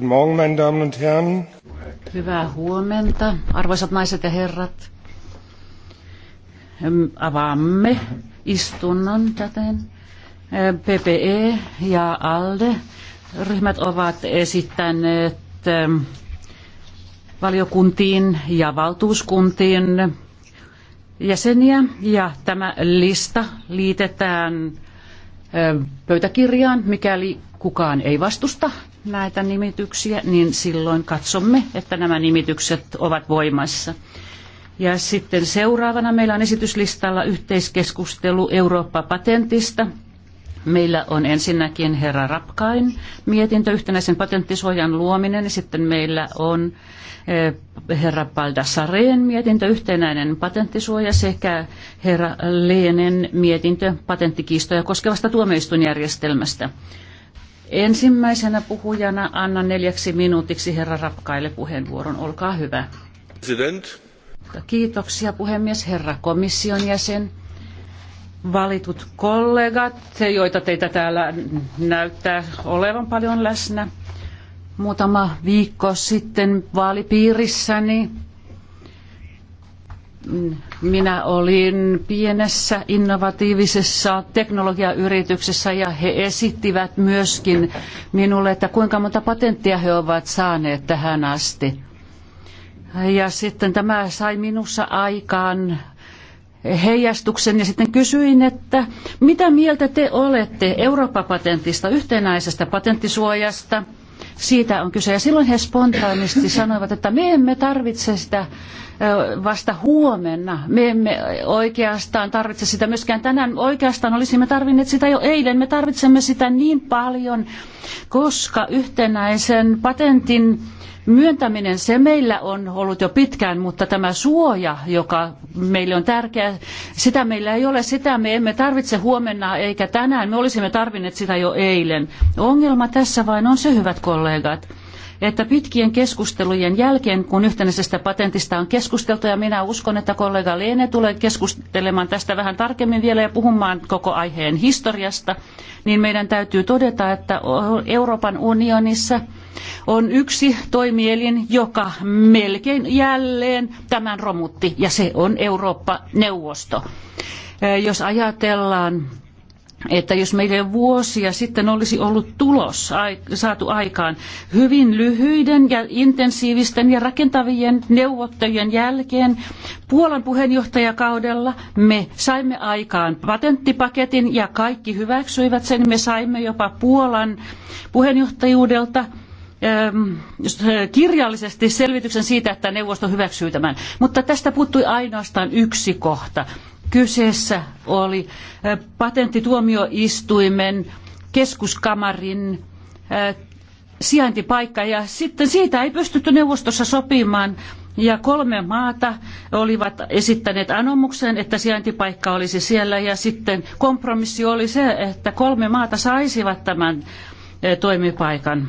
Guten Morgen, meine Damen und Herren. Hyvää huomenta, arvoisat naiset ja herrat. Avaamme istunnon täten. PPE ja ALDE ryhmät ovat esittäneet valiokuntiin ja valtuuskuntiin jäseniä ja tämä lista liitetään pöytäkirjaan, mikäli kukaan ei vastusta näitä nimityksiä, niin silloin katsomme, että nämä nimitykset ovat voimassa. Ja sitten seuraavana meillä on esityslistalla yhteiskeskustelu Eurooppa-patentista. Meillä on ensinnäkin herra Rapkain mietintö, yhtenäisen patenttisuojan luominen, sitten meillä on eh, herra Baldassareen mietintö, yhtenäinen patenttisuoja, sekä herra Leenen mietintö patenttikiistoja koskevasta tuomioistuinjärjestelmästä. Ensimmäisenä puhujana annan neljäksi minuutiksi herra Rapkaille puheenvuoron. Olkaa hyvä. President. Kiitoksia puhemies, herra komission jäsen. Valitut kollegat, joita teitä täällä näyttää olevan paljon läsnä. Muutama viikko sitten vaalipiirissäni minä olin pienessä innovatiivisessa teknologiayrityksessä ja he esittivät myöskin minulle, että kuinka monta patenttia he ovat saaneet tähän asti. Ja sitten tämä sai minussa aikaan heijastuksen ja sitten kysyin, että mitä mieltä te olette Eurooppa-patentista, yhtenäisestä patenttisuojasta – siitä on kyse. Ja silloin he spontaanisti sanoivat, että me emme tarvitse sitä vasta huomenna. Me emme oikeastaan tarvitse sitä myöskään tänään. Oikeastaan olisimme tarvinneet sitä jo eilen. Me tarvitsemme sitä niin paljon, koska yhtenäisen patentin myöntäminen, se meillä on ollut jo pitkään, mutta tämä suoja, joka meille on tärkeä, sitä meillä ei ole, sitä me emme tarvitse huomenna eikä tänään, me olisimme tarvinneet sitä jo eilen. Ongelma tässä vain on se, hyvät kollegat, että pitkien keskustelujen jälkeen, kun yhtenäisestä patentista on keskusteltu, ja minä uskon, että kollega Leene tulee keskustelemaan tästä vähän tarkemmin vielä ja puhumaan koko aiheen historiasta, niin meidän täytyy todeta, että Euroopan unionissa on yksi toimielin, joka melkein jälleen tämän romutti, ja se on Eurooppa-neuvosto. Jos ajatellaan että jos meillä jo vuosia sitten olisi ollut tulos saatu aikaan hyvin lyhyiden ja intensiivisten ja rakentavien neuvottelujen jälkeen Puolan puheenjohtajakaudella me saimme aikaan patenttipaketin ja kaikki hyväksyivät sen. Me saimme jopa Puolan puheenjohtajuudelta ähm, kirjallisesti selvityksen siitä, että neuvosto hyväksyy tämän. Mutta tästä puuttui ainoastaan yksi kohta. Kyseessä oli patenttituomioistuimen keskuskamarin sijaintipaikka ja sitten siitä ei pystytty neuvostossa sopimaan ja kolme maata olivat esittäneet anomuksen, että sijaintipaikka olisi siellä ja sitten kompromissi oli se, että kolme maata saisivat tämän toimipaikan.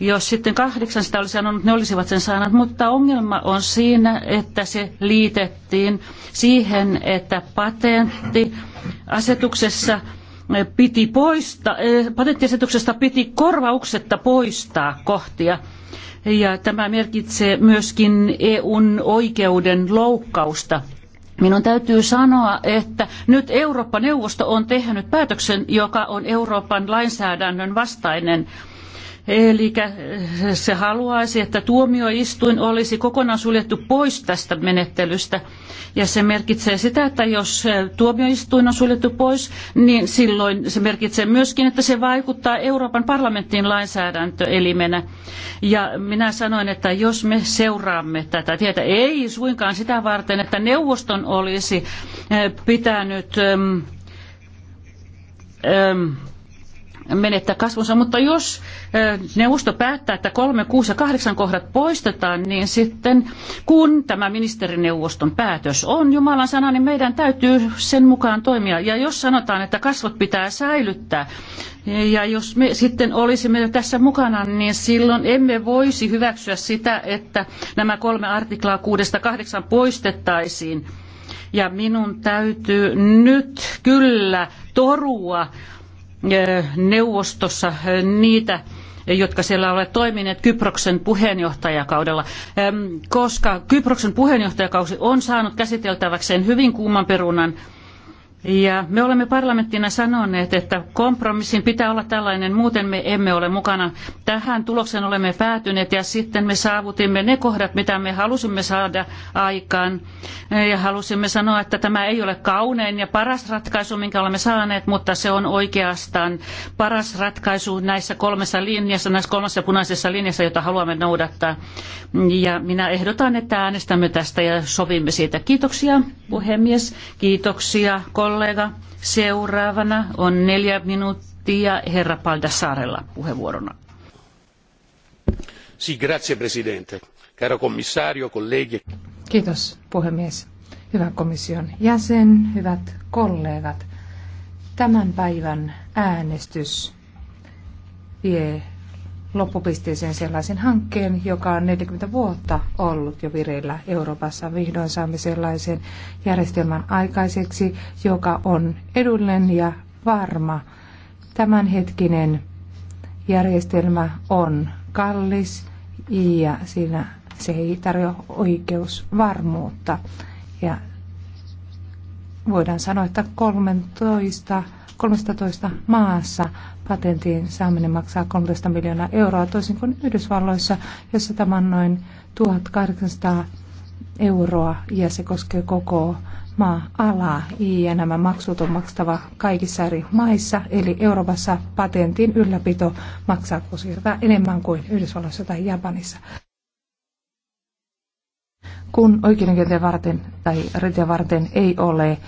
Jos sitten 800 olisi sanonut, ne olisivat sen saaneet, mutta ongelma on siinä, että se liitettiin siihen, että patenttiasetuksessa eh, piti poistaa, eh, patenttiasetuksesta piti korvauksetta poistaa kohtia. Ja tämä merkitsee myöskin EUn oikeuden loukkausta. Minun täytyy sanoa, että nyt Eurooppa-neuvosto on tehnyt päätöksen, joka on Euroopan lainsäädännön vastainen. Eli eh, se haluaisi, että tuomioistuin olisi kokonaan suljettu pois tästä menettelystä. Ja se merkitsee sitä, että jos eh, tuomioistuin on suljettu pois, niin silloin se merkitsee myöskin, että se vaikuttaa Euroopan parlamenttiin lainsäädäntöelimenä. Ja minä sanoin, että jos me seuraamme tätä tietä, ei suinkaan sitä varten, että neuvoston olisi eh, pitänyt... Ähm, ähm, menettää kasvunsa, mutta jos neuvosto päättää, että kolme, kuusi ja kahdeksan kohdat poistetaan, niin sitten kun tämä ministerineuvoston päätös on Jumalan sana, niin meidän täytyy sen mukaan toimia. Ja jos sanotaan, että kasvot pitää säilyttää, ja jos me sitten olisimme tässä mukana, niin silloin emme voisi hyväksyä sitä, että nämä kolme artiklaa kuudesta kahdeksan poistettaisiin. Ja minun täytyy nyt kyllä torua neuvostossa niitä, jotka siellä ovat toimineet Kyproksen puheenjohtajakaudella, koska Kyproksen puheenjohtajakausi on saanut käsiteltäväkseen hyvin kuuman perunan ja me olemme parlamenttina sanoneet, että kompromissin pitää olla tällainen, muuten me emme ole mukana. Tähän tulokseen olemme päätyneet ja sitten me saavutimme ne kohdat, mitä me halusimme saada aikaan. Ja halusimme sanoa, että tämä ei ole kaunein ja paras ratkaisu, minkä olemme saaneet, mutta se on oikeastaan paras ratkaisu näissä kolmessa linjassa, näissä kolmessa punaisessa linjassa, jota haluamme noudattaa. Ja minä ehdotan, että äänestämme tästä ja sovimme siitä. Kiitoksia puhemies, kiitoksia kollegat kollega. Seuraavana on neljä minuuttia herra Paldasaarella puheenvuorona. Si, grazie presidente. Caro commissario, colleghi. Kiitos puhemies. Hyvä komission jäsen, hyvät kollegat. Tämän päivän äänestys vie loppupisteeseen sellaisen hankkeen, joka on 40 vuotta ollut jo vireillä Euroopassa. Vihdoin saamme sellaisen järjestelmän aikaiseksi, joka on edullinen ja varma. Tämänhetkinen järjestelmä on kallis ja siinä se ei tarjoa oikeusvarmuutta. Ja voidaan sanoa, että 13 13 maassa patentin saaminen maksaa 13 miljoonaa euroa, toisin kuin Yhdysvalloissa, jossa tämä on noin 1800 euroa ja se koskee koko maa-alaa. Ja nämä maksut on maksava kaikissa eri maissa, eli Euroopassa patentin ylläpito maksaa kuusi kertaa enemmän kuin Yhdysvalloissa tai Japanissa kun oikeudenkäyntiä varten tai riitoja varten ei ole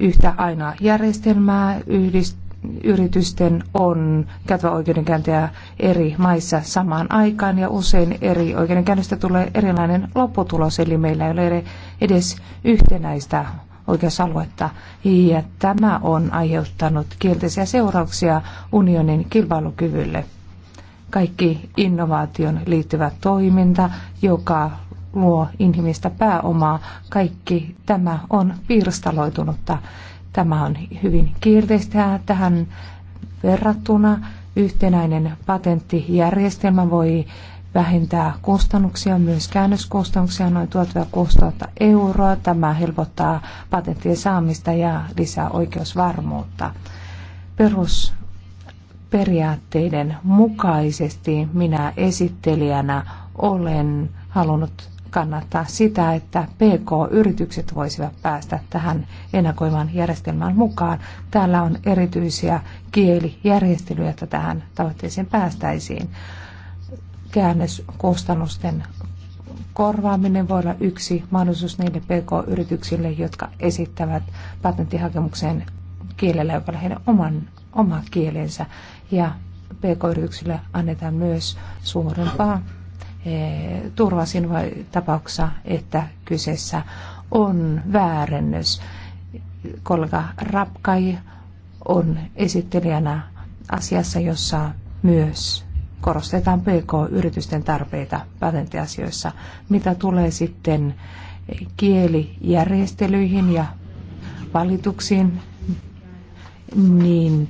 yhtä ainoa järjestelmää, yhdist- yritysten on käytävä oikeudenkäyntiä eri maissa samaan aikaan ja usein eri oikeudenkäynnistä tulee erilainen lopputulos, eli meillä ei ole edes yhtenäistä oikeusaluetta. Ja tämä on aiheuttanut kielteisiä seurauksia unionin kilpailukyvylle. Kaikki innovaation liittyvä toiminta, joka luo inhimistä pääomaa. Kaikki tämä on pirstaloitunutta. Tämä on hyvin kiirteistä tähän verrattuna. Yhtenäinen patenttijärjestelmä voi vähentää kustannuksia, myös käännöskustannuksia noin 1600 euroa. Tämä helpottaa patenttien saamista ja lisää oikeusvarmuutta. Perusperiaatteiden mukaisesti minä esittelijänä olen halunnut kannattaa sitä, että PK-yritykset voisivat päästä tähän ennakoivaan järjestelmään mukaan. Täällä on erityisiä kielijärjestelyjä, että tähän tavoitteeseen päästäisiin. Käännöskustannusten korvaaminen voi olla yksi mahdollisuus niille PK-yrityksille, jotka esittävät patenttihakemukseen kielellä, joka on heidän oman, oma kielensä. Ja PK-yrityksille annetaan myös suurempaa Eh, turvasin tapauksessa, että kyseessä on väärennös. Kollega Rapkai on esittelijänä asiassa, jossa myös korostetaan PK-yritysten tarpeita patenttiasioissa. Mitä tulee sitten kielijärjestelyihin ja valituksiin, niin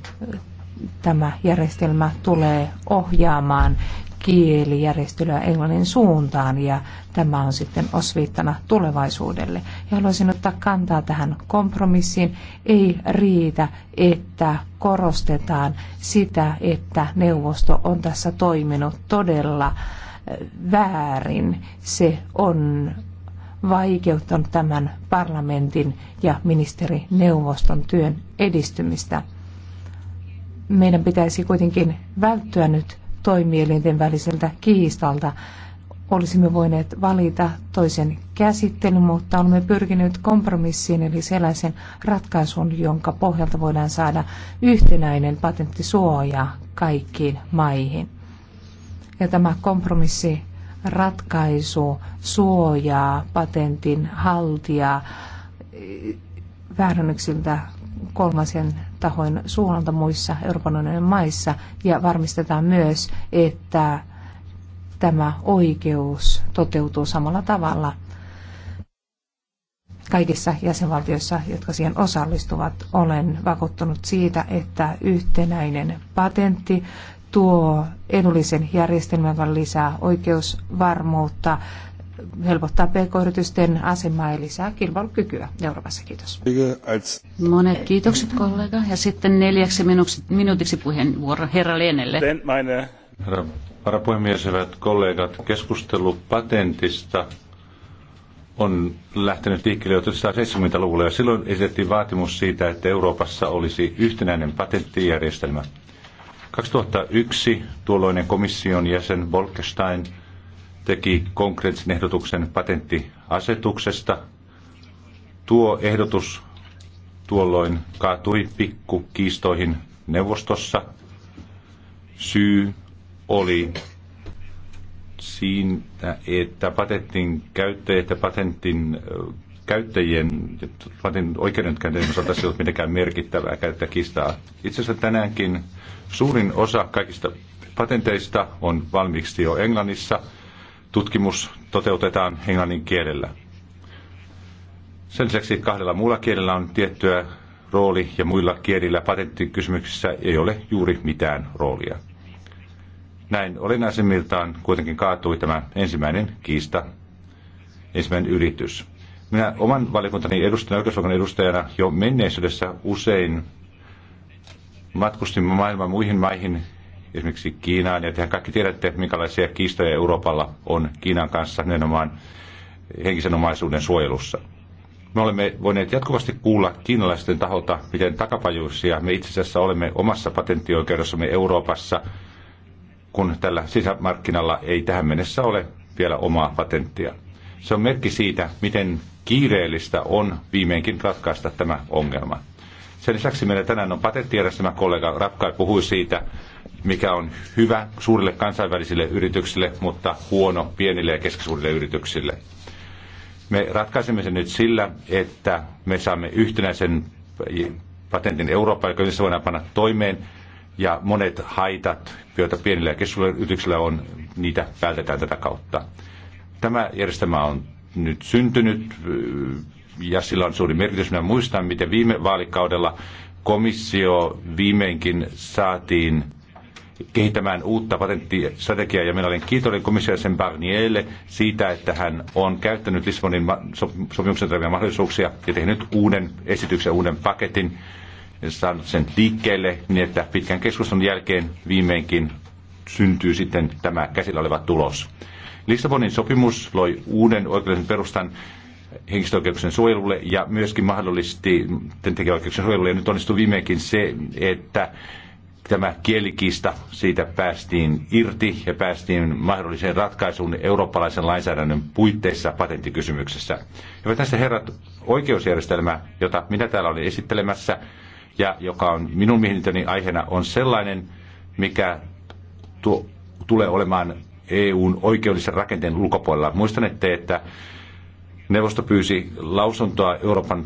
tämä järjestelmä tulee ohjaamaan kielijärjestelyä englannin suuntaan ja tämä on sitten osviittana tulevaisuudelle. Ja haluaisin ottaa kantaa tähän kompromissiin. Ei riitä, että korostetaan sitä, että neuvosto on tässä toiminut todella äh, väärin. Se on vaikeuttanut tämän parlamentin ja ministerineuvoston työn edistymistä. Meidän pitäisi kuitenkin välttyä nyt toimielinten väliseltä kiistalta. Olisimme voineet valita toisen käsittelyn, mutta olemme pyrkineet kompromissiin eli sellaisen ratkaisun, jonka pohjalta voidaan saada yhtenäinen patenttisuoja kaikkiin maihin. Ja tämä kompromissi ratkaisu suojaa patentin haltijaa eh, väärännyksiltä kolmansien tahoin suunnalta muissa Euroopan unionin maissa ja varmistetaan myös, että tämä oikeus toteutuu samalla tavalla kaikissa jäsenvaltioissa, jotka siihen osallistuvat. Olen vakuuttunut siitä, että yhtenäinen patentti tuo edullisen järjestelmän, joka lisää oikeusvarmuutta helpottaa pk-yritysten asemaa ja lisää kilpailukykyä Euroopassa. Kiitos. Monet kiitokset kollega. Ja sitten neljäksi minuutiksi puheenvuoro herra Lienelle. Herra varapuhemies, hyvät kollegat, keskustelu patentista on lähtenyt liikkeelle jo 1970-luvulla ja silloin esitettiin vaatimus siitä, että Euroopassa olisi yhtenäinen patenttijärjestelmä. 2001 tuolloinen komission jäsen Bolkestein – teki konkreettisen ehdotuksen patenttiasetuksesta. Tuo ehdotus tuolloin kaatui pikkukiistoihin neuvostossa. Syy oli siinä, että patentin käyttäjät ja patentin käyttäjien patentin oikeudenkäyntien osalta ei ollut mitenkään merkittävää kistaa. Itse asiassa tänäänkin suurin osa kaikista patenteista on valmiiksi jo Englannissa – tutkimus toteutetaan englannin kielellä. Sen lisäksi kahdella muulla kielellä on tiettyä rooli ja muilla kielillä patenttikysymyksissä ei ole juuri mitään roolia. Näin olennaisimmiltaan kuitenkin kaatui tämä ensimmäinen kiista, ensimmäinen yritys. Minä oman valiokuntani edustajana, oikeusoikeuden edustajana jo menneisyydessä usein matkustin maailman muihin maihin esimerkiksi Kiinaan. Ja tehän kaikki tiedätte, minkälaisia kiistoja Euroopalla on Kiinan kanssa nimenomaan henkisen omaisuuden suojelussa. Me olemme voineet jatkuvasti kuulla kiinalaisten taholta, miten takapajuisia me itse asiassa olemme omassa patenttioikeudessamme Euroopassa, kun tällä sisämarkkinalla ei tähän mennessä ole vielä omaa patenttia. Se on merkki siitä, miten kiireellistä on viimeinkin ratkaista tämä ongelma. Sen lisäksi meillä tänään on patenttijärjestelmä, kollega Rapkai puhui siitä, mikä on hyvä suurille kansainvälisille yrityksille, mutta huono pienille ja keskisuurille yrityksille. Me ratkaisemme sen nyt sillä, että me saamme yhtenäisen patentin Eurooppaan, joka yhdessä voidaan panna toimeen, ja monet haitat, joita pienillä ja keskisuurilla yrityksillä on, niitä vältetään tätä kautta. Tämä järjestelmä on nyt syntynyt, ja sillä on suuri merkitys. Minä muistan, miten viime vaalikaudella komissio viimeinkin saatiin kehittämään uutta patenttistrategiaa ja minä olen kiitollinen komissiaisen Barnierille siitä, että hän on käyttänyt Lissabonin sopimuksen tarjoamia mahdollisuuksia ja tehnyt uuden esityksen, uuden paketin ja saanut sen liikkeelle niin, että pitkän keskustelun jälkeen viimeinkin syntyy sitten tämä käsillä oleva tulos. Lissabonin sopimus loi uuden oikeudellisen perustan henkistöoikeuksien suojelulle ja myöskin mahdollisesti tekijäoikeuksien suojelulle. Ja nyt onnistuu viimeinkin se, että tämä kielikista, siitä päästiin irti ja päästiin mahdolliseen ratkaisuun eurooppalaisen lainsäädännön puitteissa patenttikysymyksessä. Hyvät tässä herrat, oikeusjärjestelmä, jota minä täällä olin esittelemässä ja joka on minun mielestäni aiheena, on sellainen, mikä tuo, tulee olemaan EUn oikeudellisen rakenteen ulkopuolella. Muistan, että neuvosto pyysi lausuntoa Euroopan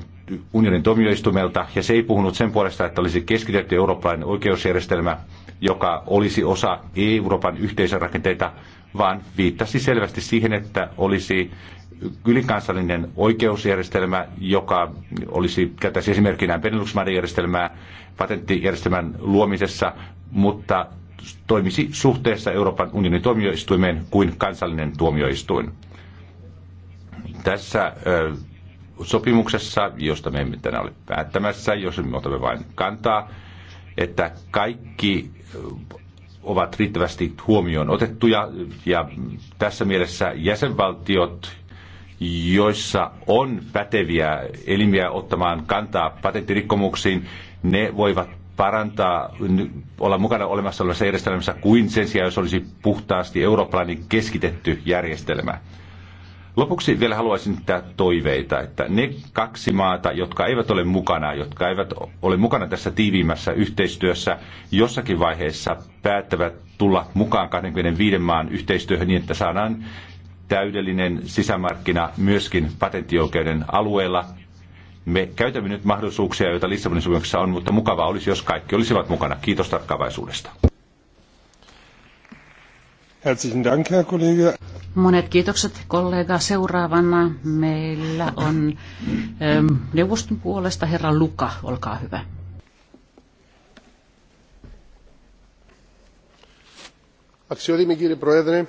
unionin tuomioistumelta, ja se ei puhunut sen puolesta, että olisi keskitetty eurooppalainen oikeusjärjestelmä, joka olisi osa Euroopan yhteisörakenteita, vaan viittasi selvästi siihen, että olisi ylikansallinen oikeusjärjestelmä, joka olisi, käytäisi esimerkkinä benelux järjestelmää patenttijärjestelmän luomisessa, mutta toimisi suhteessa Euroopan unionin tuomioistuimeen kuin kansallinen tuomioistuin. Tässä sopimuksessa, josta me emme tänään ole päättämässä, jos me otamme vain kantaa, että kaikki äh, ovat riittävästi huomioon otettuja ja tässä mielessä jäsenvaltiot, joissa on päteviä elimiä ottamaan kantaa patenttirikkomuksiin, ne voivat parantaa, olla mukana olemassa olevassa järjestelmässä kuin sen sijaan, jos olisi puhtaasti eurooppalainen keskitetty järjestelmä. Lopuksi vielä haluaisin tehdä toiveita, että ne kaksi maata, jotka eivät ole mukana, jotka eivät ole mukana tässä tiiviimmässä yhteistyössä, jossakin vaiheessa päättävät tulla mukaan 25 maan yhteistyöhön niin, että saadaan täydellinen sisämarkkina myöskin patenttioikeuden alueella. Me käytämme nyt mahdollisuuksia, joita Lissabonin sopimuksessa on, mutta mukavaa olisi, jos kaikki olisivat mukana. Kiitos tarkkaavaisuudesta. Herzlichen Dank, Herr Kollege. Monet kiitokset kollega. Seuraavana meillä on ähm, neuvoston puolesta herra Luka, olkaa hyvä. Αξιότιμη κύριε Πρόεδρε,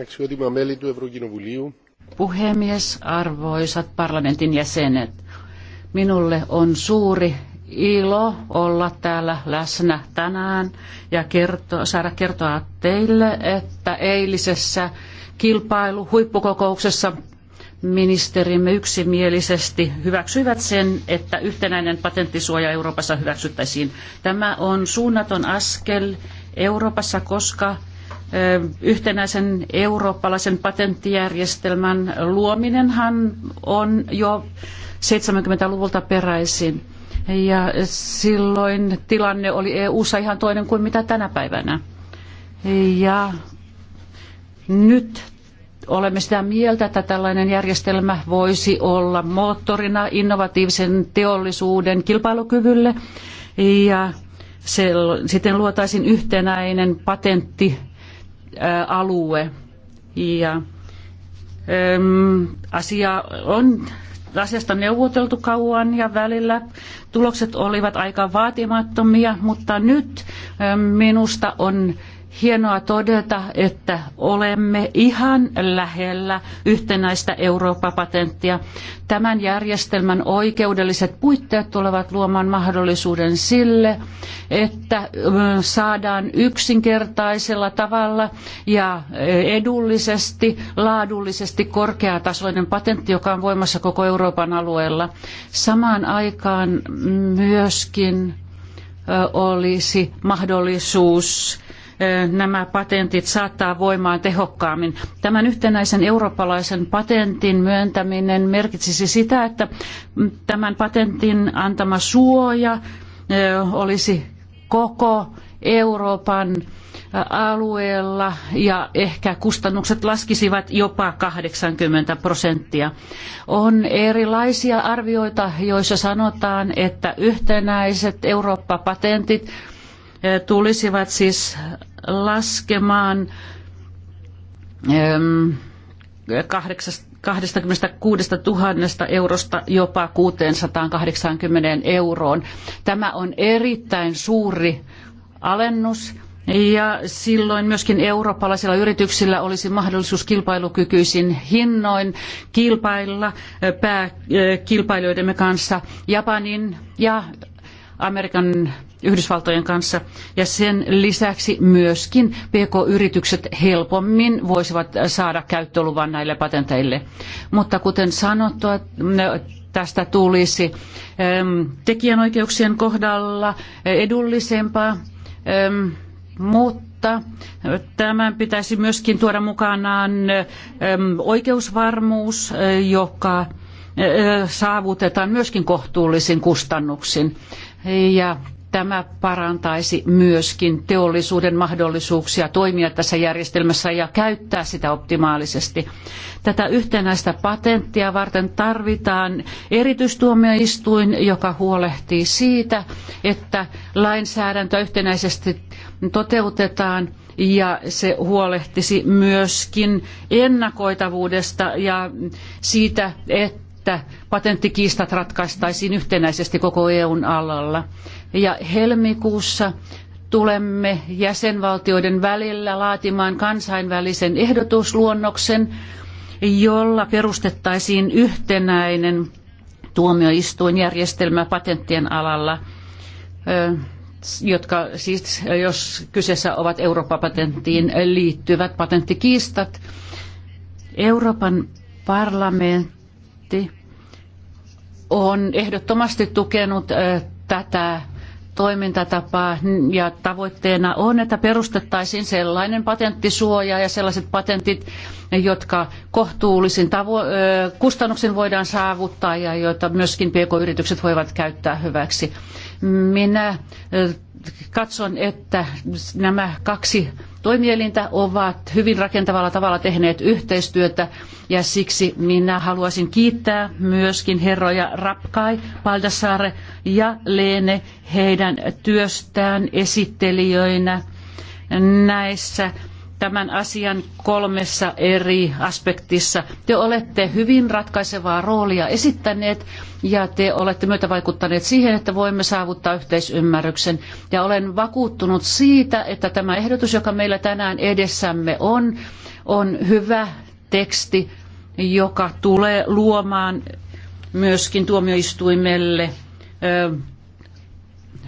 αξιότιμα μέλη του Ευρωκοινοβουλίου. Puhemies, arvoisat parlamentin jäsenet, minulle on suuri ilo olla täällä läsnä tänään ja kertoa, saada kertoa teille, että eilisessä kilpailu huippukokouksessa ministerimme yksimielisesti hyväksyivät sen, että yhtenäinen patenttisuoja Euroopassa hyväksyttäisiin. Tämä on suunnaton askel Euroopassa, koska yhtenäisen eurooppalaisen patenttijärjestelmän luominenhan on jo 70-luvulta peräisin. Ja silloin tilanne oli EU-ssa ihan toinen kuin mitä tänä päivänä. Ja nyt olemme sitä mieltä, että tällainen järjestelmä voisi olla moottorina innovatiivisen teollisuuden kilpailukyvylle ja se, siten luotaisiin yhtenäinen patenttialue. Ja, äm, asia on asiasta neuvoteltu kauan ja välillä tulokset olivat aika vaatimattomia, mutta nyt minusta on hienoa todeta, että olemme ihan lähellä yhtenäistä Eurooppa-patenttia. Tämän järjestelmän oikeudelliset puitteet tulevat luomaan mahdollisuuden sille, että saadaan yksinkertaisella tavalla ja edullisesti, laadullisesti korkeatasoinen patentti, joka on voimassa koko Euroopan alueella. Samaan aikaan myöskin olisi mahdollisuus nämä patentit saattaa voimaan tehokkaammin. Tämän yhtenäisen eurooppalaisen patentin myöntäminen merkitsisi sitä, että tämän patentin antama suoja olisi koko Euroopan alueella ja ehkä kustannukset laskisivat jopa 80 prosenttia. On erilaisia arvioita, joissa sanotaan, että yhtenäiset Eurooppa-patentit tulisivat siis laskemaan 26 000 eurosta jopa 680 euroon. Tämä on erittäin suuri alennus ja silloin myöskin eurooppalaisilla yrityksillä olisi mahdollisuus kilpailukykyisin hinnoin kilpailla pääkilpailijoidemme kanssa Japanin ja Amerikan Yhdysvaltojen kanssa. Ja sen lisäksi myöskin PK-yritykset helpommin voisivat saada käyttöluvan näille patenteille. Mutta kuten sanottua, tästä tulisi tekijänoikeuksien kohdalla edullisempaa, mutta tämän pitäisi myöskin tuoda mukanaan oikeusvarmuus, joka eh, saavutetaan myöskin kohtuullisin kustannuksin. Ja Tämä parantaisi myöskin teollisuuden mahdollisuuksia toimia tässä järjestelmässä ja käyttää sitä optimaalisesti. Tätä yhtenäistä patenttia varten tarvitaan erityistuomioistuin, joka huolehtii siitä, että lainsäädäntö yhtenäisesti toteutetaan ja se huolehtisi myöskin ennakoitavuudesta ja siitä, että patenttikiistat ratkaistaisiin yhtenäisesti koko EUn alalla ja helmikuussa tulemme jäsenvaltioiden välillä laatimaan kansainvälisen ehdotusluonnoksen, jolla perustettaisiin yhtenäinen tuomioistuinjärjestelmä patenttien alalla, jotka siis, jos kyseessä ovat Euroopan patenttiin liittyvät patenttikiistat, Euroopan parlamentti on ehdottomasti tukenut tätä toimintatapa ja tavoitteena on, että perustettaisiin sellainen patenttisuoja ja sellaiset patentit, jotka kohtuullisin tavo- kustannuksin voidaan saavuttaa ja joita myöskin pk-yritykset voivat käyttää hyväksi. Minä katson, että nämä kaksi toimielintä ovat hyvin rakentavalla tavalla tehneet yhteistyötä ja siksi minä haluaisin kiittää myöskin herroja Rapkai, Paldasare ja Leene heidän työstään esittelijöinä näissä tämän asian kolmessa eri aspektissa. Te olette hyvin ratkaisevaa roolia esittäneet ja te olette myötävaikuttaneet siihen, että voimme saavuttaa yhteisymmärryksen. Ja olen vakuuttunut siitä, että tämä ehdotus, joka meillä tänään edessämme on, on hyvä teksti, joka tulee luomaan myöskin tuomioistuimelle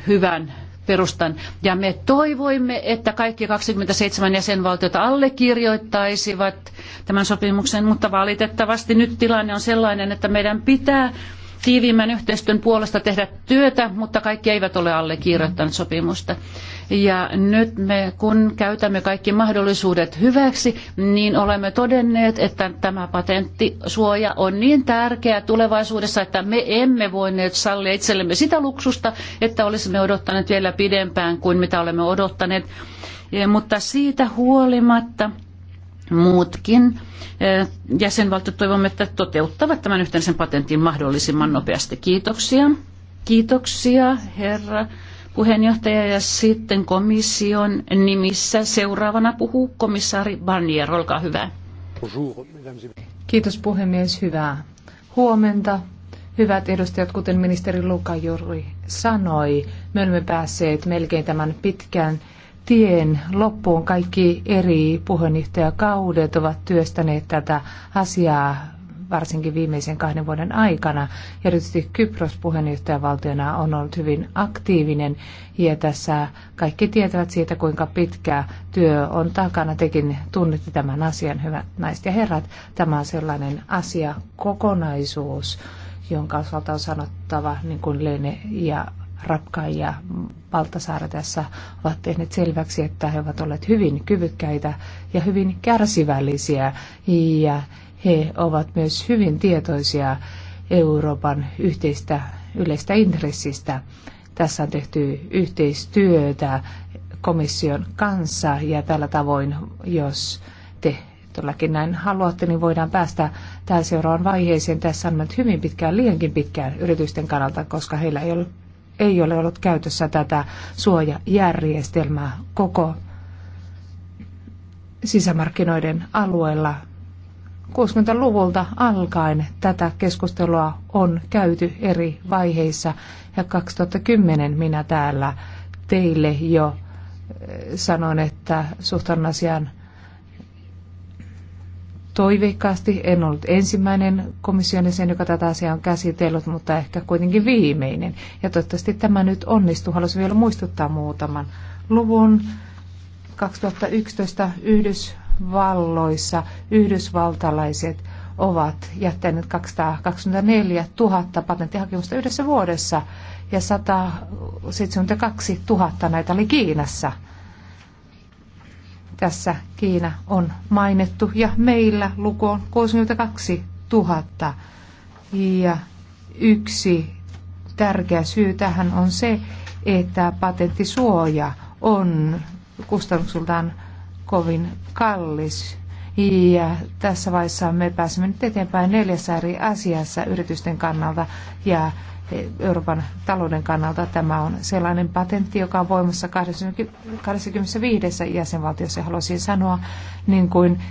hyvän perustan. Ja me toivoimme, että kaikki 27 jäsenvaltiota allekirjoittaisivat tämän sopimuksen, mutta valitettavasti nyt tilanne on sellainen, että meidän pitää tiiviimmän yhteistyön puolesta tehdä työtä, mutta kaikki eivät ole allekirjoittaneet sopimusta. Ja nyt me, kun käytämme kaikki mahdollisuudet hyväksi, niin olemme todenneet, että tämä patenttisuoja on niin tärkeä tulevaisuudessa, että me emme voineet sallia itsellemme sitä luksusta, että olisimme odottaneet vielä pidempään kuin mitä olemme odottaneet. Ja, mutta siitä huolimatta muutkin eh, jäsenvaltiot toivomme, että toteuttavat tämän yhteisen patentin mahdollisimman nopeasti. Kiitoksia. Kiitoksia, herra puheenjohtaja. Ja sitten komission nimissä seuraavana puhuu komissaari Barnier. Olkaa hyvä. Kiitos puhemies. Hyvää huomenta. Hyvät edustajat, kuten ministeri Luka juuri sanoi, me olemme päässeet melkein tämän pitkän tien loppuun. Kaikki eri puheenjohtajakaudet ovat työstäneet tätä asiaa varsinkin viimeisen kahden vuoden aikana. Erityisesti Kypros puheenjohtajavaltiona on ollut hyvin aktiivinen ja tässä kaikki tietävät siitä, kuinka pitkä työ on takana. Tekin tunnette tämän asian, hyvät naiset ja herrat. Tämä on sellainen asiakokonaisuus, jonka osalta on sanottava, niin kuin Lene ja Rapkai ja Valtasaari tässä ovat tehneet selväksi, että he ovat olleet hyvin kyvykkäitä ja hyvin kärsivällisiä ja he ovat myös hyvin tietoisia Euroopan yhteistä yleistä intressistä. Tässä on tehty yhteistyötä komission kanssa ja tällä tavoin, jos te todellakin näin haluatte, niin voidaan päästä tähän seuraavaan vaiheeseen. Tässä on mennyt hyvin pitkään, liiankin pitkään yritysten kannalta, koska heillä ei ole ei ole ollut käytössä tätä suojajärjestelmää koko sisämarkkinoiden alueella. 60-luvulta alkaen tätä keskustelua on käyty eri vaiheissa ja 2010 minä täällä teille jo eh, sanoin, että suhtaudun asiaan toiveikkaasti. En ollut ensimmäinen komission jäsen, joka tätä asiaa on käsitellyt, mutta ehkä kuitenkin viimeinen. Ja toivottavasti tämä nyt onnistuu. Haluaisin vielä muistuttaa muutaman luvun. 2011 Yhdysvalloissa yhdysvaltalaiset ovat jättäneet 224 000 patenttihakemusta yhdessä vuodessa ja 172 000 näitä oli Kiinassa – tässä Kiina on mainittu ja meillä luku on 62 000. Ja yksi tärkeä syy tähän on se, että patenttisuoja on kustannuksiltaan kovin kallis. Ja tässä vaiheessa me pääsemme nyt eteenpäin neljässä eri asiassa yritysten kannalta ja Euroopan talouden kannalta tämä on sellainen patentti, joka on voimassa 25 jäsenvaltiossa. ja Haluaisin sanoa, niin kuin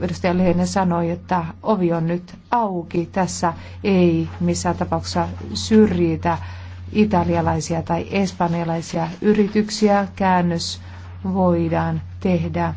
edustaja Lehinen sanoi, että ovi on nyt auki. Tässä ei missään tapauksessa syrjitä italialaisia tai espanjalaisia yrityksiä. Käännös voidaan tehdä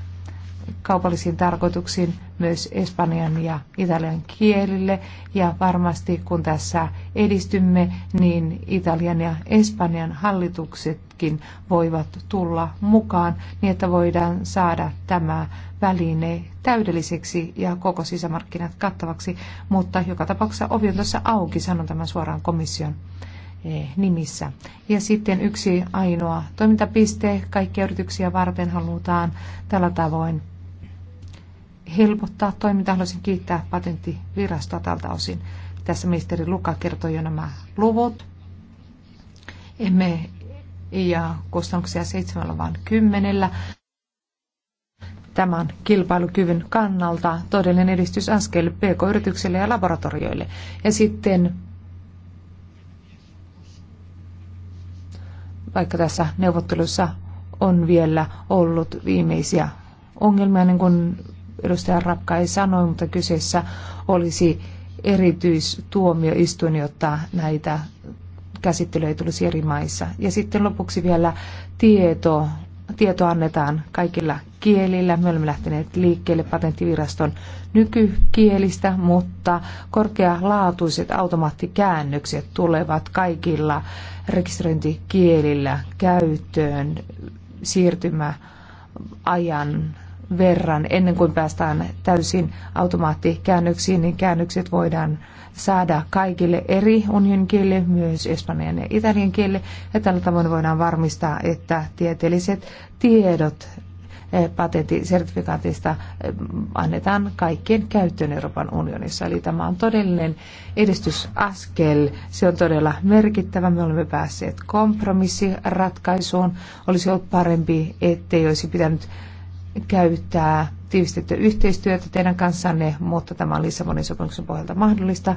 kaupallisiin tarkoituksiin myös espanjan ja italian kielille. Ja varmasti kun tässä edistymme, niin italian ja espanjan hallituksetkin voivat tulla mukaan niin, että voidaan saada tämä väline täydelliseksi ja koko sisämarkkinat kattavaksi. Mutta joka tapauksessa ovi on tuossa auki, sanon tämän suoraan komission eh, nimissä. Ja sitten yksi ainoa toimintapiste kaikkia yrityksiä varten halutaan tällä tavoin helpottaa toimintaa. Haluaisin kiittää patenttivirastoa tältä osin. Tässä ministeri Luka kertoi jo nämä luvut. Emme ja kustannuksia seitsemällä vaan kymmenellä. Tämän kilpailukyvyn kannalta todellinen edistysaskel pk-yrityksille ja laboratorioille. Ja sitten vaikka tässä neuvottelussa on vielä ollut viimeisiä ongelmia, niin kuin edustaja ei sanoi, mutta kyseessä olisi erityistuomioistuin, jotta näitä käsittelyjä ei tulisi eri maissa. Ja sitten lopuksi vielä tieto. Tieto annetaan kaikilla kielillä. Me olemme lähteneet liikkeelle patenttiviraston nykykielistä, mutta korkealaatuiset automaattikäännökset tulevat kaikilla rekisteröintikielillä käyttöön siirtymäajan verran ennen kuin päästään täysin automaattikäännöksiin, niin käännökset voidaan saada kaikille eri unionin kielille, myös espanjan ja italian kielille. Ja tällä tavoin voidaan varmistaa, että tieteelliset tiedot eh, patenttisertifikaatista eh, annetaan kaikkien käyttöön Euroopan unionissa. Eli tämä on todellinen edistysaskel. Se on todella merkittävä. Me olemme päässeet kompromissiratkaisuun. Olisi ollut parempi, ettei olisi pitänyt käyttää tiivistettyä yhteistyötä teidän kanssanne, mutta tämä on Lissabonin sopimuksen pohjalta mahdollista.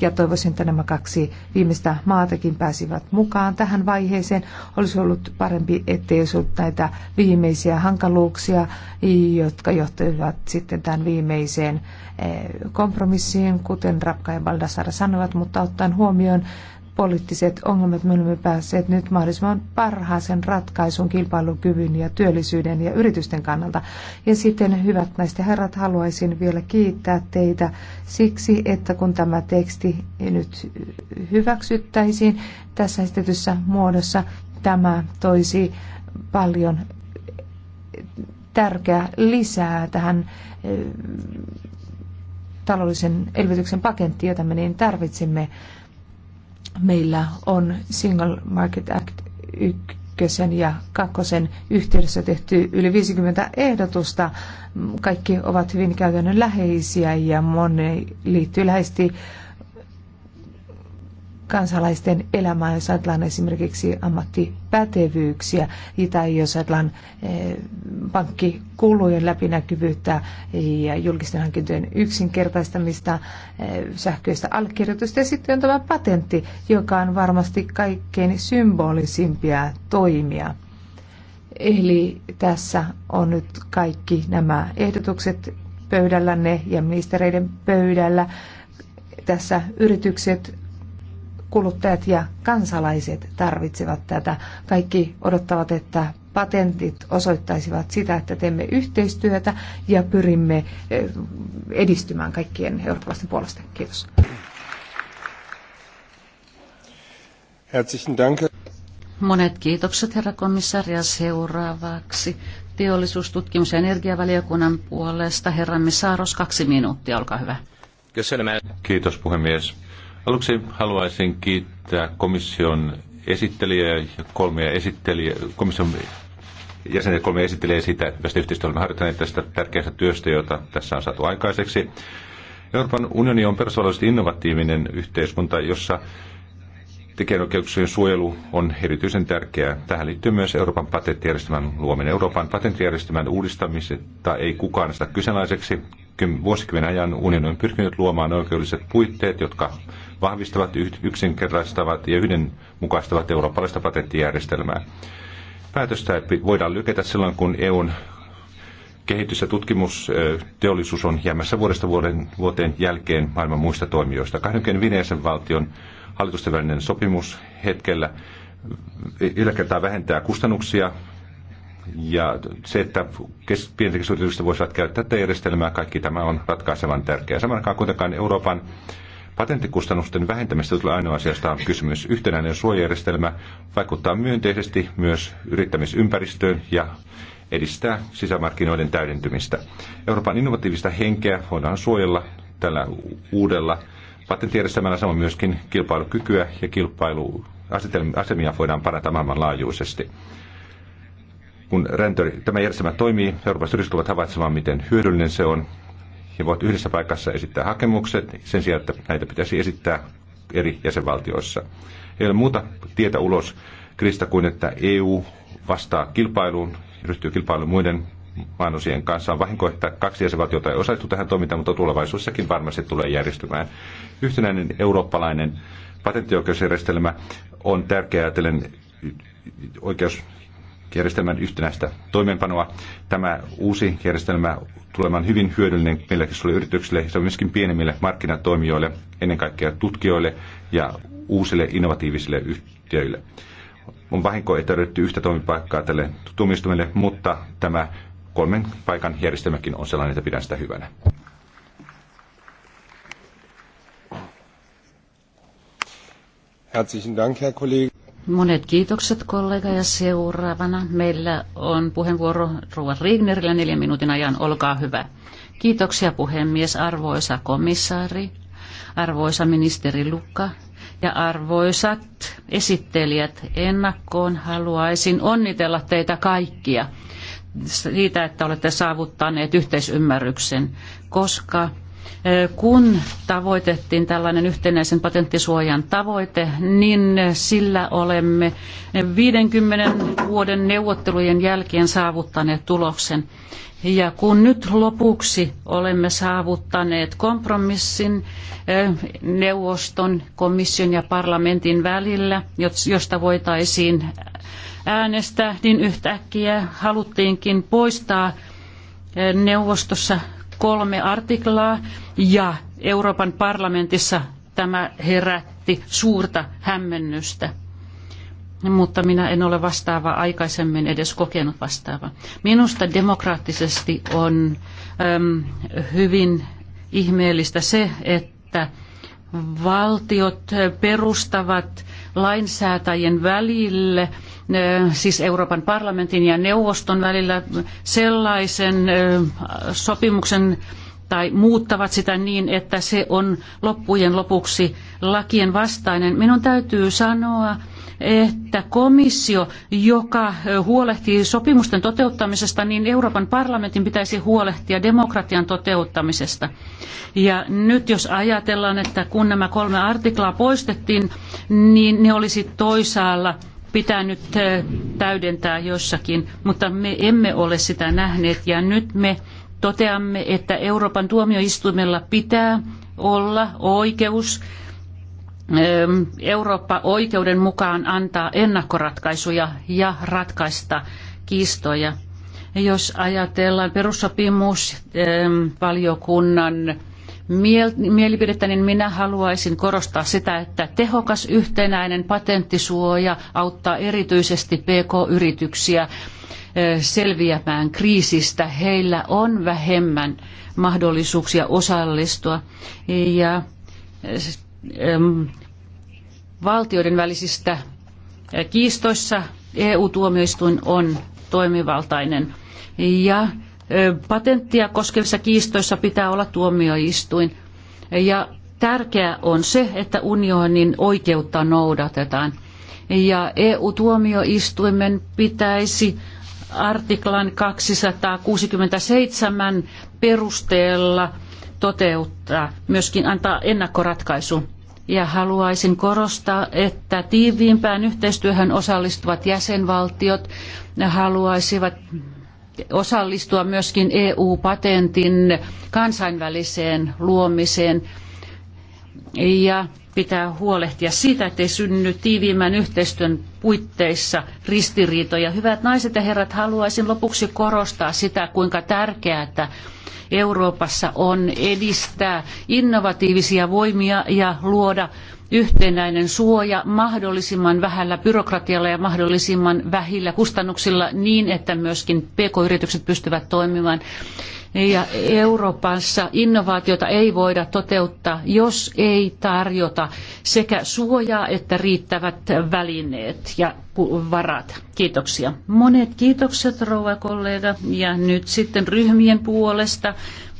Ja toivoisin, että nämä kaksi viimeistä maatakin pääsivät mukaan tähän vaiheeseen. Olisi ollut parempi, ettei olisi ollut näitä viimeisiä hankaluuksia, jotka johtivat sitten tämän viimeiseen eh, kompromissiin, kuten Rapka ja Baldassara sanoivat, mutta ottaen huomioon poliittiset ongelmat me olemme päässeet nyt mahdollisimman parhaaseen ratkaisuun kilpailukyvyn ja työllisyyden ja yritysten kannalta. Ja sitten, hyvät naiset ja herrat, haluaisin vielä kiittää teitä siksi, että kun tämä teksti nyt hyväksyttäisiin tässä esitetyssä muodossa, tämä toisi paljon tärkeää lisää tähän eh, taloudellisen elvytyksen pakettiin, jota me niin tarvitsemme meillä on Single Market Act 1 ykkösen ja kakkosen yhteydessä tehty yli 50 ehdotusta. Kaikki ovat hyvin käytännönläheisiä ja moni liittyy läheisesti kansalaisten elämää, jos ajatellaan esimerkiksi ammattipätevyyksiä tai jos ajatellaan eh, pankkikulujen läpinäkyvyyttä ja julkisten hankintojen yksinkertaistamista, eh, sähköistä allekirjoitusta ja sitten on tämä patentti, joka on varmasti kaikkein symbolisimpia toimia. Eli tässä on nyt kaikki nämä ehdotukset pöydällänne ja ministereiden pöydällä. Tässä yritykset kuluttajat ja kansalaiset tarvitsevat tätä. Kaikki odottavat, että patentit osoittaisivat sitä, että teemme yhteistyötä ja pyrimme eh, edistymään kaikkien eurooppalaisten puolesta. Kiitos. Monet kiitokset, herra komissaari. Ja seuraavaksi teollisuustutkimus- ja energiavaliokunnan puolesta herra Saaros, kaksi minuuttia, olkaa hyvä. Kiitos puhemies. Aluksi haluaisin kiittää komission esittelijää ja kolmea esittelijä, komission jäsenet kolme esittelijää siitä, että tästä yhteistyöstä olemme harjoittaneet tästä tärkeästä työstä, jota tässä on saatu aikaiseksi. Euroopan unioni on perusvallisesti innovatiivinen yhteiskunta, jossa tekijänoikeuksien suojelu on erityisen tärkeää. Tähän liittyy myös Euroopan patenttijärjestelmän luominen. Euroopan patenttijärjestelmän uudistamista ei kukaan sitä kyseenalaiseksi. Vuosikymmenen ajan unioni on pyrkinyt luomaan oikeudelliset puitteet, jotka vahvistavat, yksinkertaistavat ja yhdenmukaistavat eurooppalaista patenttijärjestelmää. Päätöstä voidaan lykätä silloin, kun EUn kehitys- ja tutkimusteollisuus on jäämässä vuodesta vuoden, vuoteen jälkeen maailman muista toimijoista. 25 valtion hallitusten välinen sopimus hetkellä yläkertaa vähentää kustannuksia ja se, että kes- pienet voisivat käyttää tätä järjestelmää, kaikki tämä on ratkaisevan tärkeää. Samaan aikaan kuitenkaan Euroopan Patenttikustannusten vähentämistä tulee ainoa asiasta on kysymys. Yhtenäinen suojajärjestelmä vaikuttaa myönteisesti myös yrittämisympäristöön ja edistää sisämarkkinoiden täydentymistä. Euroopan innovatiivista henkeä voidaan suojella tällä uudella patenttijärjestelmällä samoin myöskin kilpailukykyä ja kilpailuasemia voidaan parantaa maailmanlaajuisesti. Kun räntöri, tämä järjestelmä toimii, Euroopan yritykset ovat havaitsemaan, miten hyödyllinen se on ja voit yhdessä paikassa esittää hakemukset sen sijaan, että näitä pitäisi esittää eri jäsenvaltioissa. Ei ole muuta tietä ulos krista kuin, että EU vastaa kilpailuun, ryhtyy kilpailuun muiden maanosien kanssa. On vahinko, että kaksi jäsenvaltiota ei osallistu tähän toimintaan, mutta tulevaisuudessakin varmasti tulee järjestymään. Yhtenäinen eurooppalainen patenttioikeusjärjestelmä on tärkeä ajatellen oikeus järjestelmän yhtenäistä toimeenpanoa. Tämä uusi järjestelmä tulemaan hyvin hyödyllinen meillekin yrityksille ja myöskin pienemmille markkinatoimijoille, ennen kaikkea tutkijoille ja uusille innovatiivisille yhtiöille. On vahinko, että löytyy yhtä toimipaikkaa tälle tuomioistuimelle, mutta tämä kolmen paikan järjestelmäkin on sellainen, että pidän sitä hyvänä. Herzlichen Dank, Herr Kollege. Monet kiitokset kollega ja seuraavana meillä on puheenvuoro Ruva Rignerillä neljän minuutin ajan. Olkaa hyvä. Kiitoksia puhemies, arvoisa komissaari, arvoisa ministeri Lukka ja arvoisat esittelijät. Ennakkoon haluaisin onnitella teitä kaikkia siitä, että olette saavuttaneet yhteisymmärryksen, koska kun tavoitettiin tällainen yhtenäisen patenttisuojan tavoite, niin sillä olemme 50 vuoden neuvottelujen jälkeen saavuttaneet tuloksen. Ja kun nyt lopuksi olemme saavuttaneet kompromissin neuvoston, komission ja parlamentin välillä, josta voitaisiin äänestää, niin yhtäkkiä haluttiinkin poistaa neuvostossa kolme artiklaa ja Euroopan parlamentissa tämä herätti suurta hämmennystä. Mutta minä en ole vastaava aikaisemmin edes kokenut vastaava. Minusta demokraattisesti on äm, hyvin ihmeellistä se, että valtiot perustavat lainsäätäjien välille, siis Euroopan parlamentin ja neuvoston välillä sellaisen sopimuksen tai muuttavat sitä niin, että se on loppujen lopuksi lakien vastainen. Minun täytyy sanoa, että komissio, joka huolehtii sopimusten toteuttamisesta, niin Euroopan parlamentin pitäisi huolehtia demokratian toteuttamisesta. Ja nyt jos ajatellaan, että kun nämä kolme artiklaa poistettiin, niin ne olisi toisaalla pitää nyt eh, täydentää jossakin, mutta me emme ole sitä nähneet ja nyt me toteamme, että Euroopan tuomioistuimella pitää olla oikeus Eurooppa oikeuden mukaan antaa ennakkoratkaisuja ja ratkaista kiistoja. Jos ajatellaan perussopimusvaliokunnan mielipidettä, niin minä haluaisin korostaa sitä, että tehokas yhtenäinen patenttisuoja auttaa erityisesti PK-yrityksiä selviämään kriisistä. Heillä on vähemmän mahdollisuuksia osallistua ja valtioiden välisistä eh, kiistoissa EU-tuomioistuin on toimivaltainen. Ja eh, patenttia koskevissa kiistoissa pitää olla tuomioistuin. Ja tärkeää on se, että unionin oikeutta noudatetaan. Ja EU-tuomioistuimen pitäisi artiklan 267 perusteella toteuttaa, myöskin antaa ennakkoratkaisu ja haluaisin korostaa, että tiiviimpään yhteistyöhön osallistuvat jäsenvaltiot haluaisivat osallistua myöskin EU-patentin kansainväliseen luomiseen ja pitää huolehtia siitä, ettei synny tiiviimmän yhteistyön puitteissa ristiriitoja. Hyvät naiset ja herrat, haluaisin lopuksi korostaa sitä, kuinka tärkeää, että Euroopassa on edistää innovatiivisia voimia ja luoda yhtenäinen suoja mahdollisimman vähällä byrokratialla ja mahdollisimman vähillä kustannuksilla niin, että myöskin pk-yritykset pystyvät toimimaan. Ja Euroopassa innovaatiota ei voida toteuttaa, jos ei tarjota sekä suojaa että riittävät välineet ja varat. Kiitoksia. Monet kiitokset, rouva kollega. Ja nyt sitten ryhmien puolesta.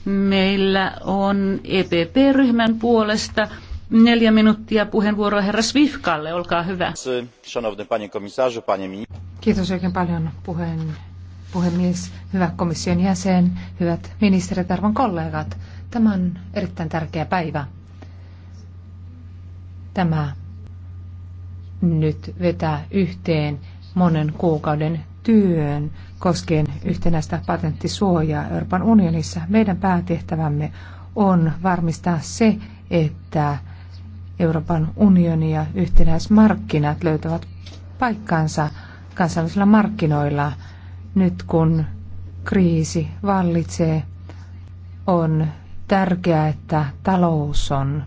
Meillä on EPP-ryhmän puolesta neljä minuuttia puheenvuoroa herra Svifkalle, olkaa hyvä. Kiitos oikein paljon puheen, puhemies, hyvä komission jäsen, hyvät ministerit, arvon kollegat. Tämä on erittäin tärkeä päivä. Tämä nyt vetää yhteen monen kuukauden työn koskien yhtenäistä patenttisuojaa Euroopan unionissa. Meidän päätehtävämme on varmistaa se, että Euroopan unioni ja yhtenäismarkkinat löytävät paikkansa kansainvälisillä markkinoilla nyt kun kriisi vallitsee. On tärkeää, että talous on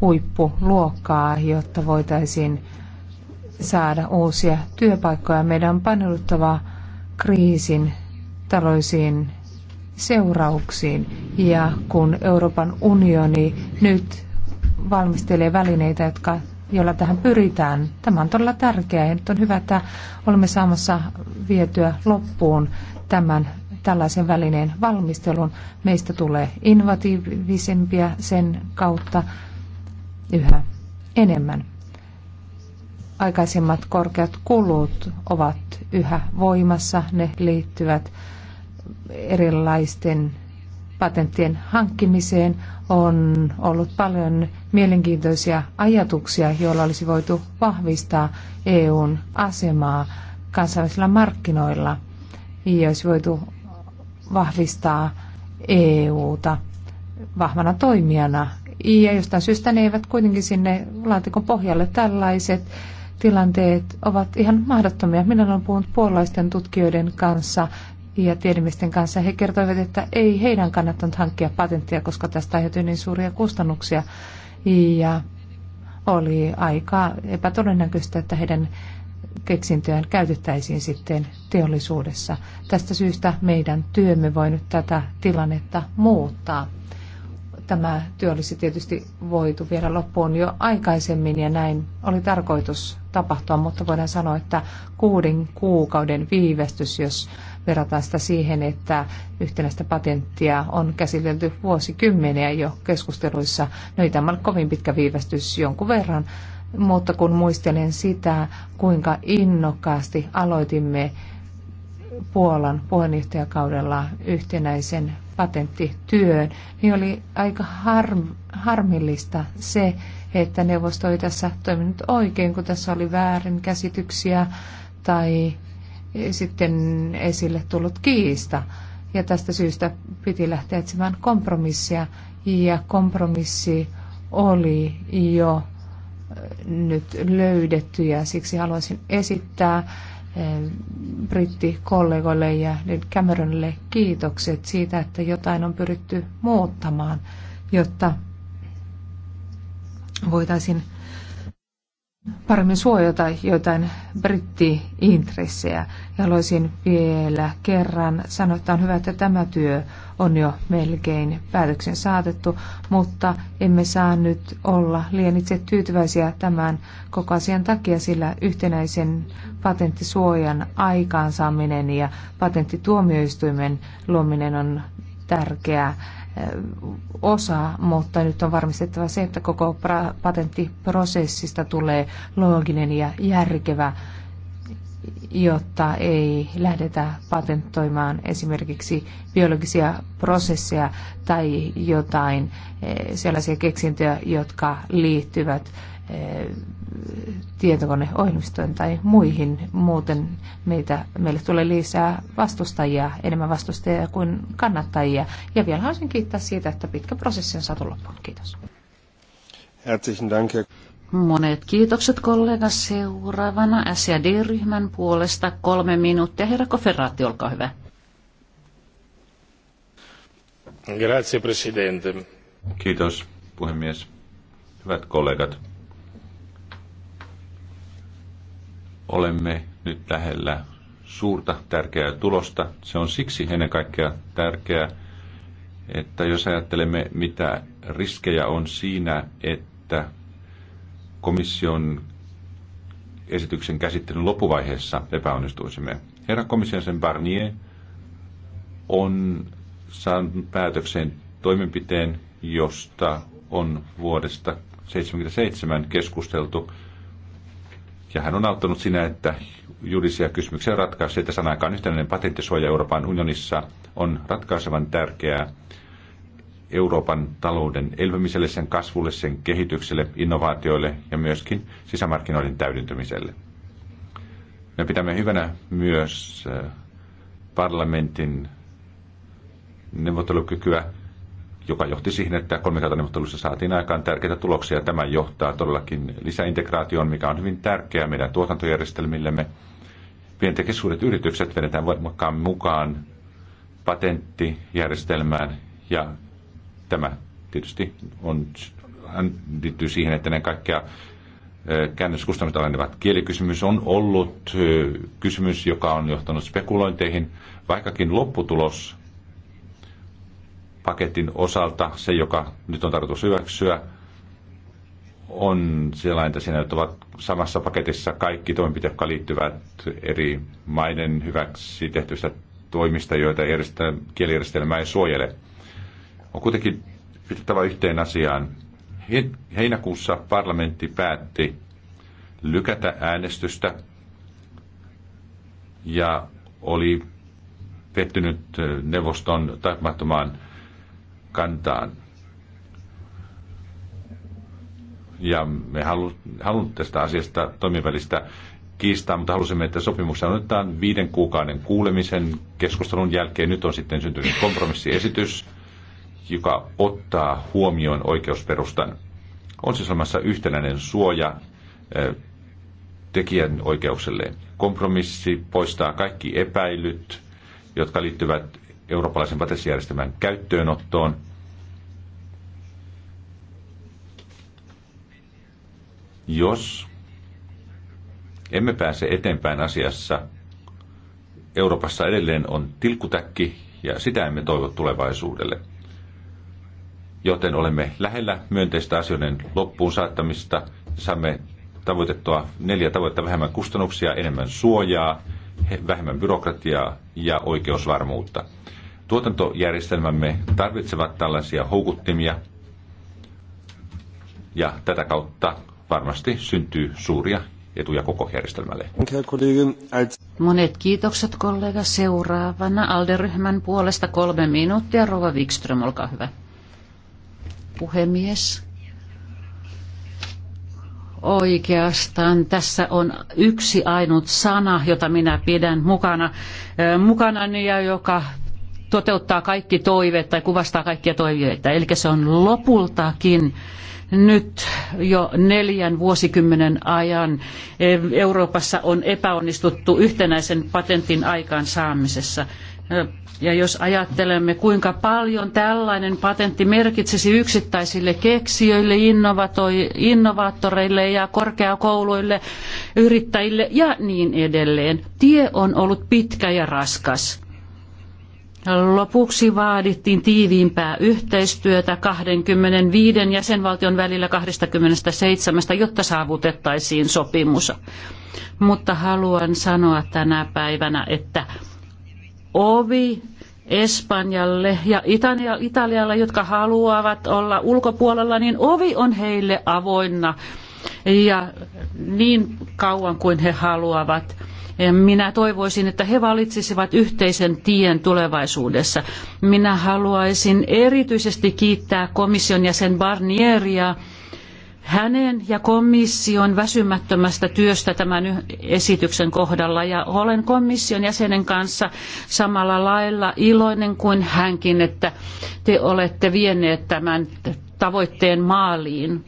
huippuluokkaa, jotta voitaisiin saada uusia työpaikkoja. Meidän on paneuduttava kriisin taloisiin seurauksiin ja kun Euroopan unioni nyt valmistelee välineitä, jotka jolla tähän pyritään. Tämä on todella tärkeää ja nyt on hyvä, että olemme saamassa vietyä loppuun tämän tällaisen välineen valmistelun. Meistä tulee innovatiivisempia sen kautta yhä enemmän. Aikaisemmat korkeat kulut ovat yhä voimassa. Ne liittyvät erilaisten patenttien hankkimiseen on ollut paljon mielenkiintoisia ajatuksia, joilla olisi voitu vahvistaa EUn asemaa kansainvälisillä markkinoilla ja olisi voitu vahvistaa EUta vahvana toimijana. Ja jostain syystä ne eivät kuitenkin sinne laatikon pohjalle tällaiset tilanteet ovat ihan mahdottomia. Minä olen puhunut puolalaisten tutkijoiden kanssa ja tiedemiesten kanssa. He kertoivat, että ei heidän kannattanut hankkia patenttia, koska tästä aiheutui niin suuria kustannuksia. Ja oli aika epätodennäköistä, että heidän keksintöään käytettäisiin sitten teollisuudessa. Tästä syystä meidän työmme voi nyt tätä tilannetta muuttaa. Tämä työ olisi tietysti voitu vielä loppuun jo aikaisemmin ja näin oli tarkoitus tapahtua, mutta voidaan sanoa, että kuuden kuukauden viivästys, jos verrataan sitä siihen, että yhtenäistä patenttia on käsitelty vuosikymmeniä jo keskusteluissa. No ei tämä ole kovin pitkä viivästys jonkun verran, mutta kun muistelen sitä, kuinka innokkaasti aloitimme Puolan puheenjohtajakaudella yhtenäisen patenttityön, niin oli aika harmillista se, että neuvosto ei tässä toiminut oikein, kun tässä oli väärinkäsityksiä tai sitten esille tullut kiista. Ja tästä syystä piti lähteä etsimään kompromissia. Ja kompromissi oli jo äh, nyt löydetty ja siksi haluaisin esittää äh, brittikollegoille ja Cameronille kiitokset siitä, että jotain on pyritty muuttamaan, jotta voitaisiin paremmin suojata joitain britti Ja haluaisin vielä kerran sanoa, että on hyvä, että tämä työ on jo melkein päätöksen saatettu, mutta emme saa nyt olla liian itse tyytyväisiä tämän koko asian takia, sillä yhtenäisen patenttisuojan aikaansaaminen ja patenttituomioistuimen luominen on tärkeää osa, mutta nyt on varmistettava se, että koko patenttiprosessista tulee looginen ja järkevä, jotta ei lähdetä patentoimaan esimerkiksi biologisia prosesseja tai jotain sellaisia keksintöjä, jotka liittyvät Eh, tietokoneohjelmistoon tai muihin. Muuten meitä, meille tulee lisää vastustajia, enemmän vastustajia kuin kannattajia. Ja vielä haluaisin kiittää siitä, että pitkä prosessi on saatu loppuun. Kiitos. Herzlichen Dank. Monet kiitokset kollega seuraavana SJD-ryhmän puolesta kolme minuuttia. Herra Koferraatti, olkaa hyvä. Grazie, Presidente. Kiitos, puhemies. Hyvät kollegat, olemme nyt lähellä suurta tärkeää tulosta. Se on siksi ennen kaikkea tärkeää, että jos ajattelemme, mitä riskejä on siinä, että komission esityksen käsittelyn loppuvaiheessa epäonnistuisimme. Herra komission sen Barnier on saanut päätökseen toimenpiteen, josta on vuodesta 1977 keskusteltu ja hän on auttanut siinä, että juridisia kysymyksiä ratkaisee, että sanakaan yhtenäinen patenttisuoja Euroopan unionissa on ratkaisevan tärkeää Euroopan talouden elpymiselle, sen kasvulle, sen kehitykselle, innovaatioille ja myöskin sisämarkkinoiden täydentymiselle. Me pitämme hyvänä myös äh, parlamentin neuvottelukykyä joka johti siihen, että kolmikantaneuvotteluissa saatiin aikaan tärkeitä tuloksia. Tämä johtaa todellakin lisäintegraatioon, mikä on hyvin tärkeää meidän tuotantojärjestelmillemme. Pienet ja suuret yritykset vedetään voimakkaan mukaan patenttijärjestelmään ja tämä tietysti on, liittyy siihen, että ne kaikkea käännöskustannukset alenevat. Kielikysymys on ollut kysymys, joka on johtanut spekulointeihin, vaikkakin lopputulos paketin osalta, se joka nyt on tarkoitus hyväksyä, on sellainen, että siinä ovat samassa paketissa kaikki toimenpiteet, jotka liittyvät eri maiden hyväksi tehtyistä toimista, joita kielijärjestelmä ei suojele. On kuitenkin pitettävä yhteen asiaan. Heinäkuussa parlamentti päätti lykätä äänestystä ja oli pettynyt äh, neuvoston taipumattomaan kantaan. Ja me haluamme tästä asiasta toimivälistä kiistaa, mutta halusimme, että sopimuksessa annetaan viiden kuukauden kuulemisen keskustelun jälkeen. Nyt on sitten syntynyt kompromissiesitys, joka ottaa huomioon oikeusperustan. On siis olemassa yhtenäinen suoja eh, tekijän oikeukselle. Kompromissi poistaa kaikki epäilyt, jotka liittyvät eurooppalaisen patentijärjestelmän käyttöönottoon. Jos emme pääse eteenpäin asiassa, Euroopassa edelleen on tilkutäkki ja sitä emme toivo tulevaisuudelle. Joten olemme lähellä myönteistä asioiden loppuun saattamista. Saamme tavoitettua neljä tavoitetta vähemmän kustannuksia, enemmän suojaa, vähemmän byrokratiaa ja oikeusvarmuutta. Tuotantojärjestelmämme tarvitsevat tällaisia houkuttimia ja tätä kautta varmasti syntyy suuria etuja koko järjestelmälle. Monet kiitokset kollega. Seuraavana Alderyhmän puolesta kolme minuuttia. Rova Wikström, olkaa hyvä. Puhemies. Oikeastaan tässä on yksi ainut sana, jota minä pidän mukana, eh, mukana ja joka toteuttaa kaikki toiveet tai kuvastaa kaikkia toiveita. Eli se on lopultakin nyt jo neljän vuosikymmenen ajan Euroopassa on epäonnistuttu yhtenäisen patentin aikaansaamisessa. Ja jos ajattelemme, kuinka paljon tällainen patentti merkitsisi yksittäisille keksijöille, innovaattoreille ja korkeakouluille, yrittäjille ja niin edelleen. Tie on ollut pitkä ja raskas. Lopuksi vaadittiin tiiviimpää yhteistyötä 25 jäsenvaltion välillä 27, jotta saavutettaisiin sopimus. Mutta haluan sanoa tänä päivänä, että ovi Espanjalle ja Italialle, jotka haluavat olla ulkopuolella, niin ovi on heille avoinna ja niin kauan kuin he haluavat. Minä toivoisin, että he valitsisivat yhteisen tien tulevaisuudessa. Minä haluaisin erityisesti kiittää komission jäsen Barnieria hänen ja komission väsymättömästä työstä tämän esityksen kohdalla ja olen komission jäsenen kanssa samalla lailla iloinen kuin hänkin, että te olette vieneet tämän tavoitteen maaliin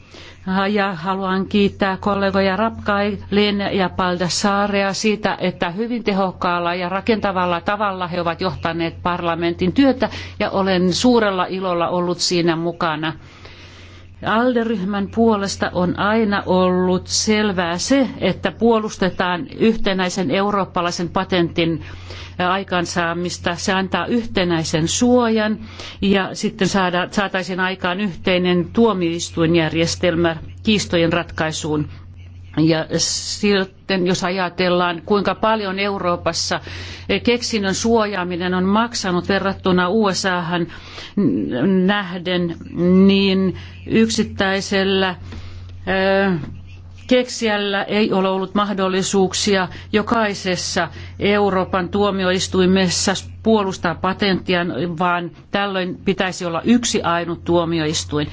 ja haluan kiittää kollegoja Rapkai, Lin ja Paldassaaria siitä, että hyvin tehokkaalla ja rakentavalla tavalla he ovat johtaneet parlamentin työtä ja olen suurella ilolla ollut siinä mukana ryhmän puolesta on aina ollut selvää se, että puolustetaan yhtenäisen eurooppalaisen patentin aikaansaamista. Se antaa yhtenäisen suojan ja sitten saada, saataisiin aikaan yhteinen tuomioistuinjärjestelmä kiistojen ratkaisuun ja sitten jos ajatellaan, kuinka paljon Euroopassa keksinnön suojaaminen on maksanut verrattuna USAhan nähden, niin yksittäisellä keksijällä ei ole ollut mahdollisuuksia jokaisessa Euroopan tuomioistuimessa puolustaa patenttia, vaan tällöin pitäisi olla yksi ainut tuomioistuin.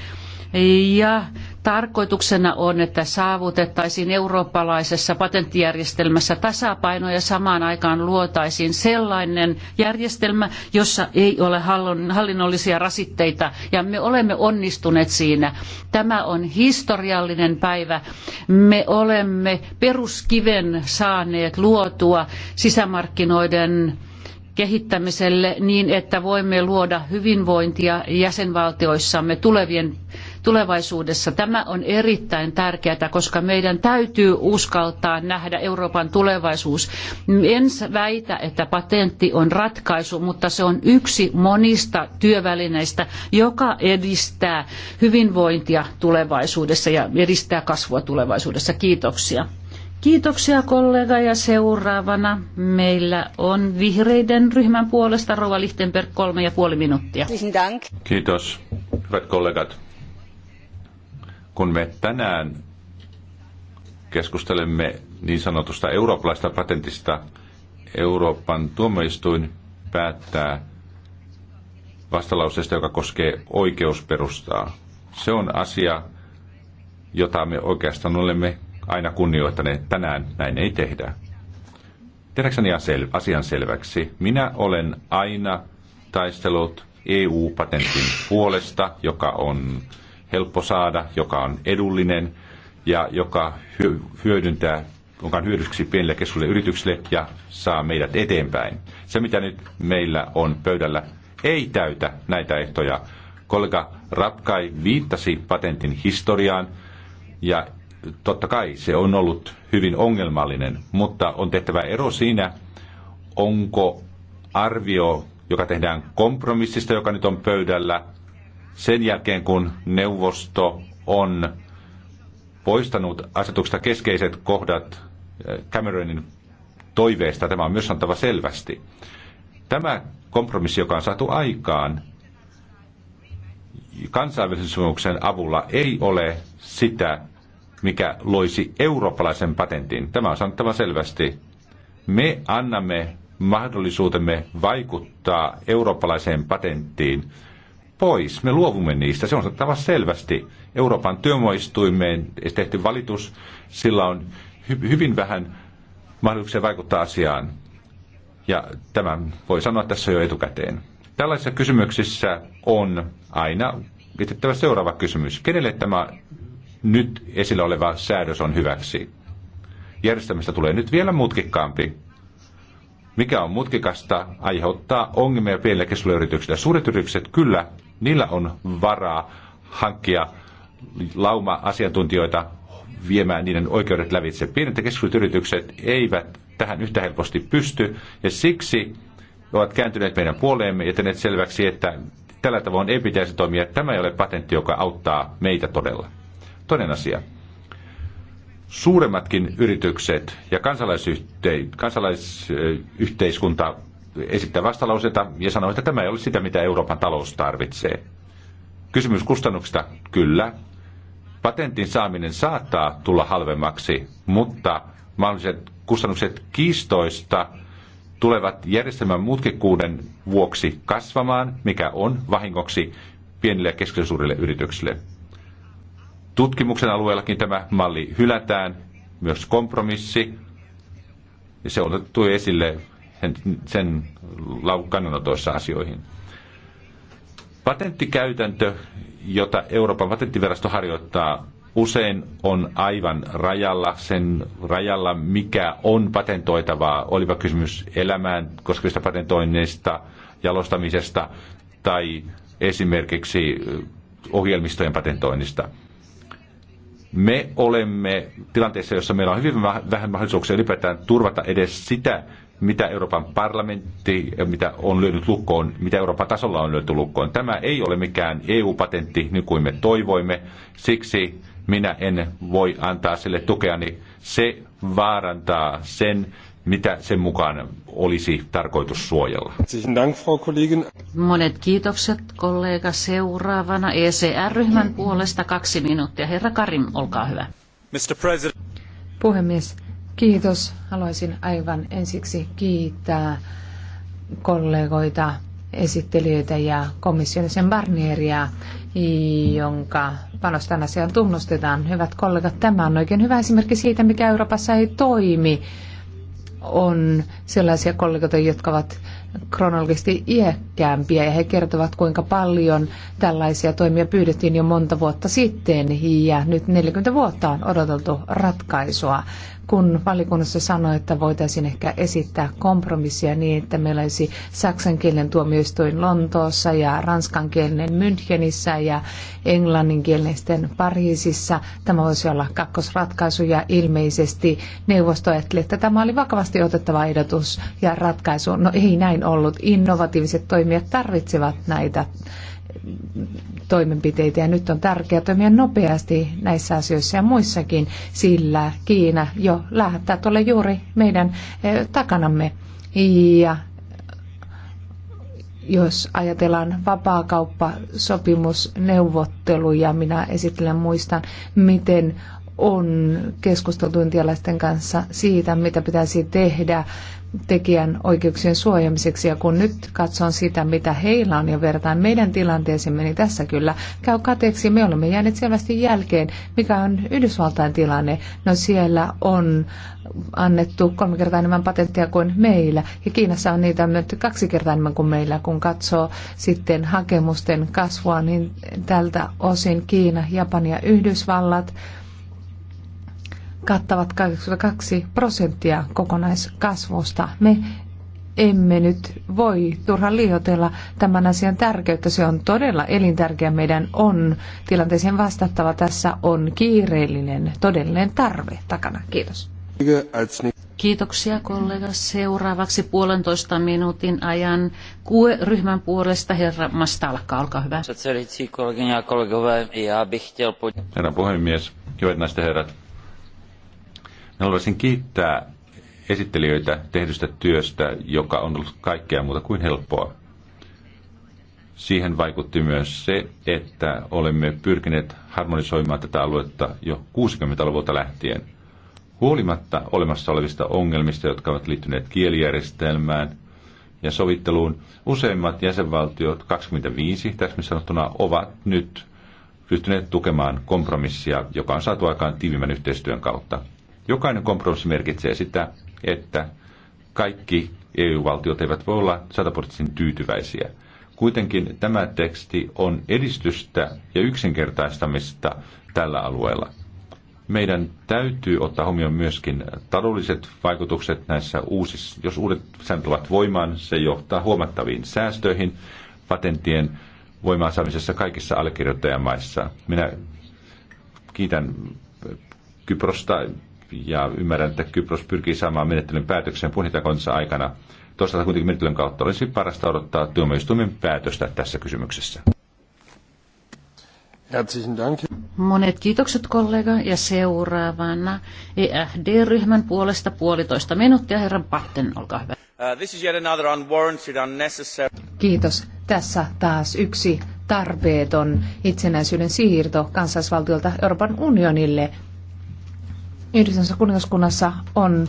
Ja Tarkoituksena on, että saavutettaisiin eurooppalaisessa patenttijärjestelmässä tasapaino ja samaan aikaan luotaisiin sellainen järjestelmä, jossa ei ole hallinnollisia rasitteita ja me olemme onnistuneet siinä. Tämä on historiallinen päivä. Me olemme peruskiven saaneet luotua sisämarkkinoiden kehittämiselle niin, että voimme luoda hyvinvointia jäsenvaltioissamme tulevien tulevaisuudessa. Tämä on erittäin tärkeää, koska meidän täytyy uskaltaa nähdä Euroopan tulevaisuus. En väitä, että patentti on ratkaisu, mutta se on yksi monista työvälineistä, joka edistää hyvinvointia tulevaisuudessa ja edistää kasvua tulevaisuudessa. Kiitoksia. Kiitoksia kollega ja seuraavana meillä on vihreiden ryhmän puolesta Rova Lichtenberg kolme ja puoli minuuttia. Kiitos, hyvät kollegat. Kun me tänään keskustelemme niin sanotusta eurooppalaista patentista, Euroopan tuomioistuin päättää vastalauseesta, joka koskee oikeusperustaa. Se on asia, jota me oikeastaan olemme aina kunnioittaneet. Tänään näin ei tehdä. Tehdäkseni asian selväksi, minä olen aina taistellut EU-patentin puolesta, joka on helppo saada, joka on edullinen ja joka hyödyntää joka on hyödyksi pienille keskuille yrityksille ja saa meidät eteenpäin. Se, mitä nyt meillä on pöydällä, ei täytä näitä ehtoja. Kollega Rapkai viittasi patentin historiaan ja totta kai se on ollut hyvin ongelmallinen, mutta on tehtävä ero siinä, onko arvio, joka tehdään kompromissista, joka nyt on pöydällä, sen jälkeen, kun neuvosto on poistanut asetuksesta keskeiset kohdat eh, Cameronin toiveesta, tämä on myös antava selvästi. Tämä kompromissi, joka on saatu aikaan kansainvälisen sopimuksen avulla, ei ole sitä, mikä loisi eurooppalaisen patentin. Tämä on sanottava selvästi. Me annamme mahdollisuutemme vaikuttaa eurooppalaiseen patenttiin pois. Me luovumme niistä. Se on saattava selvästi. Euroopan työmoistuimeen tehty valitus, sillä on hy- hyvin vähän mahdollisuuksia vaikuttaa asiaan. Ja tämän voi sanoa tässä jo etukäteen. Tällaisissa kysymyksissä on aina esitettävä seuraava kysymys. Kenelle tämä nyt esillä oleva säädös on hyväksi? Järjestelmästä tulee nyt vielä mutkikkaampi. Mikä on mutkikasta, aiheuttaa ongelmia pienille keskusyrityksille. Suuret yritykset kyllä niillä on varaa hankkia lauma-asiantuntijoita viemään niiden oikeudet lävitse. Pienet ja keskisuuret yritykset eivät tähän yhtä helposti pysty, ja siksi ovat kääntyneet meidän puoleemme ja tehneet selväksi, että tällä tavoin ei pitäisi toimia. Tämä ei ole patentti, joka auttaa meitä todella. Toinen asia. Suuremmatkin yritykset ja kansalaisyhteiskunta esittää vastalauseita ja sanoo, että tämä ei ole sitä, mitä Euroopan talous tarvitsee. Kysymys kustannuksista, kyllä. Patentin saaminen saattaa tulla halvemmaksi, mutta mahdolliset kustannukset kiistoista tulevat järjestelmän mutkikkuuden vuoksi kasvamaan, mikä on vahingoksi pienille ja keskisuurille yrityksille. Tutkimuksen alueellakin tämä malli hylätään, myös kompromissi. Se on otettu esille sen kannanotoissa asioihin. Patenttikäytäntö, jota Euroopan patenttivirasto harjoittaa, usein on aivan rajalla, sen rajalla, mikä on patentoitavaa, olipa kysymys elämään koskevista patentoinneista, jalostamisesta tai esimerkiksi ohjelmistojen patentoinnista. Me olemme tilanteessa, jossa meillä on hyvin vähän mahdollisuuksia ylipäätään turvata edes sitä, mitä Euroopan parlamentti, mitä on lyönyt lukkoon, mitä Euroopan tasolla on lyöty lukkoon. Tämä ei ole mikään EU-patentti, niin kuin me toivoimme. Siksi minä en voi antaa sille tukeani. Se vaarantaa sen, mitä sen mukaan olisi tarkoitus suojella. Monet kiitokset kollega seuraavana ECR-ryhmän puolesta kaksi minuuttia. Herra Karim, olkaa hyvä. Mr. President. Puhemies, Kiitos. Haluaisin aivan ensiksi kiittää kollegoita, esittelijöitä ja komission sen Barnieria, jonka panostan asiaan tunnustetaan. Hyvät kollegat, tämä on oikein hyvä esimerkki siitä, mikä Euroopassa ei toimi. On sellaisia kollegoita, jotka ovat kronologisesti iäkkäämpiä ja he kertovat, kuinka paljon tällaisia toimia pyydettiin jo monta vuotta sitten ja nyt 40 vuotta on odoteltu ratkaisua kun valikunnassa sanoi, että voitaisiin ehkä esittää kompromissia niin, että meillä olisi saksankielinen tuomioistuin Lontoossa ja ranskankielinen Münchenissä ja englanninkielisten Pariisissa. Tämä voisi olla kakkosratkaisu ja ilmeisesti neuvosto ajatteli, että tämä oli vakavasti otettava ehdotus ja ratkaisu. No ei näin ollut. Innovatiiviset toimijat tarvitsevat näitä toimenpiteitä ja nyt on tärkeää toimia nopeasti näissä asioissa ja muissakin, sillä Kiina jo lähettää tuolle juuri meidän eh, takanamme. Ja jos ajatellaan vapaakauppasopimusneuvotteluja, minä esittelen muistan, miten on keskusteltu intialaisten kanssa siitä, mitä pitäisi tehdä tekijän oikeuksien suojamiseksi. Ja kun nyt katson sitä, mitä heillä on ja vertaan meidän tilanteeseemme, niin tässä kyllä käy kateeksi. Me olemme jääneet selvästi jälkeen. Mikä on Yhdysvaltain tilanne? No siellä on annettu kolme kertaa enemmän patenttia, kuin meillä. Ja Kiinassa on niitä myönnetty kaksi kertaa enemmän kuin meillä. Kun katsoo sitten hakemusten kasvua, niin tältä osin Kiina, Japani ja Yhdysvallat – kattavat 82 prosenttia kokonaiskasvusta. Me emme nyt voi turha liioitella tämän asian tärkeyttä. Se on todella elintärkeä. Meidän on tilanteeseen vastattava. Tässä on kiireellinen, todellinen tarve takana. Kiitos. Kiitoksia kollega. Seuraavaksi puolentoista minuutin ajan QE-ryhmän puolesta herra Mastalka, olkaa hyvä. Herra puhemies, hyvät naiset herrat, Haluaisin kiittää esittelijöitä tehdystä työstä, joka on ollut kaikkea muuta kuin helppoa. Siihen vaikutti myös se, että olemme pyrkineet harmonisoimaan tätä aluetta jo 60-luvulta lähtien. Huolimatta olemassa olevista ongelmista, jotka ovat liittyneet kielijärjestelmään ja sovitteluun, useimmat jäsenvaltiot, 25 täsmin sanottuna, ovat nyt pystyneet tukemaan kompromissia, joka on saatu aikaan tiivimmän yhteistyön kautta. Jokainen kompromissi merkitsee sitä, että kaikki EU-valtiot eivät voi olla sataportisin tyytyväisiä. Kuitenkin tämä teksti on edistystä ja yksinkertaistamista tällä alueella. Meidän täytyy ottaa huomioon myöskin taloudelliset vaikutukset näissä uusissa. Jos uudet säännöt ovat voimaan, se johtaa huomattaviin säästöihin patenttien voimaan saamisessa kaikissa allekirjoittajamaissa. Minä kiitän Kyprosta ja ymmärrän, että Kypros pyrkii saamaan menettelyn päätöksen puhnitakonsa aikana. Toisaalta kuitenkin menettelyn kautta olisi parasta odottaa tuomioistuimen päätöstä tässä kysymyksessä. Monet kiitokset kollega ja seuraavana EFD-ryhmän puolesta puolitoista minuuttia. Herra Patten, olkaa hyvä. Uh, Kiitos. Tässä taas yksi tarpeeton itsenäisyyden siirto kansallisvaltiolta Euroopan unionille Yhdistössä kuningaskunnassa on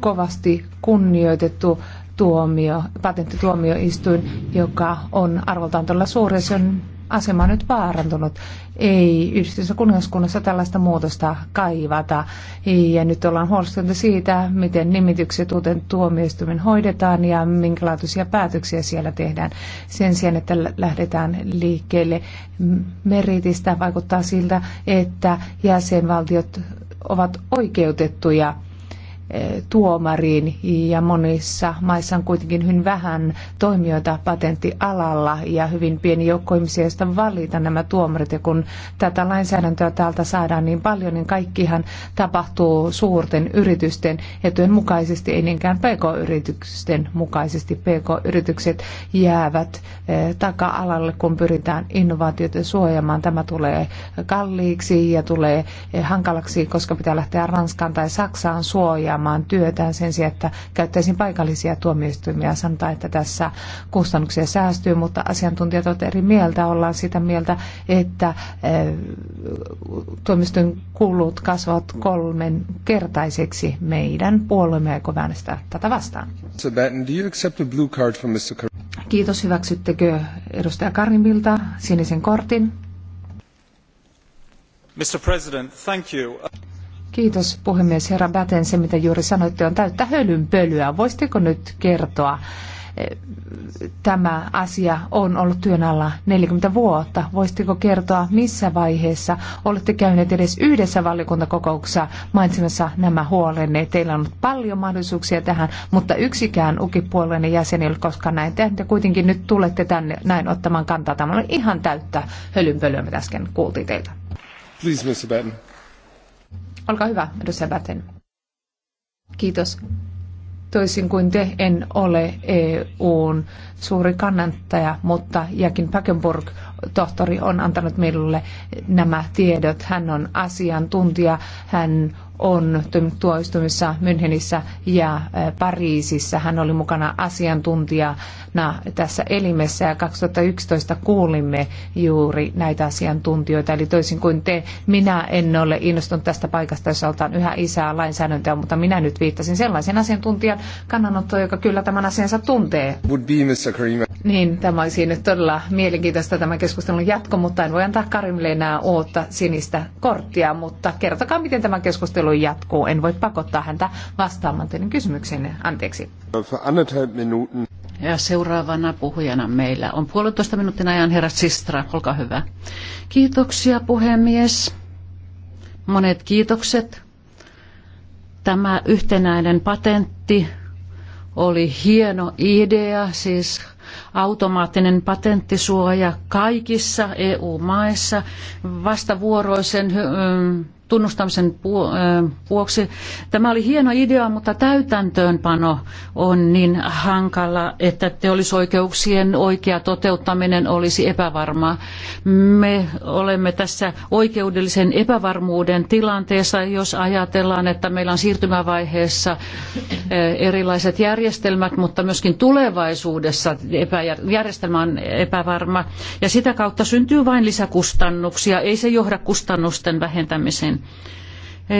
kovasti kunnioitettu tuomio, patenttituomioistuin, joka on arvoltaan todella suuri. Sen asema on nyt vaarantunut. Ei yhdistyssä kuningaskunnassa tällaista muutosta kaivata. Ja nyt ollaan huolestuneita siitä, miten nimitykset uuteen tuomioistuimen hoidetaan ja minkälaisia päätöksiä siellä tehdään. Sen sijaan, että lähdetään liikkeelle meritistä, vaikuttaa siltä, että jäsenvaltiot ovat oikeutettuja tuomariin ja monissa maissa on kuitenkin hyvin vähän toimijoita patenttialalla ja hyvin pieni joukko ihmisiä, joista valita nämä tuomarit. Ja kun tätä lainsäädäntöä täältä saadaan niin paljon, niin kaikkihan tapahtuu suurten yritysten etujen mukaisesti, ei niinkään pk-yritysten mukaisesti. Pk-yritykset jäävät eh, taka-alalle, kun pyritään innovaatioita suojamaan. Tämä tulee kalliiksi ja tulee eh, hankalaksi, koska pitää lähteä Ranskaan tai Saksaan suojaamaan parantamaan työtään sen sijaan, että käyttäisin paikallisia tuomioistuimia. Sanotaan, että tässä kustannuksia säästyy, mutta asiantuntijat ovat eri mieltä. Ollaan sitä mieltä, että eh, tuomioistuin kulut kasvavat kolmen kertaiseksi meidän puolueemme, eikö äänestää tätä vastaan. Kiitos. Hyväksyttekö edustaja Karimilta sinisen kortin? Mr. President, thank you. Kiitos puhemies. Herra Bäten, se mitä juuri sanoitte on täyttä hölynpölyä. Voisitteko nyt kertoa, eh, tämä asia on ollut työn alla 40 vuotta. Voisitteko kertoa, missä vaiheessa olette käyneet edes yhdessä valiokuntakokouksessa mainitsemassa nämä huolenne? Teillä on ollut paljon mahdollisuuksia tähän, mutta yksikään ukipuolueen jäsen ei ole koskaan näin tehnyt. Ja kuitenkin nyt tulette tänne näin ottamaan kantaa. Tämä oli ihan täyttä hölynpölyä, mitä äsken kuultiin teiltä. Please, Mr. Batten. Olkaa hyvä, edustaja Batten. Kiitos. Toisin kuin te, en ole EUn suuri kannattaja, mutta Jakin Päkenburg, tohtori, on antanut minulle nämä tiedot. Hän on asiantuntija, hän on tuoistumissa Münchenissä ja Pariisissa. Hän oli mukana asiantuntija tässä elimessä ja 2011 kuulimme juuri näitä asiantuntijoita. Eli toisin kuin te, minä en ole innostunut tästä paikasta, jossa oltaan yhä isää lainsäädäntöä, mutta minä nyt viittasin sellaisen asiantuntijan kannanottoon, joka kyllä tämän asiansa tuntee. Would be Mr. Niin, tämä olisi nyt todella mielenkiintoista tämä keskustelun jatko, mutta en voi antaa Karimille enää uutta sinistä korttia, mutta kertokaa miten tämä keskustelu jatkuu. En voi pakottaa häntä vastaamaan teidän kysymykseenne. Anteeksi. Äh, ja seuraavana puhujana meillä on puolentoista minuutin ajan herra Sistra. Olkaa hyvä. Kiitoksia puhemies. Monet kiitokset. Tämä yhtenäinen patentti oli hieno idea, siis automaattinen patenttisuoja kaikissa EU-maissa, vastavuoroisen tunnustamisen vuoksi. Tämä oli hieno idea, mutta täytäntöönpano on niin hankala, että teollisoikeuksien oikea toteuttaminen olisi epävarmaa. Me olemme tässä oikeudellisen epävarmuuden tilanteessa, jos ajatellaan, että meillä on siirtymävaiheessa erilaiset järjestelmät, mutta myöskin tulevaisuudessa järjestelmä on epävarma. Ja sitä kautta syntyy vain lisäkustannuksia, ei se johda kustannusten vähentämiseen.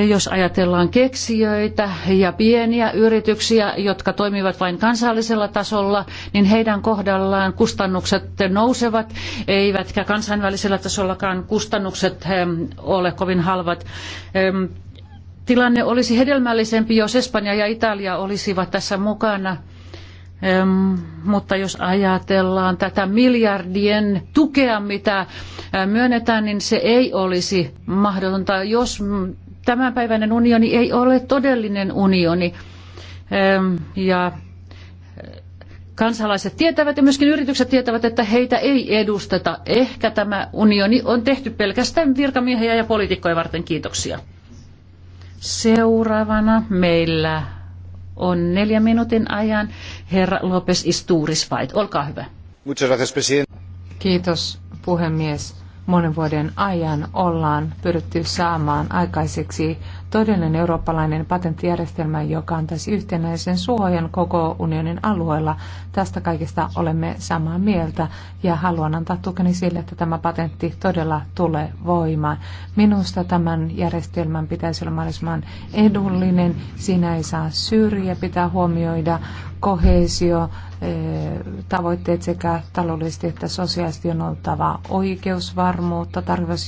Jos ajatellaan keksijöitä ja pieniä yrityksiä, jotka toimivat vain kansallisella tasolla, niin heidän kohdallaan kustannukset nousevat, eivätkä kansainvälisellä tasollakaan kustannukset ole kovin halvat. Tilanne olisi hedelmällisempi, jos Espanja ja Italia olisivat tässä mukana mutta jos ajatellaan tätä miljardien tukea, mitä myönnetään, niin se ei olisi mahdotonta, jos tämänpäiväinen unioni ei ole todellinen unioni. Ja kansalaiset tietävät ja myöskin yritykset tietävät, että heitä ei edusteta. Ehkä tämä unioni on tehty pelkästään virkamiehiä ja poliitikkoja varten. Kiitoksia. Seuraavana meillä on neljän minuutin ajan. Herra Lopes Istuuris Vait, olkaa hyvä. Kiitos puhemies. Monen vuoden ajan ollaan pyritty saamaan aikaiseksi todellinen eurooppalainen patenttijärjestelmä, joka antaisi yhtenäisen suojan koko unionin alueella. Tästä kaikesta olemme samaa mieltä ja haluan antaa tukeni sille, että tämä patentti todella tulee voimaan. Minusta tämän järjestelmän pitäisi olla mahdollisimman edullinen. Siinä ei saa syrjiä, pitää huomioida kohesio, eh, tavoitteet sekä taloudellisesti että sosiaalisesti on oltava oikeusvarmuutta,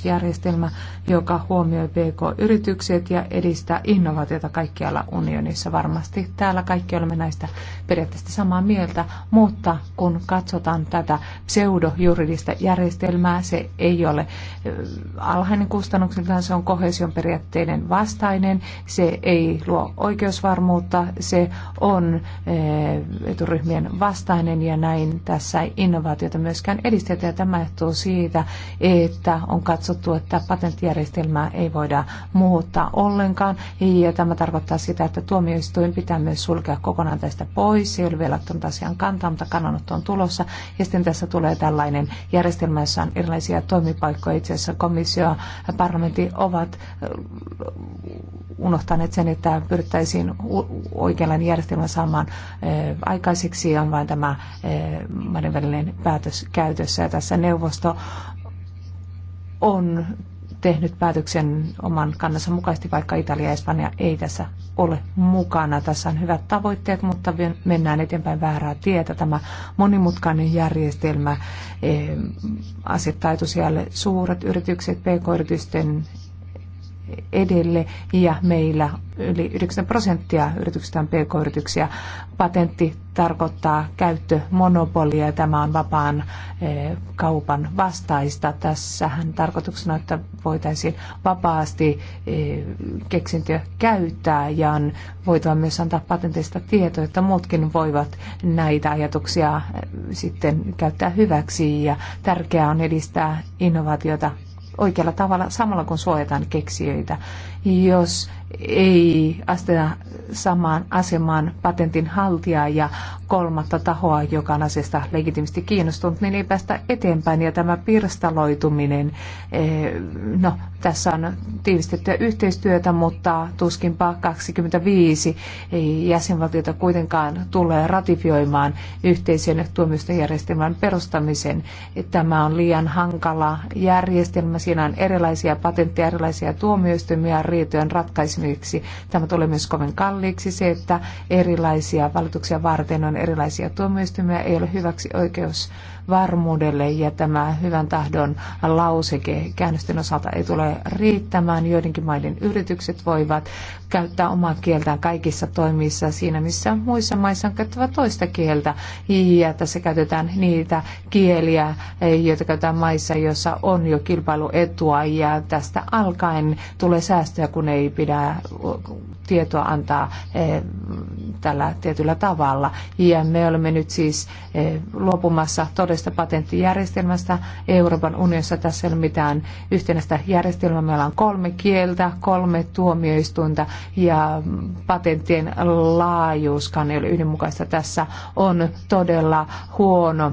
järjestelmä, joka huomioi PK-yritykset ja edistää innovaatiota kaikkialla unionissa. Varmasti täällä kaikki olemme näistä periaatteista samaa mieltä, mutta kun katsotaan tätä pseudojuridista järjestelmää, se ei ole äh, alhainen kustannuksiltaan, se on kohesion periaatteiden vastainen, se ei luo oikeusvarmuutta, se on äh, eturyhmien vastainen ja näin tässä ei innovaatiota myöskään edistetä ja tämä johtuu siitä, että on katsottu, että patenttijärjestelmää ei voida muuttaa ollenkaan ollenkaan. Ja tämä tarkoittaa sitä, että tuomioistuin pitää myös sulkea kokonaan tästä pois. Se ei ole vielä ottanut asian kantaa, mutta kannanotto on tulossa. Ja sitten tässä tulee tällainen järjestelmä, jossa on erilaisia toimipaikkoja. Itse asiassa komissio ja parlamentti ovat äh, unohtaneet sen, että pyrittäisiin oikeanlainen järjestelmä saamaan äh, aikaiseksi. On vain tämä äh, maiden välinen päätös käytössä. Ja tässä neuvosto on tehnyt päätöksen oman kannansa mukaisesti, vaikka Italia ja Espanja ei tässä ole mukana. Tässä on hyvät tavoitteet, mutta mennään eteenpäin väärää tietä. Tämä monimutkainen järjestelmä eh, asettaa etusijalle suuret yritykset, pk-yritysten edelle ja meillä yli 9 prosenttia yrityksistä on pk-yrityksiä. Patentti tarkoittaa käyttömonopolia ja tämä on vapaan eh, kaupan vastaista. Tässähän tarkoituksena, että voitaisiin vapaasti eh, keksintöä käyttää ja on voitava myös antaa patenteista tietoa, että muutkin voivat näitä ajatuksia eh, sitten käyttää hyväksi ja tärkeää on edistää innovaatiota oikealla tavalla samalla kun suojataan keksijöitä. Jos ei asteta samaan asemaan patentin haltijaa ja kolmatta tahoa, joka on asiasta legitimisti kiinnostunut, niin ei päästä eteenpäin. Ja tämä pirstaloituminen, eh, no tässä on tiivistettyä yhteistyötä, mutta tuskinpa 25 jäsenvaltiota kuitenkaan tulee ratifioimaan yhteisen tuomioistuinjärjestelmän perustamisen. Tämä on liian hankala järjestelmä. Siinä on erilaisia patentteja, erilaisia tuomioistuimia riitojen ratkaisemista esimerkiksi. Tämä tulee myös kovin kalliiksi se, että erilaisia valituksia varten on erilaisia tuomioistuimia, ei ole hyväksi oikeus varmuudelle ja tämä hyvän tahdon lauseke käännösten osalta ei tule riittämään. Joidenkin maiden yritykset voivat käyttää omaa kieltään kaikissa toimissa siinä, missä muissa maissa on käyttävä toista kieltä. Ja tässä käytetään niitä kieliä, joita käytetään maissa, joissa on jo kilpailuetua ja tästä alkaen tulee säästöjä, kun ei pidä tietoa antaa eh, tällä tietyllä tavalla. Ja me olemme nyt siis eh, luopumassa todesta patenttijärjestelmästä Euroopan unionissa. Tässä ei ole mitään yhtenäistä järjestelmää. Meillä on kolme kieltä, kolme tuomioistuinta ja patenttien laajuuskaan ei ole yhdenmukaista. Tässä on todella huono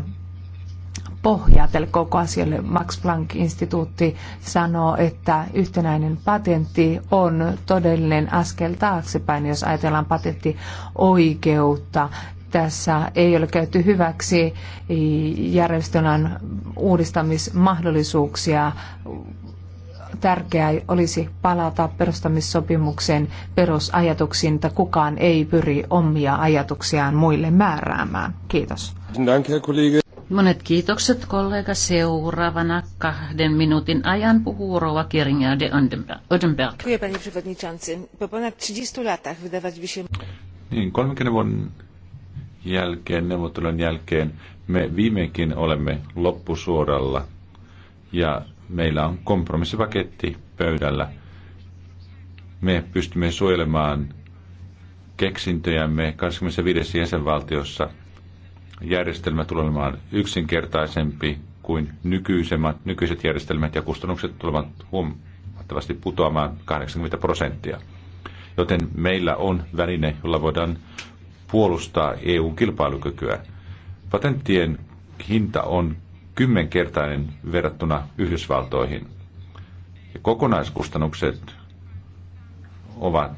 pohjaa tälle koko asialle. Max Planck-instituutti sanoo, että yhtenäinen patentti on todellinen askel taaksepäin, jos ajatellaan patenttioikeutta tässä ei ole käyty hyväksi järjestelmän uudistamismahdollisuuksia. Tärkeää olisi palata perustamissopimuksen perusajatuksiin, että kukaan ei pyri omia ajatuksiaan muille määräämään. Kiitos. Monet kiitokset kollega. Seuraavana kahden minuutin ajan puhuu Rova Kiringa de Odenberg. Niin, 30 vuoden jälkeen, neuvottelun jälkeen, me viimekin olemme loppusuoralla ja meillä on kompromissipaketti pöydällä. Me pystymme suojelemaan keksintöjämme 25 jäsenvaltiossa järjestelmä tulee olemaan yksinkertaisempi kuin nykyisemmät, nykyiset järjestelmät ja kustannukset tulevat huomattavasti putoamaan 80 prosenttia. Joten meillä on väline, jolla voidaan puolustaa eu kilpailukykyä. Patenttien hinta on kymmenkertainen verrattuna Yhdysvaltoihin. Ja kokonaiskustannukset ovat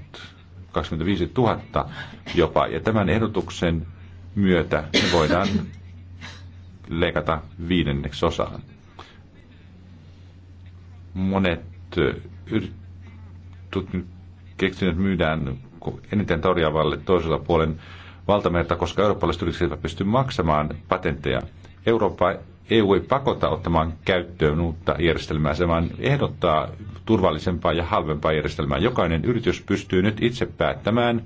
25 000 jopa. Ja tämän ehdotuksen myötä ne voidaan leikata viidenneksi osaan. Monet keksinyt myydään eniten torjavalle toisella puolen valtamerta, koska eurooppalaiset yritykset eivät pysty maksamaan patentteja. Eurooppa EU ei pakota ottamaan käyttöön uutta järjestelmää, se vaan ehdottaa turvallisempaa ja halvempaa järjestelmää. Jokainen yritys pystyy nyt itse päättämään,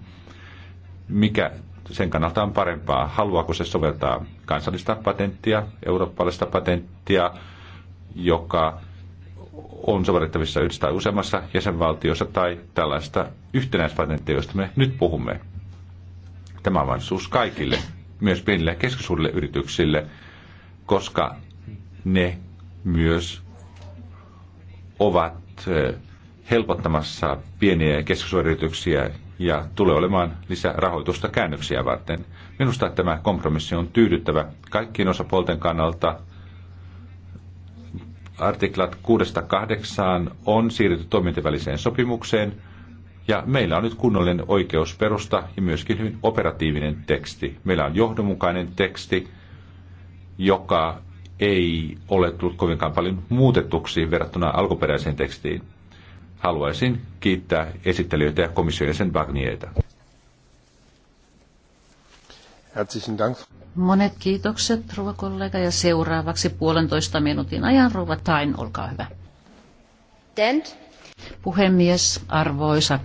mikä sen kannalta on parempaa. Haluaako se soveltaa kansallista patenttia, eurooppalaista patenttia, joka on sovellettavissa yhdessä tai useammassa jäsenvaltiossa tai tällaista yhtenäispatenttia, josta me nyt puhumme. Tämä on mahdollisuus kaikille, myös pienille ja keskisuurille yrityksille, koska ne myös ovat eh, helpottamassa pieniä ja keskisuuria yrityksiä ja tulee olemaan lisärahoitusta käännöksiä varten. Minusta tämä kompromissi on tyydyttävä kaikkien osapuolten kannalta. Artiklat 6-8 on siirretty toimintaväliseen sopimukseen ja meillä on nyt kunnollinen oikeusperusta ja myöskin hyvin operatiivinen teksti. Meillä on johdonmukainen teksti, joka ei ole tullut kovinkaan paljon muutetuksi verrattuna alkuperäiseen tekstiin haluaisin kiittää esittelijöitä ja komission jäsen Barnierta. Monet kiitokset, rouva kollega, ja seuraavaksi puolentoista minuutin ajan rouva Tain, olkaa hyvä. Tent. Puhemies, arvoisa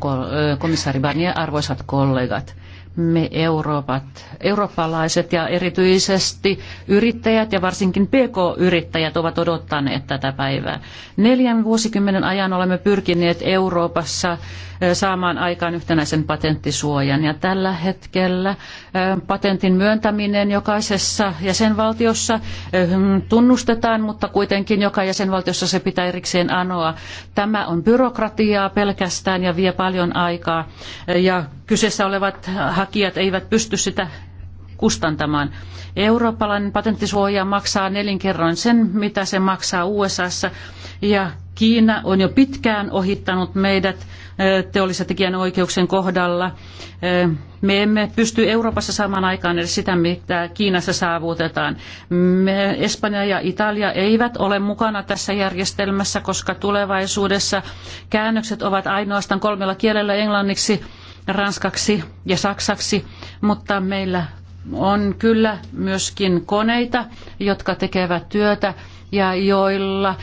komissaari Barnier, arvoisat kollegat me Euroopat, eurooppalaiset ja erityisesti yrittäjät ja varsinkin PK-yrittäjät ovat odottaneet tätä päivää. Neljän vuosikymmenen ajan olemme pyrkineet Euroopassa saamaan aikaan yhtenäisen patenttisuojan. Ja tällä hetkellä patentin myöntäminen jokaisessa jäsenvaltiossa hmm, tunnustetaan, mutta kuitenkin joka jäsenvaltiossa se pitää erikseen anoa. Tämä on byrokratiaa pelkästään ja vie paljon aikaa ja kyseessä olevat hakijat eivät pysty sitä kustantamaan. Eurooppalainen patenttisuoja maksaa nelinkerroin sen, mitä se maksaa USAssa, ja Kiina on jo pitkään ohittanut meidät teollisen tekijänoikeuksien kohdalla. Me emme pysty Euroopassa saamaan aikaan edes sitä, mitä Kiinassa saavutetaan. Me, Espanja ja Italia eivät ole mukana tässä järjestelmässä, koska tulevaisuudessa käännökset ovat ainoastaan kolmella kielellä englanniksi, ranskaksi ja saksaksi, mutta meillä on kyllä myöskin koneita, jotka tekevät työtä ja joilla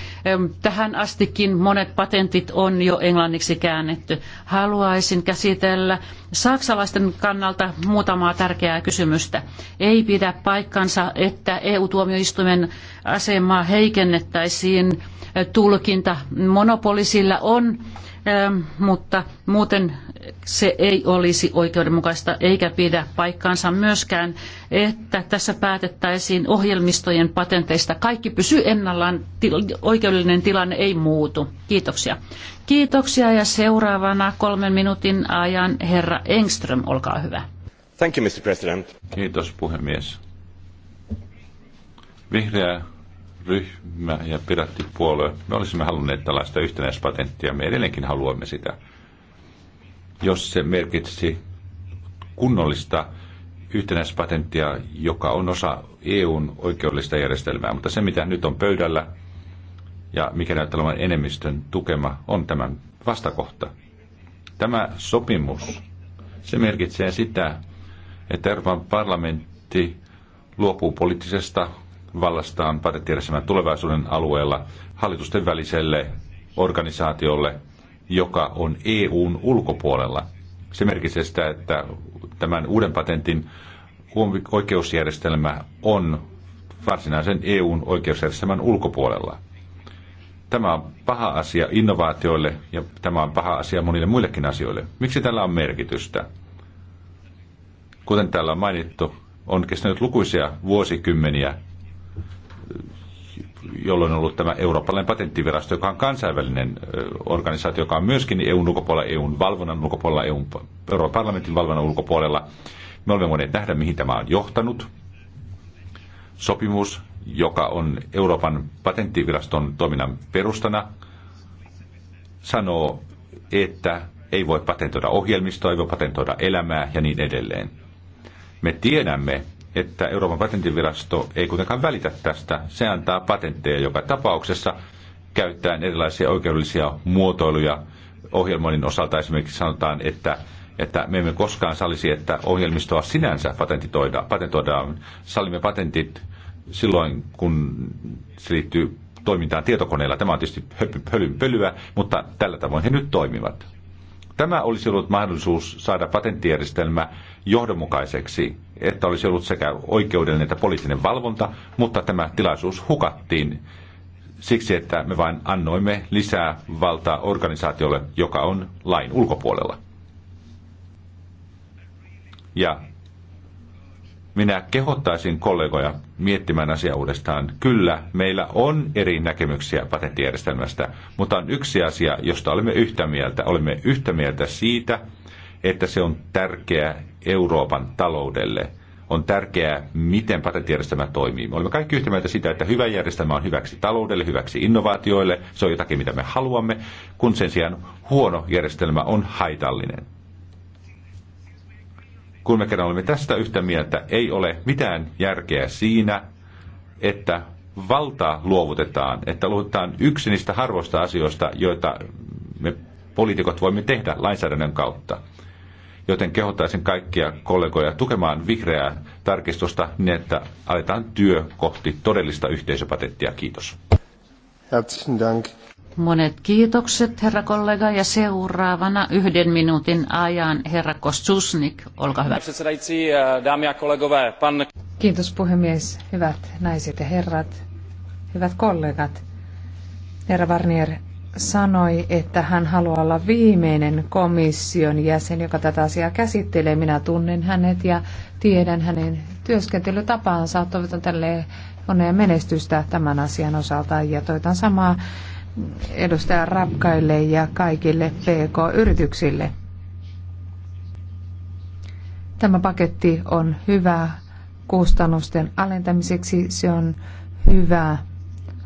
tähän astikin monet patentit on jo englanniksi käännetty. Haluaisin käsitellä saksalaisten kannalta muutamaa tärkeää kysymystä. Ei pidä paikkansa, että EU-tuomioistuimen asemaa heikennettäisiin tulkinta monopolisilla on, mutta muuten se ei olisi oikeudenmukaista eikä pidä paikkaansa myöskään, että tässä päätettäisiin ohjelmistojen patenteista. Kaikki pysyy ennallaan, oikeudellinen tilanne ei muutu. Kiitoksia. Kiitoksia ja seuraavana kolmen minuutin ajan herra Engström, olkaa hyvä. Thank you, Mr. President. Kiitos puhemies. Vihreä ryhmä ja pirattipuolue, me olisimme halunneet tällaista yhtenäispatenttia, me edelleenkin haluamme sitä jos se merkitsi kunnollista yhtenäispatenttia, joka on osa EUn oikeudellista järjestelmää. Mutta se, mitä nyt on pöydällä ja mikä näyttää olevan enemmistön tukema, on tämän vastakohta. Tämä sopimus, se merkitsee sitä, että Euroopan parlamentti luopuu poliittisesta vallastaan patenttijärjestelmän tulevaisuuden alueella hallitusten väliselle organisaatiolle – joka on EUn ulkopuolella. Se merkitsee sitä, että tämän uuden patentin oikeusjärjestelmä on varsinaisen EUn oikeusjärjestelmän ulkopuolella. Tämä on paha asia innovaatioille ja tämä on paha asia monille muillekin asioille. Miksi tällä on merkitystä? Kuten täällä on mainittu, on kestänyt lukuisia vuosikymmeniä jolloin on ollut tämä Eurooppalainen patenttivirasto, joka on kansainvälinen organisaatio, joka on myöskin EUn ulkopuolella, EUn valvonnan ulkopuolella, EUn Euroopan parlamentin valvonnan ulkopuolella. Me olemme voineet nähdä, mihin tämä on johtanut. Sopimus, joka on Euroopan patenttiviraston toiminnan perustana, sanoo, että ei voi patentoida ohjelmistoa, ei voi patentoida elämää ja niin edelleen. Me tiedämme, että Euroopan patenttivirasto ei kuitenkaan välitä tästä. Se antaa patentteja joka tapauksessa käyttäen erilaisia oikeudellisia muotoiluja. Ohjelmoinnin osalta esimerkiksi sanotaan, että että me emme koskaan salisi, että ohjelmistoa sinänsä patentoidaan. Salimme patentit silloin, kun se liittyy toimintaan tietokoneella. Tämä on tietysti pölyä, mutta tällä tavoin he nyt toimivat. Tämä olisi ollut mahdollisuus saada patenttijärjestelmä johdonmukaiseksi, että olisi ollut sekä oikeudellinen että poliittinen valvonta, mutta tämä tilaisuus hukattiin siksi, että me vain annoimme lisää valtaa organisaatiolle, joka on lain ulkopuolella. Ja minä kehottaisin kollegoja miettimään asiaa uudestaan. Kyllä, meillä on eri näkemyksiä patenttijärjestelmästä, mutta on yksi asia, josta olemme yhtä mieltä. Olemme yhtä mieltä siitä, että se on tärkeä Euroopan taloudelle. On tärkeää, miten patenttijärjestelmä toimii. Me olemme kaikki yhtä mieltä sitä, että hyvä järjestelmä on hyväksi taloudelle, hyväksi innovaatioille. Se on jotakin, mitä me haluamme, kun sen sijaan huono järjestelmä on haitallinen kun me kerran olemme tästä yhtä mieltä, ei ole mitään järkeä siinä, että valtaa luovutetaan, että luovutetaan yksi niistä harvoista asioista, joita me poliitikot voimme tehdä lainsäädännön kautta joten kehottaisin kaikkia kollegoja tukemaan vihreää tarkistusta niin, että aletaan työ kohti todellista yhteisöpatenttia. Kiitos. Monet kiitokset, herra kollega, ja seuraavana yhden minuutin ajan herra Kostusnik, olkaa hyvä. Kiitos puhemies, hyvät naiset ja herrat, hyvät kollegat. Herra Varnier, sanoi, että hän haluaa olla viimeinen komission jäsen, joka tätä asiaa käsittelee. Minä tunnen hänet ja tiedän hänen työskentelytapaansa. Toivotan tälle onnea menestystä tämän asian osalta ja toivotan samaa edustaja Rapkaille ja kaikille PK-yrityksille. Tämä paketti on hyvä kustannusten alentamiseksi. Se on hyvä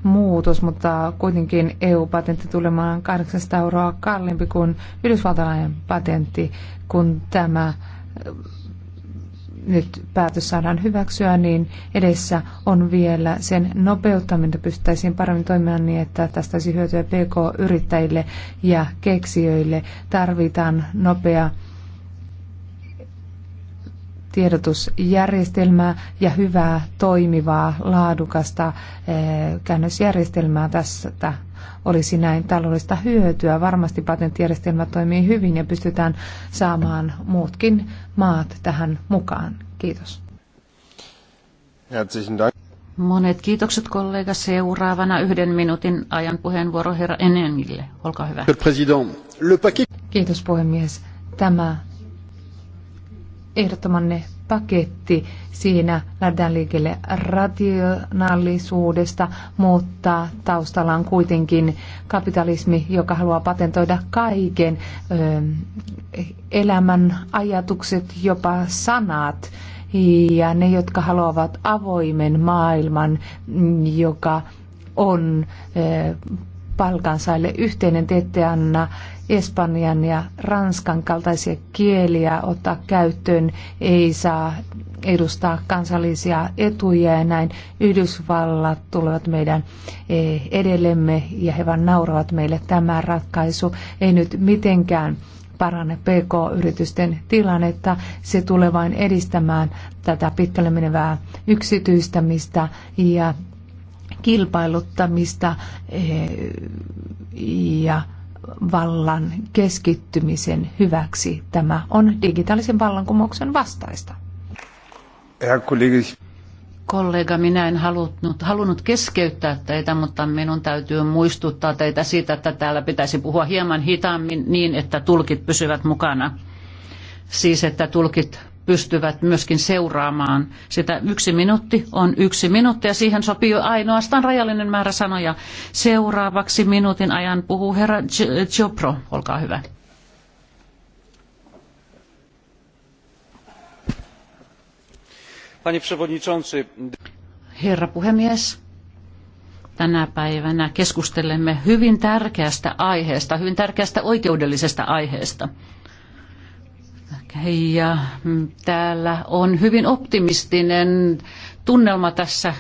muutos, mutta kuitenkin EU-patentti tulemaan 800 euroa kalliimpi kuin yhdysvaltalainen patentti, kun tämä eh, nyt päätös saadaan hyväksyä, niin edessä on vielä sen nopeuttaminen, että pystyttäisiin paremmin toimimaan niin, että tästä olisi hyötyä PK-yrittäjille ja keksijöille. Tarvitaan nopea tiedotusjärjestelmää ja hyvää, toimivaa, laadukasta eh, käännösjärjestelmää tästä olisi näin taloudellista hyötyä. Varmasti patenttijärjestelmä toimii hyvin ja pystytään saamaan muutkin maat tähän mukaan. Kiitos. Monet kiitokset kollega. Seuraavana yhden minuutin ajan puheenvuoro herra Enenille. Olkaa hyvä. Kiitos puhemies. Tämä ehdottamanne paketti. Siinä lähdetään liikkeelle rationaalisuudesta, mutta taustalla on kuitenkin kapitalismi, joka haluaa patentoida kaiken elämän ajatukset, jopa sanat. Ja ne, jotka haluavat avoimen maailman, joka on palkansaille yhteinen, te ette anna Espanjan ja Ranskan kaltaisia kieliä ottaa käyttöön, ei saa edustaa kansallisia etuja ja näin Yhdysvallat tulevat meidän e, edellemme ja he vaan nauravat meille tämä ratkaisu. Ei nyt mitenkään paranne PK-yritysten tilannetta. Se tulee vain edistämään tätä pitkälle menevää yksityistämistä ja kilpailuttamista eh, ja vallan keskittymisen hyväksi. Tämä on digitaalisen vallankumouksen vastaista. Kollega, minä en halunnut, halunnut keskeyttää teitä, mutta minun täytyy muistuttaa teitä siitä, että täällä pitäisi puhua hieman hitaammin niin, että tulkit pysyvät mukana. Siis, että tulkit pystyvät myöskin seuraamaan sitä. Yksi minuutti on yksi minuutti ja siihen sopii ainoastaan rajallinen määrä sanoja. Seuraavaksi minuutin ajan puhuu herra Jopro, Olkaa hyvä. Panie przewodniczący. Herra puhemies, tänä päivänä keskustelemme hyvin tärkeästä aiheesta, hyvin tärkeästä oikeudellisesta aiheesta. Ja mm, täällä on hyvin optimistinen tunnelma tässä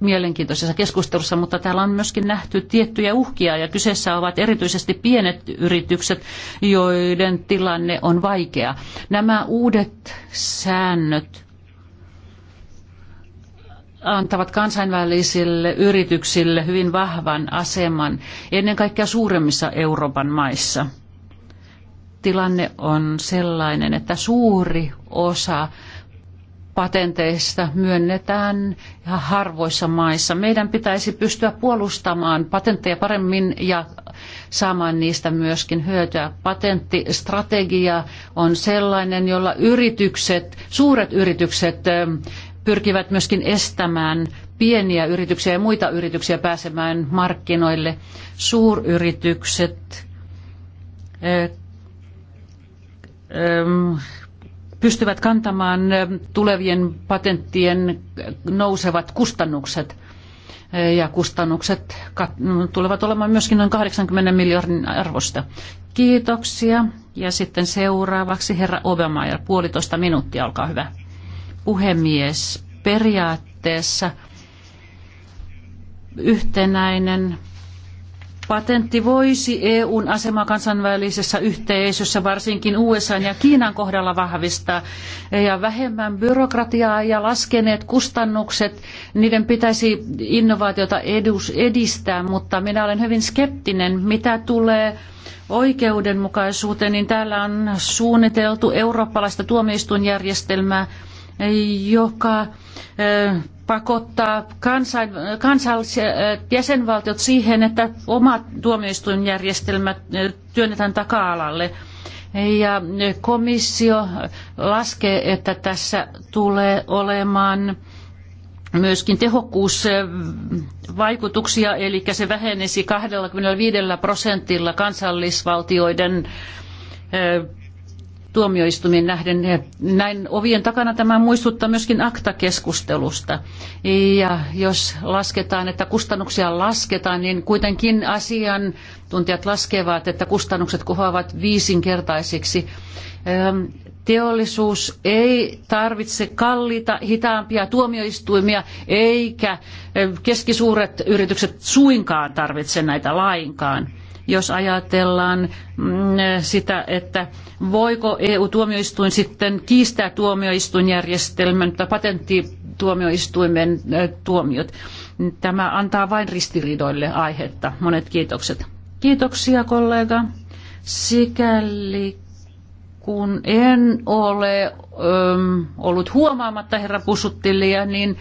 mielenkiintoisessa keskustelussa, mutta täällä on myöskin nähty tiettyjä uhkia ja kyseessä ovat erityisesti pienet yritykset, joiden tilanne on vaikea. Nämä uudet säännöt antavat kansainvälisille yrityksille hyvin vahvan aseman, ennen kaikkea suuremmissa Euroopan maissa – tilanne on sellainen, että suuri osa patenteista myönnetään ja harvoissa maissa. Meidän pitäisi pystyä puolustamaan patentteja paremmin ja saamaan niistä myöskin hyötyä. Patenttistrategia on sellainen, jolla yritykset, suuret yritykset pyrkivät myöskin estämään pieniä yrityksiä ja muita yrityksiä pääsemään markkinoille. Suuryritykset pystyvät kantamaan tulevien patenttien nousevat kustannukset. Ja kustannukset tulevat olemaan myöskin noin 80 miljardin arvosta. Kiitoksia. Ja sitten seuraavaksi herra Obermeier, puolitoista minuuttia, olkaa hyvä. Puhemies, periaatteessa yhtenäinen Patentti voisi EUn asemaa kansainvälisessä yhteisössä, varsinkin USA ja Kiinan kohdalla vahvistaa. Ja vähemmän byrokratiaa ja laskeneet kustannukset, niiden pitäisi innovaatiota edistää, mutta minä olen hyvin skeptinen, mitä tulee oikeudenmukaisuuteen, niin täällä on suunniteltu eurooppalaista tuomioistuinjärjestelmää, joka pakottaa kansain, kansalliset jäsenvaltiot siihen, että omat tuomioistuinjärjestelmät työnnetään taka-alalle. Ja komissio laskee, että tässä tulee olemaan myöskin tehokkuusvaikutuksia, eli se vähenisi 25 prosentilla kansallisvaltioiden tuomioistumiin nähden. Näin ovien takana tämä muistuttaa myöskin aktakeskustelusta. Ja jos lasketaan, että kustannuksia lasketaan, niin kuitenkin asian tuntijat laskevat, että kustannukset kohoavat viisinkertaisiksi. Teollisuus ei tarvitse kalliita, hitaampia tuomioistuimia, eikä keskisuuret yritykset suinkaan tarvitse näitä lainkaan jos ajatellaan mm, sitä, että voiko EU-tuomioistuin sitten kiistää tuomioistuinjärjestelmän tai patenttituomioistuimen äh, tuomiot. Tämä antaa vain ristiriidoille aihetta. Monet kiitokset. Kiitoksia kollega. Sikäli kun en ole ollut huomaamatta herra Pusuttilia, niin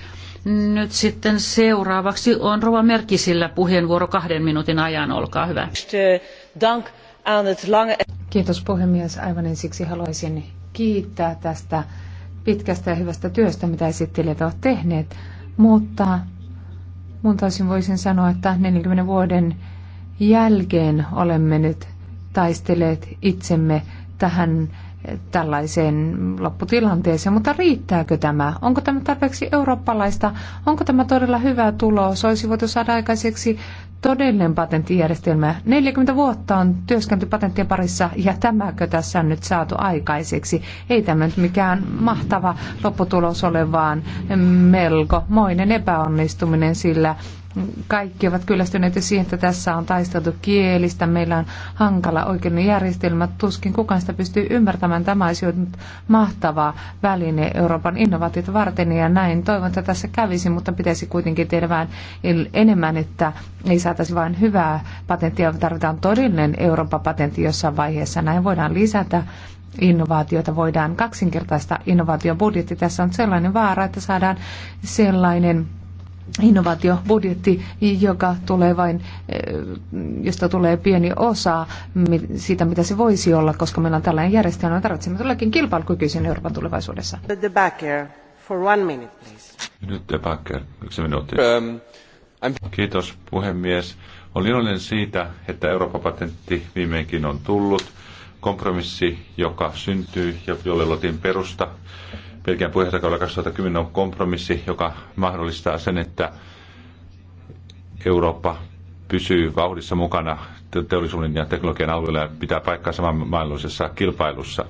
nyt sitten seuraavaksi on Rova Merkisillä puheenvuoro kahden minuutin ajan. Olkaa hyvä. Kiitos puhemies. Aivan ensiksi haluaisin kiittää tästä pitkästä ja hyvästä työstä, mitä esittelijät ovat tehneet. Mutta mun taisin voisin sanoa, että 40 vuoden jälkeen olemme nyt taisteleet itsemme tähän tällaiseen lopputilanteeseen, mutta riittääkö tämä? Onko tämä tarpeeksi eurooppalaista? Onko tämä todella hyvä tulos? Olisi voitu saada aikaiseksi todellinen patenttijärjestelmä. 40 vuotta on työskenty patenttien parissa ja tämäkö tässä on nyt saatu aikaiseksi? Ei tämä nyt mikään mahtava lopputulos ole, vaan melko moinen epäonnistuminen, sillä kaikki ovat kyllästyneet siihen, että tässä on taisteltu kielistä, meillä on hankala oikein järjestelmä, tuskin kukaan sitä pystyy ymmärtämään. Tämä olisi ollut mahtava väline Euroopan innovaatiot varten ja näin toivon, että tässä kävisi, mutta pitäisi kuitenkin tehdä vähän enemmän, että ei saataisi vain hyvää patenttia, tarvitaan todellinen Euroopan patentti jossain vaiheessa. Näin voidaan lisätä innovaatioita voidaan kaksinkertaista innovaatiobudjetti. Tässä on sellainen vaara, että saadaan sellainen innovaatiobudjetti, joka tulee vain, eh, josta tulee pieni osa siitä, mitä se voisi olla, koska meillä on tällainen järjestelmä. Me tarvitsemme todellakin kilpailukykyisen Euroopan tulevaisuudessa. The backer, for one minute, please. Nyt The Backer, yksi minuutti. Um, Kiitos puhemies. Olen iloinen siitä, että Euroopan patentti viimeinkin on tullut. Kompromissi, joka syntyi ja jolle luotiin perusta Belgian puheenjohtajakaudella 2010 on kompromissi, joka mahdollistaa sen, että Eurooppa pysyy vauhdissa mukana teollisuuden ja teknologian alueella ja pitää paikkaa samanmaailmallisessa kilpailussa.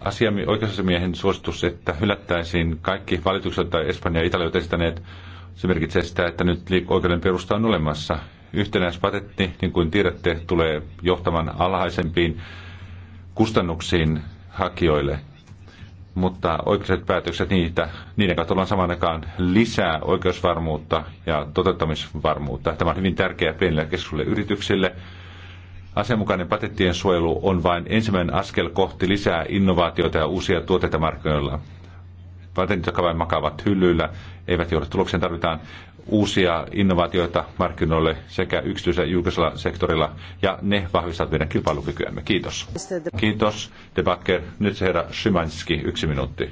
Asiami, oikeusasiamiehen suositus, että hylättäisiin kaikki valitukset, joita Espanja ja Italia esittäneet, se merkitsee sitä, että nyt oikeuden perusta on olemassa. Yhtenäispatetti, niin kuin tiedätte, tulee johtamaan alhaisempiin kustannuksiin hakijoille, mutta oikeudelliset päätökset, niitä, niiden kautta ollaan saman aikaan lisää oikeusvarmuutta ja toteuttamisvarmuutta. Tämä on hyvin tärkeää pienille keskuksille yrityksille. Asianmukainen patenttien suojelu on vain ensimmäinen askel kohti lisää innovaatioita ja uusia tuotteita markkinoilla. Patentit, jotka vain makaavat hyllyillä, eivät johda tulokseen. Tarvitaan uusia innovaatioita markkinoille sekä yksityisellä ja julkisella sektorilla, ja ne vahvistavat meidän kilpailukykyämme. Kiitos. Kiitos, debatker. Nyt se herra Szymanski, yksi minuutti.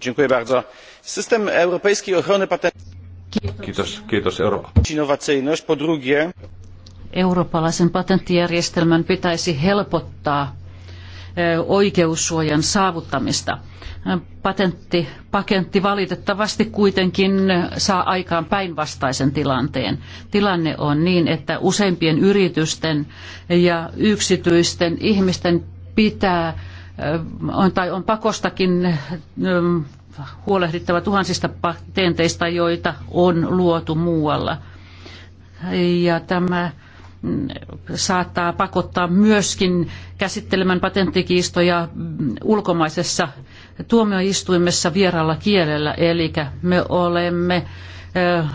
Dziękuję bardzo. System europejski ochrony patentów. Kiitos, kiitos Eurooppa. Innowacyjność. Po drugie. Eurooppalaisen patenttijärjestelmän pitäisi helpottaa oikeussuojan saavuttamista. Patenttipaketti valitettavasti kuitenkin saa aikaan päinvastaisen tilanteen. Tilanne on niin, että useimpien yritysten ja yksityisten ihmisten pitää on, tai on pakostakin huolehdittava tuhansista patenteista, joita on luotu muualla. Ja tämä saattaa pakottaa myöskin käsittelemään patenttikiistoja ulkomaisessa tuomioistuimessa vieraalla kielellä. Eli me olemme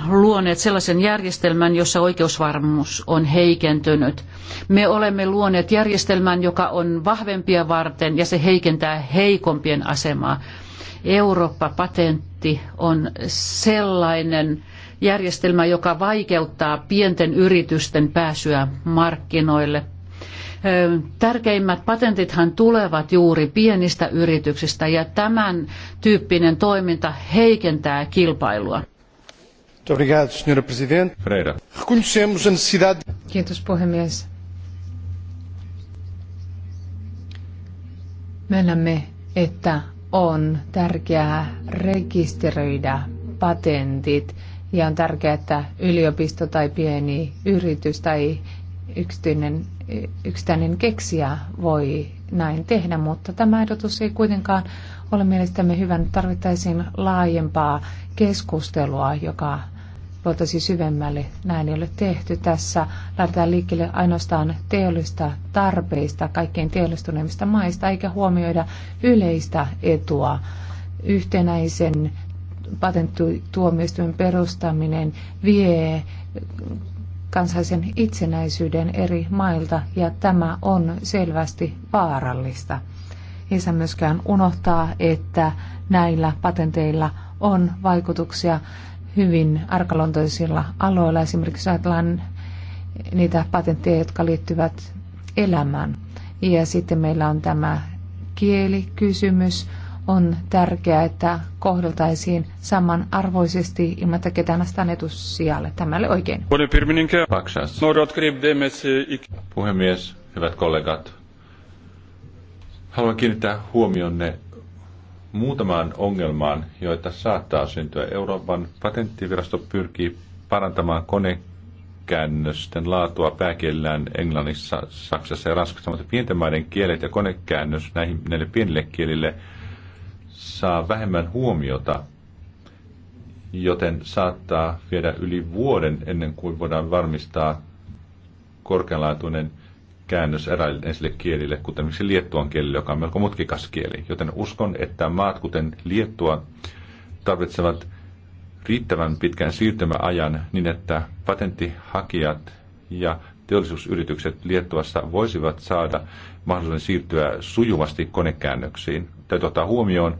luoneet sellaisen järjestelmän, jossa oikeusvarmuus on heikentynyt. Me olemme luoneet järjestelmän, joka on vahvempia varten ja se heikentää heikompien asemaa. Eurooppa-patentti on sellainen järjestelmä, joka vaikeuttaa pienten yritysten pääsyä markkinoille. Tärkeimmät patentithan tulevat juuri pienistä yrityksistä ja tämän tyyppinen toiminta heikentää kilpailua. Kiitos puhemies. Myönnämme, että on tärkeää rekisteröidä patentit ja on tärkeää, että yliopisto tai pieni yritys tai yksityinen, yksittäinen keksijä voi näin tehdä, mutta tämä ehdotus ei kuitenkaan ole mielestämme hyvä. Nyt tarvittaisiin laajempaa keskustelua, joka luotaisi syvemmälle. Näin ei ole tehty. Tässä lähdetään liikkeelle ainoastaan teollista tarpeista, kaikkein teollistuneimmista maista, eikä huomioida yleistä etua, yhtenäisen patenttituomioistuimen perustaminen vie kansallisen itsenäisyyden eri mailta ja tämä on selvästi vaarallista. Ei saa myöskään unohtaa, että näillä patenteilla on vaikutuksia hyvin arkalontoisilla aloilla. Esimerkiksi ajatellaan niitä patentteja, jotka liittyvät elämään. Ja sitten meillä on tämä kielikysymys on tärkeää, että kohdeltaisiin samanarvoisesti ilman, että ketään astaan etusijalle. Tämä oli oikein. Puhemies, hyvät kollegat. Haluan kiinnittää huomionne muutamaan ongelmaan, joita saattaa syntyä. Euroopan patenttivirasto pyrkii parantamaan konekäännösten laatua pääkielellään Englannissa, Saksassa ja Ranskassa, mutta pienten maiden kielet ja konekäännös näihin, näille pienille kielille – saa vähemmän huomiota, joten saattaa viedä yli vuoden ennen kuin voidaan varmistaa korkeanlaatuinen käännös eräille kielille, kuten esimerkiksi liettuan kieli, joka on melko mutkikas kieli. Joten uskon, että maat, kuten Liettua, tarvitsevat riittävän pitkän siirtymäajan niin, että patenttihakijat ja teollisuusyritykset Liettuassa voisivat saada mahdollisuuden siirtyä sujuvasti konekäännöksiin. Täytyy ottaa huomioon,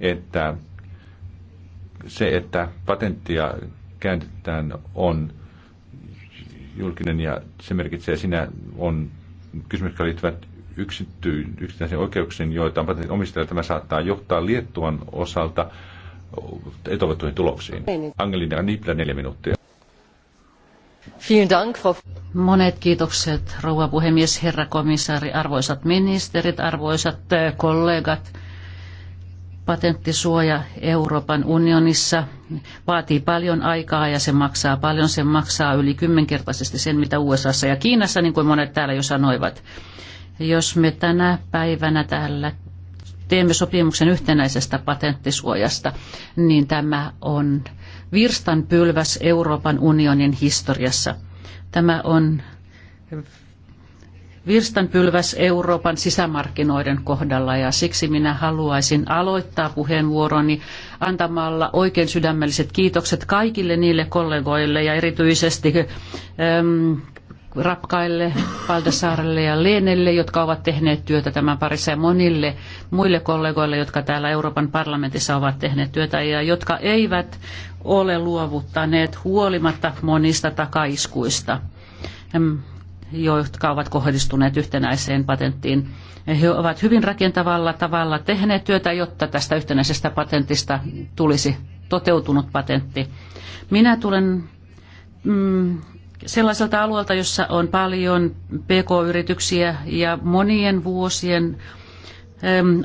että se, että patenttia käytetään, on julkinen ja se merkitsee siinä on kysymys, jotka liittyvät yksittäisiin oikeuksiin, joita on patentin omistajalla. Tämä saattaa johtaa Liettuan osalta etovettuihin tuloksiin. Angelina Niipilä, neljä minuuttia. Monet kiitokset, rouva puhemies, herra komissaari, arvoisat ministerit, arvoisat äh, kollegat. Patenttisuoja Euroopan unionissa vaatii paljon aikaa ja se maksaa paljon. Se maksaa yli kymmenkertaisesti sen, mitä USAssa ja Kiinassa, niin kuin monet täällä jo sanoivat. Jos me tänä päivänä täällä teemme sopimuksen yhtenäisestä patenttisuojasta, niin tämä on virstanpylväs Euroopan unionin historiassa. Tämä on virstanpylväs Euroopan sisämarkkinoiden kohdalla ja siksi minä haluaisin aloittaa puheenvuoroni antamalla oikein sydämelliset kiitokset kaikille niille kollegoille ja erityisesti ähm, Rapkaille, Paldasaarelle ja Leenelle, jotka ovat tehneet työtä tämän parissa ja monille muille kollegoille, jotka täällä Euroopan parlamentissa ovat tehneet työtä ja jotka eivät ole luovuttaneet huolimatta monista takaiskuista jotka ovat kohdistuneet yhtenäiseen patenttiin. He ovat hyvin rakentavalla tavalla tehneet työtä, jotta tästä yhtenäisestä patentista tulisi toteutunut patentti. Minä tulen mm, sellaiselta alueelta, jossa on paljon pk-yrityksiä ja monien vuosien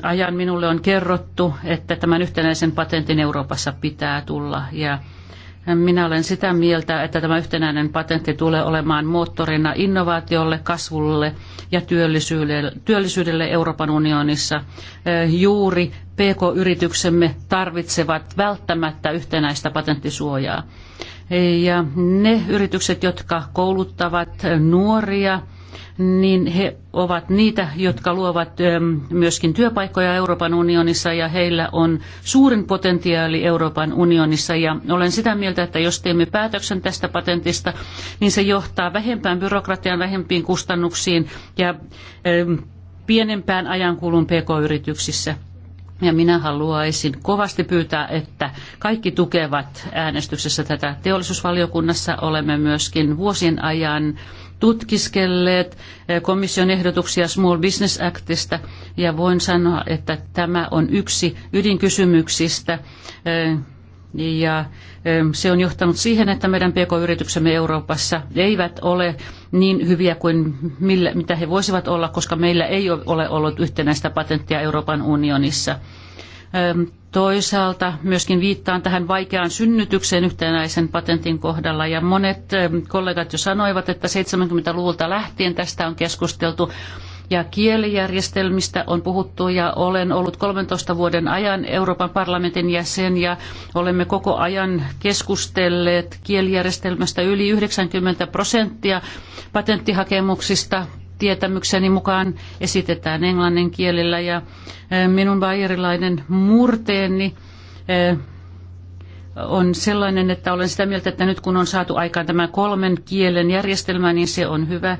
ajan minulle on kerrottu, että tämän yhtenäisen patentin Euroopassa pitää tulla. Ja minä olen sitä mieltä, että tämä yhtenäinen patentti tulee olemaan moottorina innovaatiolle, kasvulle ja työllisyydelle, työllisyydelle Euroopan unionissa. Eh, juuri PK-yrityksemme tarvitsevat välttämättä yhtenäistä patenttisuojaa. Eh, ja ne yritykset, jotka kouluttavat nuoria, niin he ovat niitä, jotka luovat ähm, myöskin työpaikkoja Euroopan unionissa ja heillä on suurin potentiaali Euroopan unionissa. Ja olen sitä mieltä, että jos teemme päätöksen tästä patentista, niin se johtaa vähempään byrokratian, vähempiin kustannuksiin ja ähm, pienempään ajankulun pk-yrityksissä. Ja minä haluaisin kovasti pyytää, että kaikki tukevat äänestyksessä tätä teollisuusvaliokunnassa. Olemme myöskin vuosien ajan tutkiskelleet eh, komission ehdotuksia Small Business Actista ja voin sanoa, että tämä on yksi ydinkysymyksistä eh, ja eh, se on johtanut siihen, että meidän pk-yrityksemme Euroopassa eivät ole niin hyviä kuin millä, mitä he voisivat olla, koska meillä ei ole ollut yhtenäistä patenttia Euroopan unionissa Toisaalta myöskin viittaan tähän vaikeaan synnytykseen yhtenäisen patentin kohdalla ja monet eh, kollegat jo sanoivat, että 70-luvulta lähtien tästä on keskusteltu ja kielijärjestelmistä on puhuttu ja olen ollut 13 vuoden ajan Euroopan parlamentin jäsen ja olemme koko ajan keskustelleet kielijärjestelmästä yli 90 prosenttia patenttihakemuksista tietämykseni mukaan esitetään englannin kielellä ja minun bairilainen murteeni on sellainen, että olen sitä mieltä, että nyt kun on saatu aikaan tämä kolmen kielen järjestelmä, niin se on hyvä.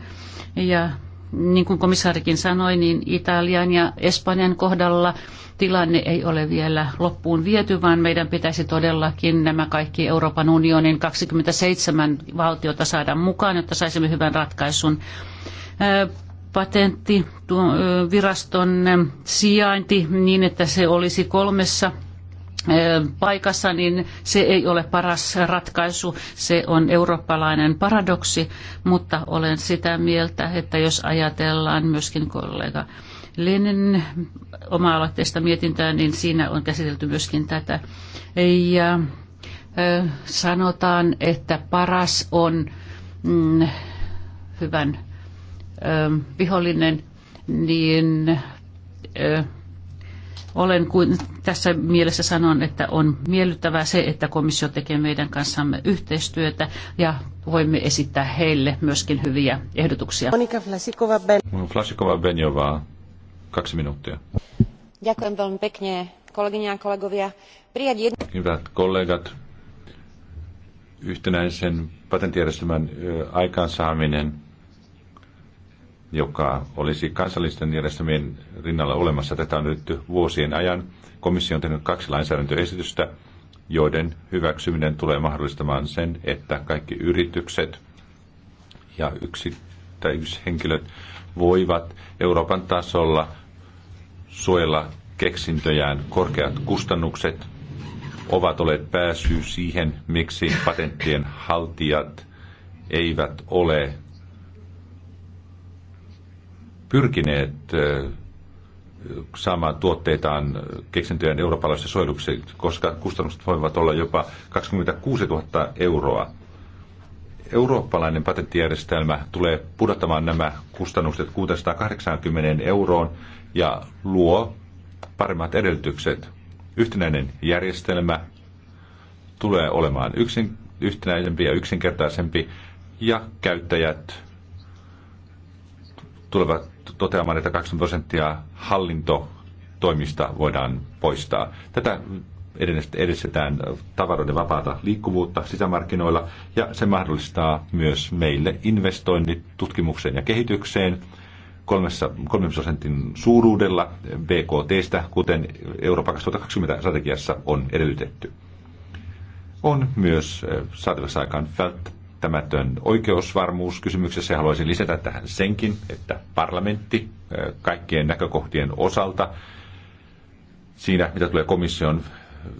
Ja niin kuin komissaarikin sanoi, niin Italian ja Espanjan kohdalla tilanne ei ole vielä loppuun viety, vaan meidän pitäisi todellakin nämä kaikki Euroopan unionin 27 valtiota saada mukaan, jotta saisimme hyvän ratkaisun. Patenttiviraston sijainti niin, että se olisi kolmessa paikassa, niin se ei ole paras ratkaisu. Se on eurooppalainen paradoksi, mutta olen sitä mieltä, että jos ajatellaan myöskin kollega Lenin oma aloitteista mietintää, niin siinä on käsitelty myöskin tätä. Ja sanotaan, että paras on mm, hyvän ö, vihollinen, niin ö, olen kuin, tässä mielessä sanon, että on miellyttävää se, että komissio tekee meidän kanssamme yhteistyötä ja voimme esittää heille myöskin hyviä ehdotuksia. Monika Flasikova-Benjova. Hyvät kollegat, yhtenäisen patenttijärjestelmän aikaansaaminen, joka olisi kansallisten järjestelmien rinnalla olemassa, tätä on yritetty vuosien ajan. Komissio on tehnyt kaksi lainsäädäntöesitystä, joiden hyväksyminen tulee mahdollistamaan sen, että kaikki yritykset ja yksittäishenkilöt voivat Euroopan tasolla – suojella keksintöjään korkeat kustannukset ovat olleet pääsy siihen, miksi patenttien haltijat eivät ole pyrkineet saamaan tuotteitaan keksintöjen eurooppalaisessa suojeluksi, koska kustannukset voivat olla jopa 26 000 euroa eurooppalainen patenttijärjestelmä tulee pudottamaan nämä kustannukset 680 euroon ja luo paremmat edellytykset. Yhtenäinen järjestelmä tulee olemaan yksin, yhtenäisempi ja yksinkertaisempi ja käyttäjät tulevat toteamaan, että 20 prosenttia hallintotoimista voidaan poistaa. Tätä edistetään tavaroiden vapaata liikkuvuutta sisämarkkinoilla ja se mahdollistaa myös meille investoinnit tutkimukseen ja kehitykseen kolmessa, 3 prosentin suuruudella BKTstä, kuten Euroopan 2020 strategiassa on edellytetty. On myös eh, saatavissa aikaan välttämätön oikeusvarmuus kysymyksessä ja haluaisin lisätä tähän senkin, että parlamentti eh, kaikkien näkökohtien osalta siinä, mitä tulee komission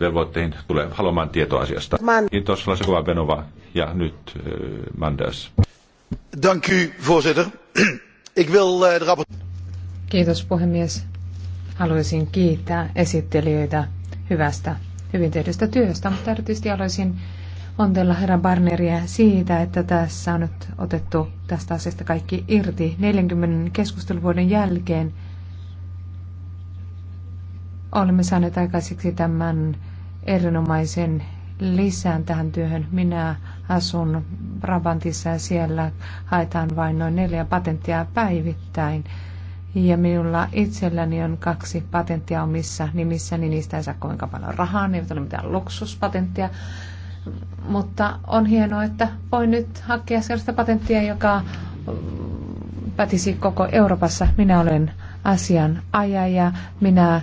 velvoittein tulee haluamaan tietoa asiasta. Man. Kiitos, Lasekova Benova ja nyt äh, Manders. Dank u, voorzitter. Ik wil eh, de rapport... Kiitos puhemies. Haluaisin kiittää esittelijöitä hyvästä, hyvin tehdystä työstä, mutta erityisesti haluaisin onnella herra Barneria siitä, että tässä on nyt otettu tästä asiasta kaikki irti 40 keskusteluvuoden jälkeen – olemme saaneet aikaiseksi tämän erinomaisen lisään tähän työhön. Minä asun Brabantissa ja siellä haetaan vain noin neljä patenttia päivittäin. Ja minulla itselläni on kaksi patenttia omissa nimissäni, niin niistä ei saa kuinka paljon rahaa, niin ei ole mitään luksuspatenttia. Mutta on hienoa, että voin nyt hakea sellaista patenttia, joka pätisi koko Euroopassa. Minä olen asian ajaja, minä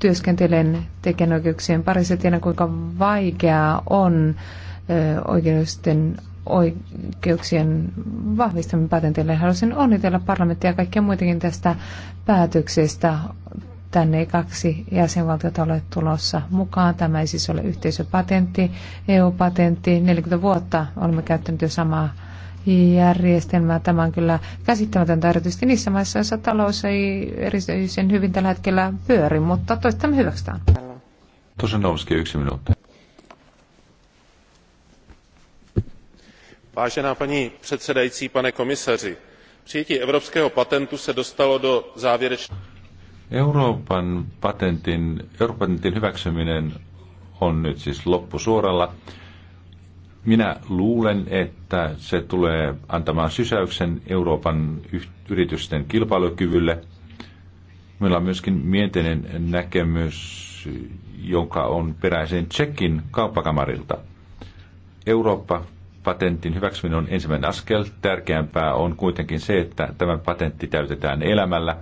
työskentelen tekijänoikeuksien parissa. Tiedän, kuinka vaikeaa on oikeudellisten oikeuksien vahvistaminen patenteille. Haluaisin onnitella parlamenttia ja kaikkia muitakin tästä päätöksestä. Tänne ei kaksi jäsenvaltiota ole tulossa mukaan. Tämä ei siis ole yhteisöpatentti, EU-patentti. 40 vuotta olemme käyttäneet jo samaa järjestelmää. Tämä on kyllä käsittämätöntä, erityisesti niissä maissa, joissa talous ei erityisen hyvin tällä hetkellä pyöri, mutta toistamme hyväksytään. Tosanovski, yksi minuutti. Vážená paní předsedající, pane komisaři, přijetí evropského patentu se dostalo do závěrečné... Euroopan patentin, Euroopan patentin hyväksyminen on nyt siis loppusuoralla. Minä luulen, että se tulee antamaan sysäyksen Euroopan yritysten kilpailukyvylle. Meillä on myöskin mietinen näkemys, joka on peräisin Tsekin kauppakamarilta. Eurooppa-patentin hyväksyminen on ensimmäinen askel. Tärkeämpää on kuitenkin se, että tämä patentti täytetään elämällä.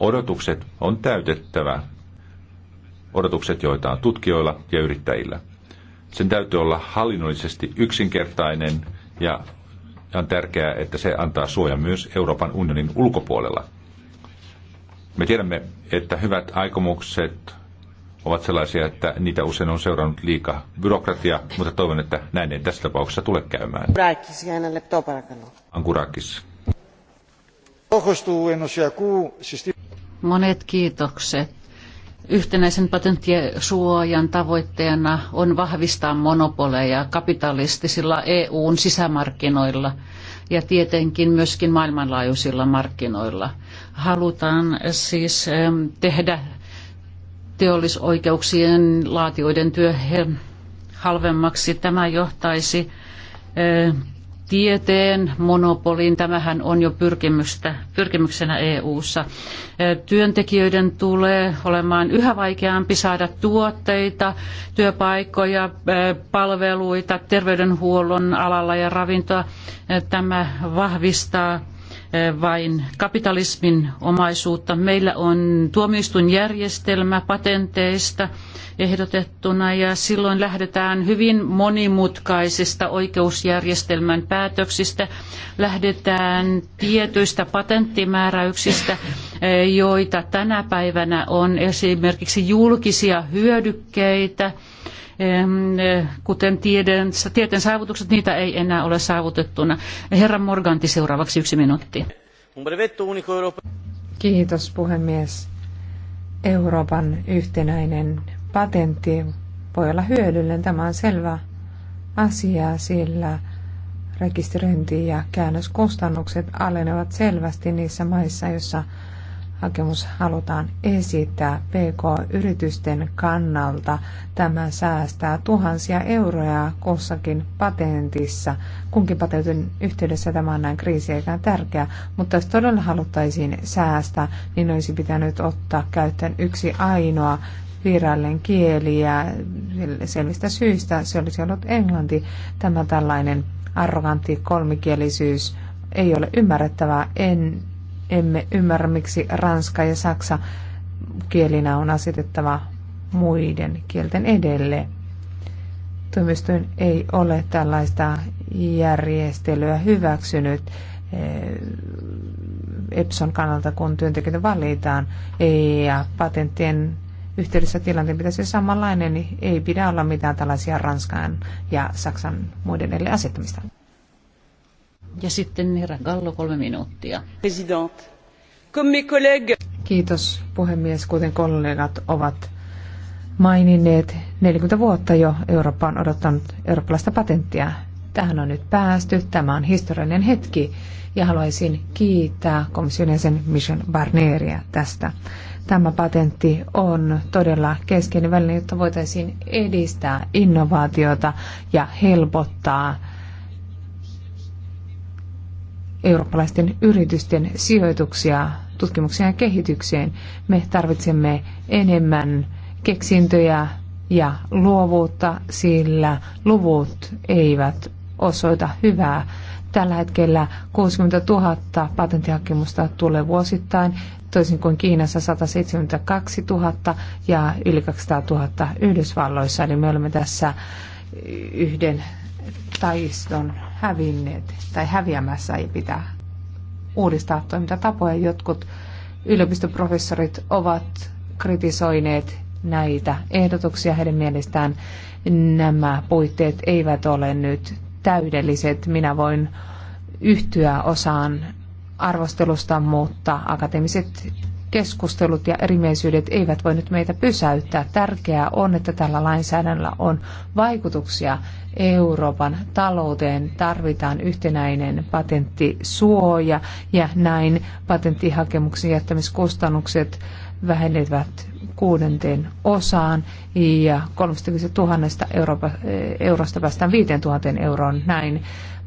Odotukset on täytettävä. Odotukset, joita on tutkijoilla ja yrittäjillä. Sen täytyy olla hallinnollisesti yksinkertainen ja on tärkeää, että se antaa suoja myös Euroopan unionin ulkopuolella. Me tiedämme, että hyvät aikomukset ovat sellaisia, että niitä usein on seurannut liikaa byrokratia, mutta toivon, että näin ei tässä tapauksessa tule käymään. Ankurakis. Siis Monet kiitokset Yhtenäisen patenttisuojan tavoitteena on vahvistaa monopoleja kapitalistisilla EUn sisämarkkinoilla ja tietenkin myöskin maailmanlaajuisilla markkinoilla. Halutaan siis tehdä teollisoikeuksien laatioiden työ halvemmaksi. Tämä johtaisi tieteen monopoliin. Tämähän on jo pyrkimystä, pyrkimyksenä EU:ssa. Työntekijöiden tulee olemaan yhä vaikeampi saada tuotteita, työpaikkoja, palveluita terveydenhuollon alalla ja ravintoa. Tämä vahvistaa vain kapitalismin omaisuutta. Meillä on tuomioistuinjärjestelmä patenteista ehdotettuna ja silloin lähdetään hyvin monimutkaisista oikeusjärjestelmän päätöksistä. Lähdetään tietyistä patenttimääräyksistä, joita tänä päivänä on esimerkiksi julkisia hyödykkeitä – kuten tieden, tieteen saavutukset, niitä ei enää ole saavutettuna. Herra Morganti seuraavaksi yksi minuutti. Kiitos puhemies. Euroopan yhtenäinen patentti voi olla hyödyllinen. Tämä on selvä asia, sillä rekisteröinti- ja käännöskustannukset alenevat selvästi niissä maissa, joissa hakemus halutaan esittää PK-yritysten kannalta. Tämä säästää tuhansia euroja kussakin patentissa. Kunkin patentin yhteydessä tämä on näin kriisiaikana tärkeä, mutta jos todella haluttaisiin säästää, niin olisi pitänyt ottaa käyttöön yksi ainoa virallinen kieli ja selvistä syistä se olisi ollut englanti. Tämä tällainen arrogantti kolmikielisyys ei ole ymmärrettävää. En emme ymmärrä, miksi ranska ja saksa kielinä on asetettava muiden kielten edelle. Tuomioistuin ei ole tällaista järjestelyä hyväksynyt eh, Epson kannalta, kun työntekijöitä valitaan. Ja patenttien yhteydessä tilanteen pitäisi olla samanlainen, niin ei pidä olla mitään tällaisia Ranskan ja Saksan muiden edelle asettamista. Ja sitten herra Gallo, kolme minuuttia. President. Kiitos puhemies, kuten kollegat ovat maininneet. 40 vuotta jo Eurooppa on odottanut eurooppalaista patenttia. Tähän on nyt päästy. Tämä on historiallinen hetki ja haluaisin kiittää komission jäsen Michel Barnieria tästä. Tämä patentti on todella keskeinen väline, jotta voitaisiin edistää innovaatiota ja helpottaa eurooppalaisten yritysten sijoituksia tutkimukseen ja kehitykseen. Me tarvitsemme enemmän keksintöjä ja luovuutta, sillä luvut eivät osoita hyvää. Tällä hetkellä 60 000 patenttihakemusta tulee vuosittain, toisin kuin Kiinassa 172 000 ja yli 200 000 Yhdysvalloissa. Eli me olemme tässä yhden taiston hävinneet tai häviämässä ja pitää uudistaa toimintatapoja. Jotkut yliopistoprofessorit ovat kritisoineet näitä ehdotuksia. Heidän mielestään nämä puitteet eivät ole nyt täydelliset. Minä voin yhtyä osaan arvostelusta, mutta akateemiset keskustelut ja erimielisyydet eivät voi nyt meitä pysäyttää. Tärkeää on, että tällä lainsäädännöllä on vaikutuksia Euroopan talouteen. Tarvitaan yhtenäinen patenttisuoja ja näin patenttihakemuksen jättämiskustannukset vähenevät kuudenteen osaan ja 30 000 eurosta päästään 5 000 euroon näin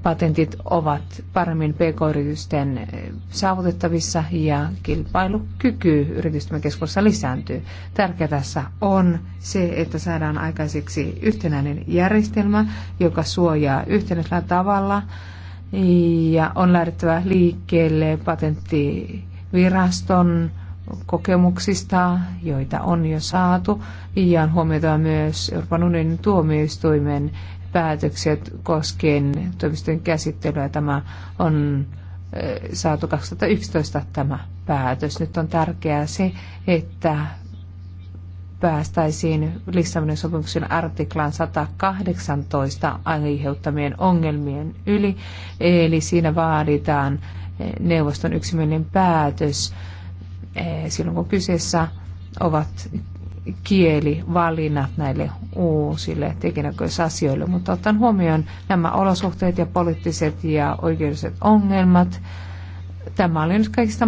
patentit ovat paremmin pk-yritysten eh, saavutettavissa ja kilpailukyky yritysten keskuudessa lisääntyy. Tärkeää tässä on se, että saadaan aikaiseksi yhtenäinen järjestelmä, joka suojaa yhtenäisellä tavalla ja on lähdettävä liikkeelle patenttiviraston kokemuksista, joita on jo saatu, ja on huomioitava myös Euroopan unionin tuomioistuimen Päätöksiä koskien toimistojen käsittelyä. Tämä on saatu 2011 tämä päätös. Nyt on tärkeää se, että päästäisiin Lissabonin sopimuksen artiklan 118 aiheuttamien ongelmien yli. Eli siinä vaaditaan neuvoston yksimielinen päätös silloin, kun kyseessä ovat kielivalinnat näille uusille asioille, mutta otan huomioon nämä olosuhteet ja poliittiset ja oikeudelliset ongelmat. Tämä oli nyt kaikista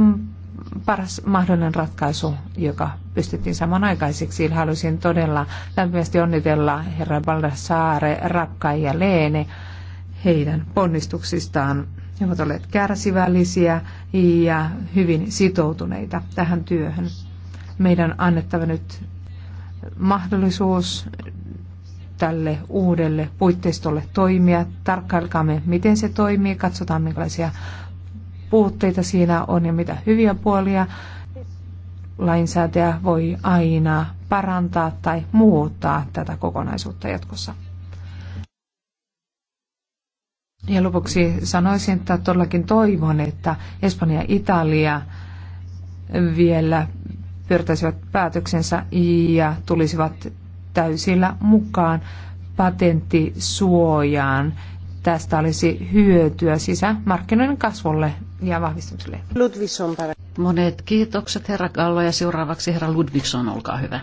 paras mahdollinen ratkaisu, joka pystyttiin samanaikaiseksi. Haluaisin todella lämpimästi onnitella herra Baldassare, Rakka ja Leene heidän ponnistuksistaan. He ovat olleet kärsivällisiä ja hyvin sitoutuneita tähän työhön. Meidän on annettava nyt mahdollisuus tälle uudelle puitteistolle toimia. Tarkkailkaamme, miten se toimii, katsotaan minkälaisia puutteita siinä on ja mitä hyviä puolia. Lainsäätäjä voi aina parantaa tai muuttaa tätä kokonaisuutta jatkossa. Ja lopuksi sanoisin, että todellakin toivon, että Espanja ja Italia vielä pyörtäisivät päätöksensä ja tulisivat täysillä mukaan patenttisuojaan. Tästä olisi hyötyä sisämarkkinoiden kasvulle ja vahvistamiselle. Ludvigson Monet kiitokset herra Kallo ja seuraavaksi herra Ludvigson, olkaa hyvä.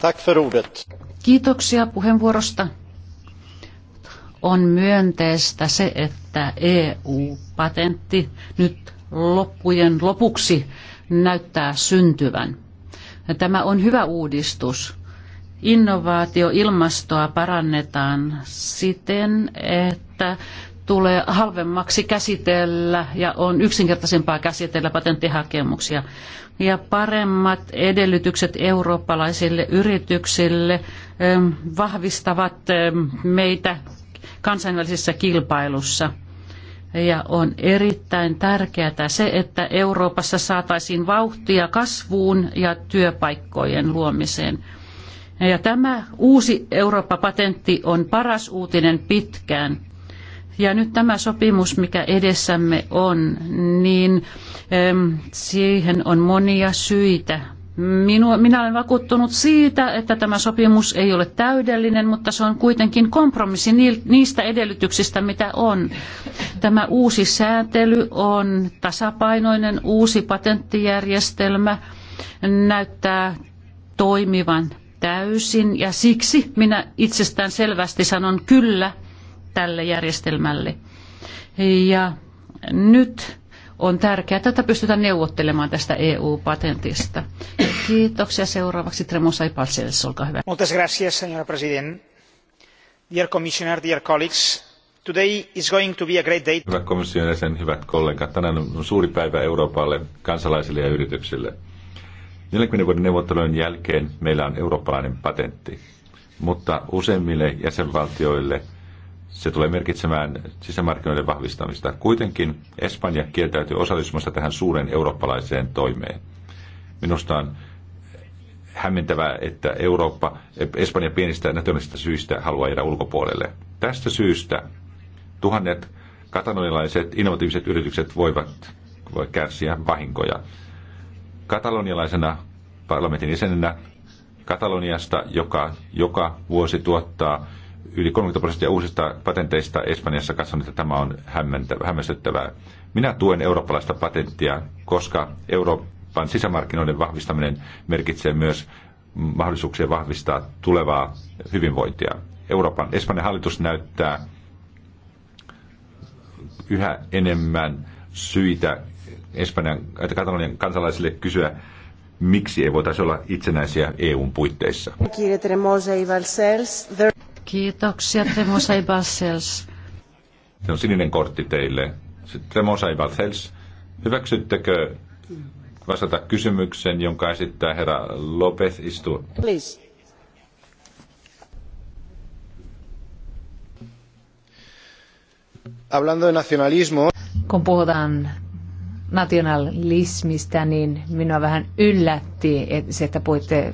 Tack för ordet. Kiitoksia puheenvuorosta. On myönteistä se, että EU-patentti nyt loppujen lopuksi näyttää syntyvän. Tämä on hyvä uudistus. innovaatio ilmastoa parannetaan siten, että tulee halvemmaksi käsitellä ja on yksinkertaisempaa käsitellä patenttihakemuksia. Ja paremmat edellytykset eurooppalaisille yrityksille ehm, vahvistavat ehm, meitä kansainvälisessä kilpailussa – ja on erittäin tärkeää se, että Euroopassa saataisiin vauhtia kasvuun ja työpaikkojen luomiseen. Ja tämä uusi Eurooppa-patentti on paras uutinen pitkään. Ja nyt tämä sopimus, mikä edessämme on, niin siihen on monia syitä, Minua, minä olen vakuuttunut siitä, että tämä sopimus ei ole täydellinen, mutta se on kuitenkin kompromissi niistä edellytyksistä, mitä on. Tämä uusi sääntely, on tasapainoinen uusi patenttijärjestelmä, näyttää toimivan täysin ja siksi minä itsestään selvästi sanon kyllä tälle järjestelmälle. Ja nyt on tärkeää, että pystytään neuvottelemaan tästä EU-patentista. Kiitoksia. Seuraavaksi Tremosa Ipalselis, olkaa hyvä. Muchas gracias, señora president. Dear commissioner, dear colleagues, today is going to be a great day. Hyvät komission jäsen, hyvät kollegat, tänään on suuri päivä Euroopalle, kansalaisille ja yrityksille. 40 vuoden neuvottelujen jälkeen meillä on eurooppalainen patentti, mutta useimmille jäsenvaltioille – se tulee merkitsemään sisämarkkinoiden vahvistamista. Kuitenkin Espanja kieltäytyy osallistumasta tähän suuren eurooppalaiseen toimeen. Minusta on hämmentävää, että Eurooppa, Espanja pienistä näkömistä syistä haluaa jäädä ulkopuolelle. Tästä syystä tuhannet katalonilaiset innovatiiviset yritykset voivat voi kärsiä vahinkoja. Katalonialaisena parlamentin jäsenenä Kataloniasta, joka joka vuosi tuottaa yli 30 prosenttia uusista patenteista Espanjassa katson, että tämä on hämmästyttävää. Minä tuen eurooppalaista patenttia, koska Euroopan sisämarkkinoiden vahvistaminen merkitsee myös mahdollisuuksia vahvistaa tulevaa hyvinvointia. Euroopan Espanjan hallitus näyttää yhä enemmän syitä Espanjan että katalonian kansalaisille kysyä, miksi ei voitaisiin olla itsenäisiä EUn puitteissa. Kiitoksia, Temo Basels. Se on sininen kortti teille. Temo Basels, hyväksyttekö vastata kysymyksen, jonka esittää herra Lopez Istu? Please. Hablando de nacionalismo. Kun puhutaan nationalismista, niin minua vähän yllätti että se, että puhuitte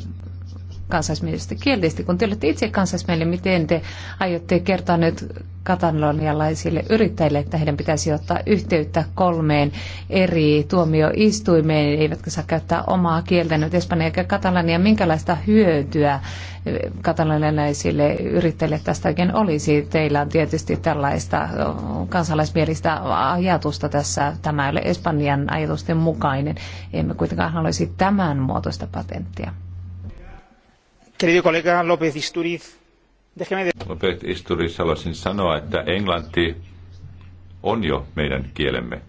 kansallismielisistä kielistä. Kun te olette itse kansallismielinen, miten te aiotte kertoa nyt katalonialaisille yrittäjille, että heidän pitäisi ottaa yhteyttä kolmeen eri tuomioistuimeen, eivätkä saa käyttää omaa kieltä nyt espanjaa ja katalania. Minkälaista hyötyä eh, katalonialaisille yrittäjille tästä oikein olisi? Teillä on tietysti tällaista eh, kansalaismielistä ajatusta tässä. Tämä ei ole Espanjan ajatusten mukainen. Emme kuitenkaan haluaisi tämän muotoista patenttia. Querido kollega López Isturiz, déjeme... López Isturiz, haluaisin sanoa, että englanti on jo meidän kielemme.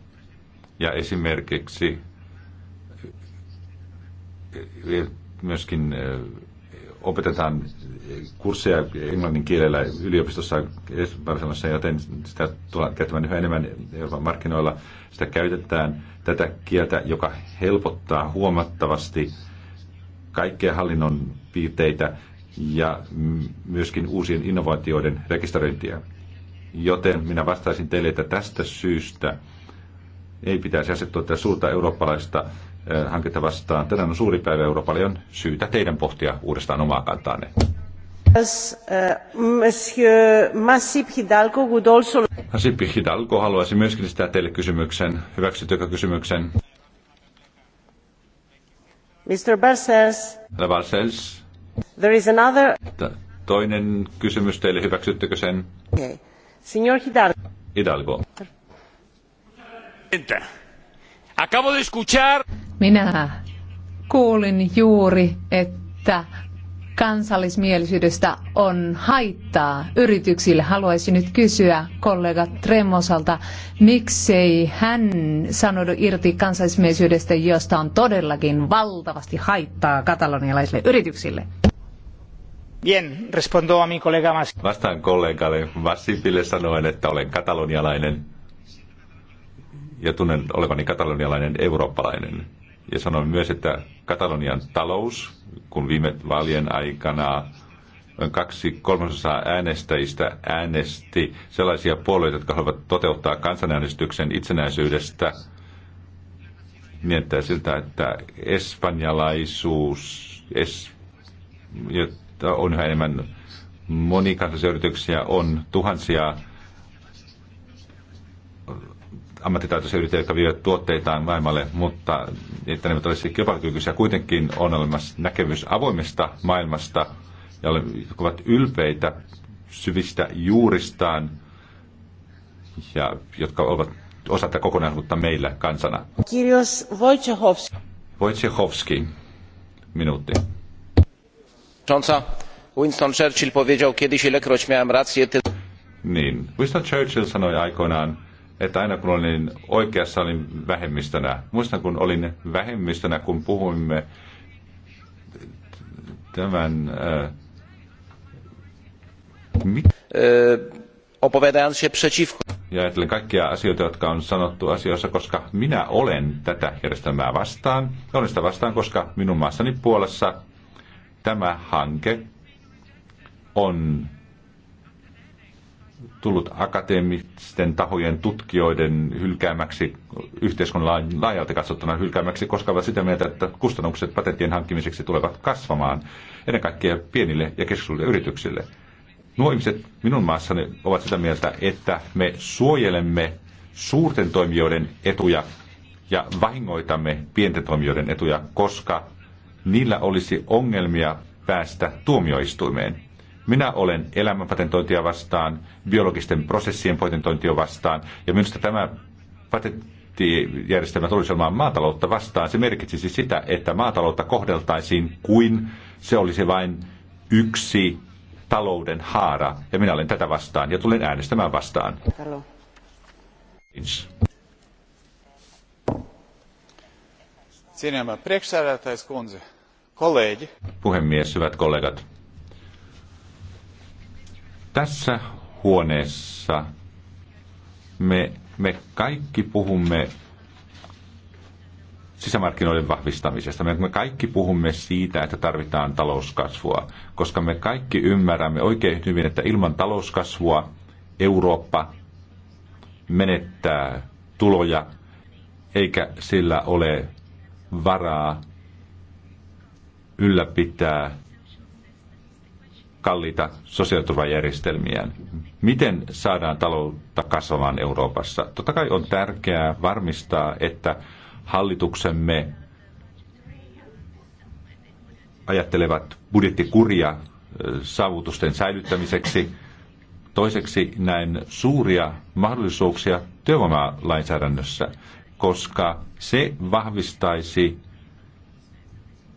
Ja esimerkiksi eh, eh, myöskin eh, opetetaan kursseja englannin kielellä yliopistossa Barcelonassa, joten sitä tullaan käyttämään yhä enemmän Euroopan markkinoilla. Sitä käytetään tätä kieltä, joka helpottaa huomattavasti kaikkia hallinnon piirteitä ja myöskin uusien innovaatioiden rekisteröintiä. Joten minä vastaisin teille, että tästä syystä ei pitäisi asettua tätä suurta eurooppalaista hanketta vastaan. Tänään on suuri päivä Euroopalle, on syytä teidän pohtia uudestaan omaa kantaanne. Uh, monsieur Hidalgo Hidalgo haluaisi myöskin sitä teille kysymyksen. Hyväksytykö kysymyksen? Mr. Barcells, Herra Barcels. There is another... Toinen kysymys teille, hyväksyttekö sen? Okay. Signor Hidalgo. Hidalgo. Acabo de escuchar... Minä kuulin juuri, että kansallismielisyydestä on haittaa yrityksille. Haluaisin nyt kysyä kollega Tremosalta, miksei hän sanoudu irti kansallismielisyydestä, josta on todellakin valtavasti haittaa katalonialaisille yrityksille. Bien, respondo a mi colega Mas. Vastaan kollegalle Masipille sanoen, että olen katalonialainen ja tunnen olevani katalonialainen eurooppalainen. Ja sanon myös, että Katalonian talous kun viime vaalien aikana kaksi kolmasosaa äänestäjistä äänesti sellaisia puolueita, jotka haluavat toteuttaa kansanäänestyksen itsenäisyydestä, miettää siltä, että espanjalaisuus es, on yhä enemmän monikansallisia yrityksiä, on tuhansia ammattitaitoisia yrittäjiä, jotka vievät tuotteitaan maailmalle, mutta että ne olisivat siis kilpailukykyisiä. Kuitenkin on olemassa näkemys avoimesta maailmasta, ja ovat ylpeitä syvistä juuristaan, ja jotka ovat osa tätä kokonaisuutta meillä kansana. Kirjos Wojciechowski. Wojciechowski, minuutti. Winston Churchill powiedział kiedyś, ilekroć miałem rację, ty... Niin, Winston Churchill sanoi aikoinaan, että aina kun olin oikeassa, olin vähemmistönä. Muistan, kun olin vähemmistönä, kun puhuimme tämän... Opovedan äh, mit? Opowiadając się przeciwko. Ja ajattelen kaikkia asioita, jotka on sanottu asioissa, koska minä olen tätä järjestelmää vastaan. Ja olen sitä vastaan, koska minun maassani Puolassa tämä hanke on tullut akateemisten tahojen tutkijoiden hylkäämäksi, yhteiskunnan laajalta katsottuna hylkäämäksi, koska ovat sitä mieltä, että kustannukset patenttien hankkimiseksi tulevat kasvamaan ennen kaikkea pienille ja keskisuurille yrityksille. Nuo ihmiset minun maassani ovat sitä mieltä, että me suojelemme suurten toimijoiden etuja ja vahingoitamme pienten toimijoiden etuja, koska niillä olisi ongelmia päästä tuomioistuimeen. Minä olen elämänpatentointia vastaan, biologisten prosessien patentointia vastaan, ja minusta tämä patenttijärjestelmä tulisi olemaan maataloutta vastaan. Se merkitsisi sitä, että maataloutta kohdeltaisiin kuin se olisi vain yksi talouden haara, ja minä olen tätä vastaan, ja tulen äänestämään vastaan. Talo. Puhemies, hyvät kollegat. Tässä huoneessa me, me kaikki puhumme sisämarkkinoiden vahvistamisesta. Me kaikki puhumme siitä, että tarvitaan talouskasvua, koska me kaikki ymmärrämme oikein hyvin, että ilman talouskasvua Eurooppa menettää tuloja, eikä sillä ole varaa ylläpitää kalliita sosiaaliturvajärjestelmiä. Miten saadaan taloutta kasvamaan Euroopassa? Totta kai on tärkeää varmistaa, että hallituksemme ajattelevat budjettikuria saavutusten säilyttämiseksi. Toiseksi näen suuria mahdollisuuksia työvoimalainsäädännössä, koska se vahvistaisi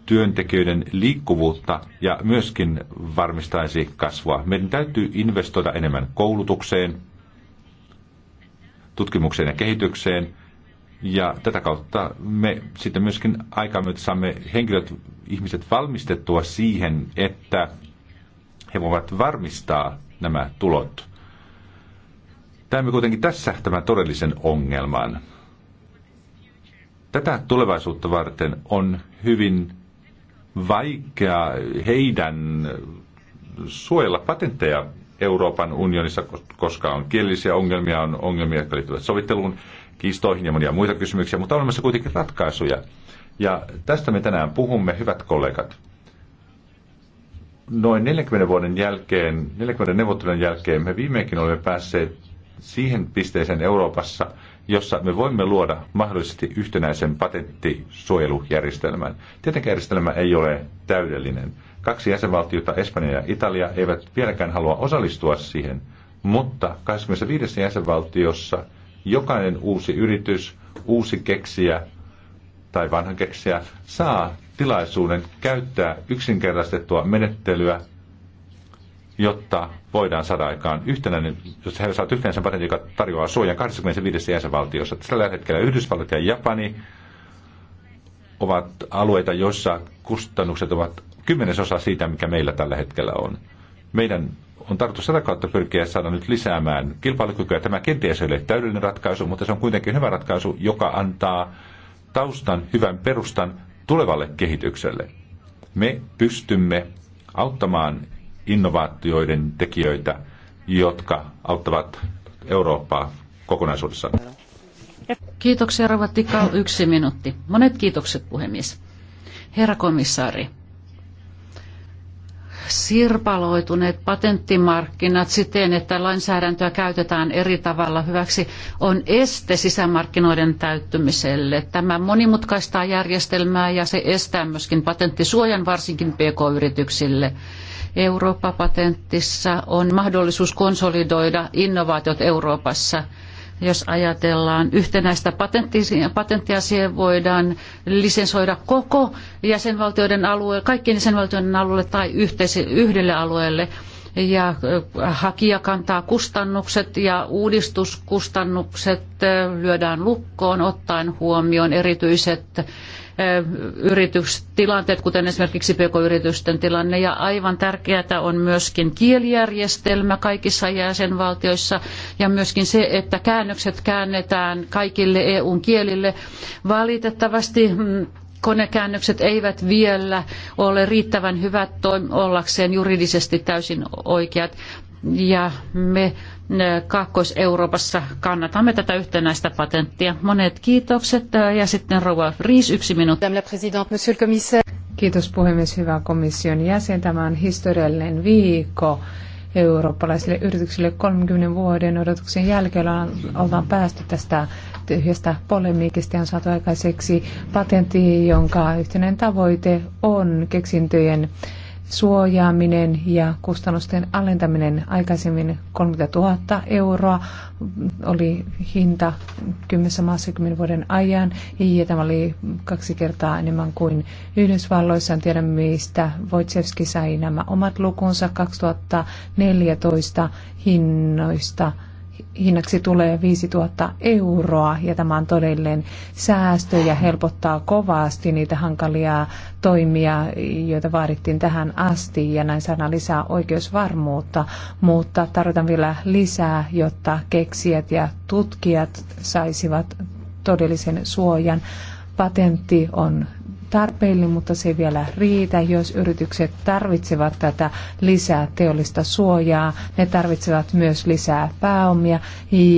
työntekijöiden liikkuvuutta ja myöskin varmistaisi kasvua. Meidän täytyy investoida enemmän koulutukseen, tutkimukseen ja kehitykseen, ja tätä kautta me sitten myöskin aikaa saamme henkilöt, ihmiset valmistettua siihen, että he voivat varmistaa nämä tulot. Tämä kuitenkin tässä tämän todellisen ongelman. Tätä tulevaisuutta varten on hyvin vaikea heidän suojella patentteja Euroopan unionissa, koska on kielisiä ongelmia, on ongelmia, jotka liittyvät sovitteluun, kiistoihin ja monia muita kysymyksiä, mutta on olemassa kuitenkin ratkaisuja. Ja tästä me tänään puhumme, hyvät kollegat. Noin 40 vuoden jälkeen, 40 neuvottelun jälkeen me viimeinkin olemme päässeet siihen pisteeseen Euroopassa, jossa me voimme luoda mahdollisesti yhtenäisen patenttisuojelujärjestelmän. Tietenkään järjestelmä ei ole täydellinen. Kaksi jäsenvaltiota, Espanja ja Italia, eivät vieläkään halua osallistua siihen, mutta 25 jäsenvaltiossa jokainen uusi yritys, uusi keksijä tai vanha keksijä saa tilaisuuden käyttää yksinkertaistettua menettelyä jotta voidaan saada aikaan yhtenäinen, jos he saavat yhtenäisen patentin, joka tarjoaa suojan 25 jäsenvaltiossa. Tällä hetkellä Yhdysvallat ja Japani ovat alueita, joissa kustannukset ovat kymmenesosa siitä, mikä meillä tällä hetkellä on. Meidän on tarkoitus sitä kautta pyrkiä saada nyt lisäämään kilpailukykyä. Tämä kenties ei ole täydellinen ratkaisu, mutta se on kuitenkin hyvä ratkaisu, joka antaa taustan, hyvän perustan tulevalle kehitykselle. Me pystymme auttamaan innovaatioiden tekijöitä, jotka auttavat Eurooppaa kokonaisuudessaan. Kiitoksia, Rova Tikal. Yksi minuutti. Monet kiitokset, puhemies. Herra komissaari, sirpaloituneet patenttimarkkinat siten, että lainsäädäntöä käytetään eri tavalla hyväksi, on este sisämarkkinoiden täyttymiselle. Tämä monimutkaistaa järjestelmää ja se estää myöskin patenttisuojan varsinkin pk-yrityksille. Eurooppa-patentissa on mahdollisuus konsolidoida innovaatiot Euroopassa jos ajatellaan yhtenäistä patenttia, siihen voidaan lisensoida koko jäsenvaltioiden alueelle, kaikkien jäsenvaltioiden alueelle tai yhteis- yhdelle alueelle ja hakija kantaa kustannukset ja uudistuskustannukset lyödään lukkoon ottaen huomioon erityiset yritystilanteet, kuten esimerkiksi pk-yritysten tilanne. Ja aivan tärkeää on myöskin kielijärjestelmä kaikissa jäsenvaltioissa ja myöskin se, että käännökset käännetään kaikille eu kielille. Valitettavasti mm, konekäännökset eivät vielä ole riittävän hyvät ollakseen juridisesti täysin oikeat. Ja me äh, Kaakkois-Euroopassa kannatamme tätä yhtenäistä patenttia. Monet kiitokset äh, ja sitten rouva Riis, yksi minuutti. Kiitos puhemies, hyvä komission jäsen. Tämä on historiallinen viikko eurooppalaisille yrityksille 30 vuoden odotuksen jälkeen ollaan päästy tästä tyhjästä polemiikista on saatu aikaiseksi patentti, jonka yhteinen tavoite on keksintöjen suojaaminen ja kustannusten alentaminen. Aikaisemmin 30 000 euroa oli hinta kymmenessä maassa kymmenen vuoden ajan ja tämä oli kaksi kertaa enemmän kuin Yhdysvalloissa. En tiedä mistä Wojciewski sai nämä omat lukunsa 2014 hinnoista hinnaksi tulee 5000 euroa ja tämä on todellinen säästö ja helpottaa kovasti niitä hankalia toimia, joita vaadittiin tähän asti ja näin saadaan lisää oikeusvarmuutta, mutta tarvitaan vielä lisää, jotta keksijät ja tutkijat saisivat todellisen suojan. Patentti on tarpeellinen, mutta se ei vielä riitä. Jos yritykset tarvitsevat tätä lisää teollista suojaa, ne tarvitsevat myös lisää pääomia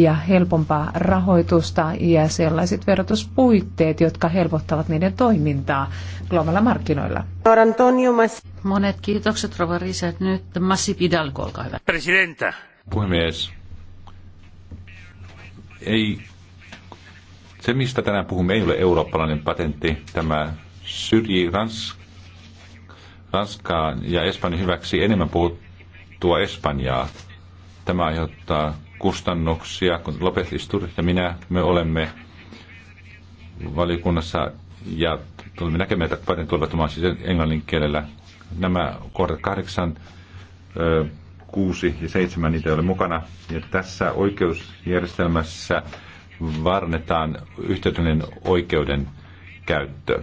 ja helpompaa rahoitusta ja sellaiset verotuspuitteet, jotka helpottavat niiden toimintaa globaalilla markkinoilla. Monet kiitokset, Rova Riset. Nyt Massi olkaa hyvä. Presidenta. Puhemies. Ei se, mistä tänään puhumme, ei ole eurooppalainen patentti. Tämä syrjii Rans, Ranskaan ja Espanjan hyväksi enemmän puhuttua Espanjaa. Tämä aiheuttaa kustannuksia, kun Lopez Istur ja minä, me olemme valiokunnassa ja tulemme näkemään, että Biden tulevat siis englannin kielellä. Nämä kohdat kahdeksan, kuusi ja seitsemän, niitä ei ole mukana. Ja tässä oikeusjärjestelmässä varnetaan yhteydellinen oikeuden käyttö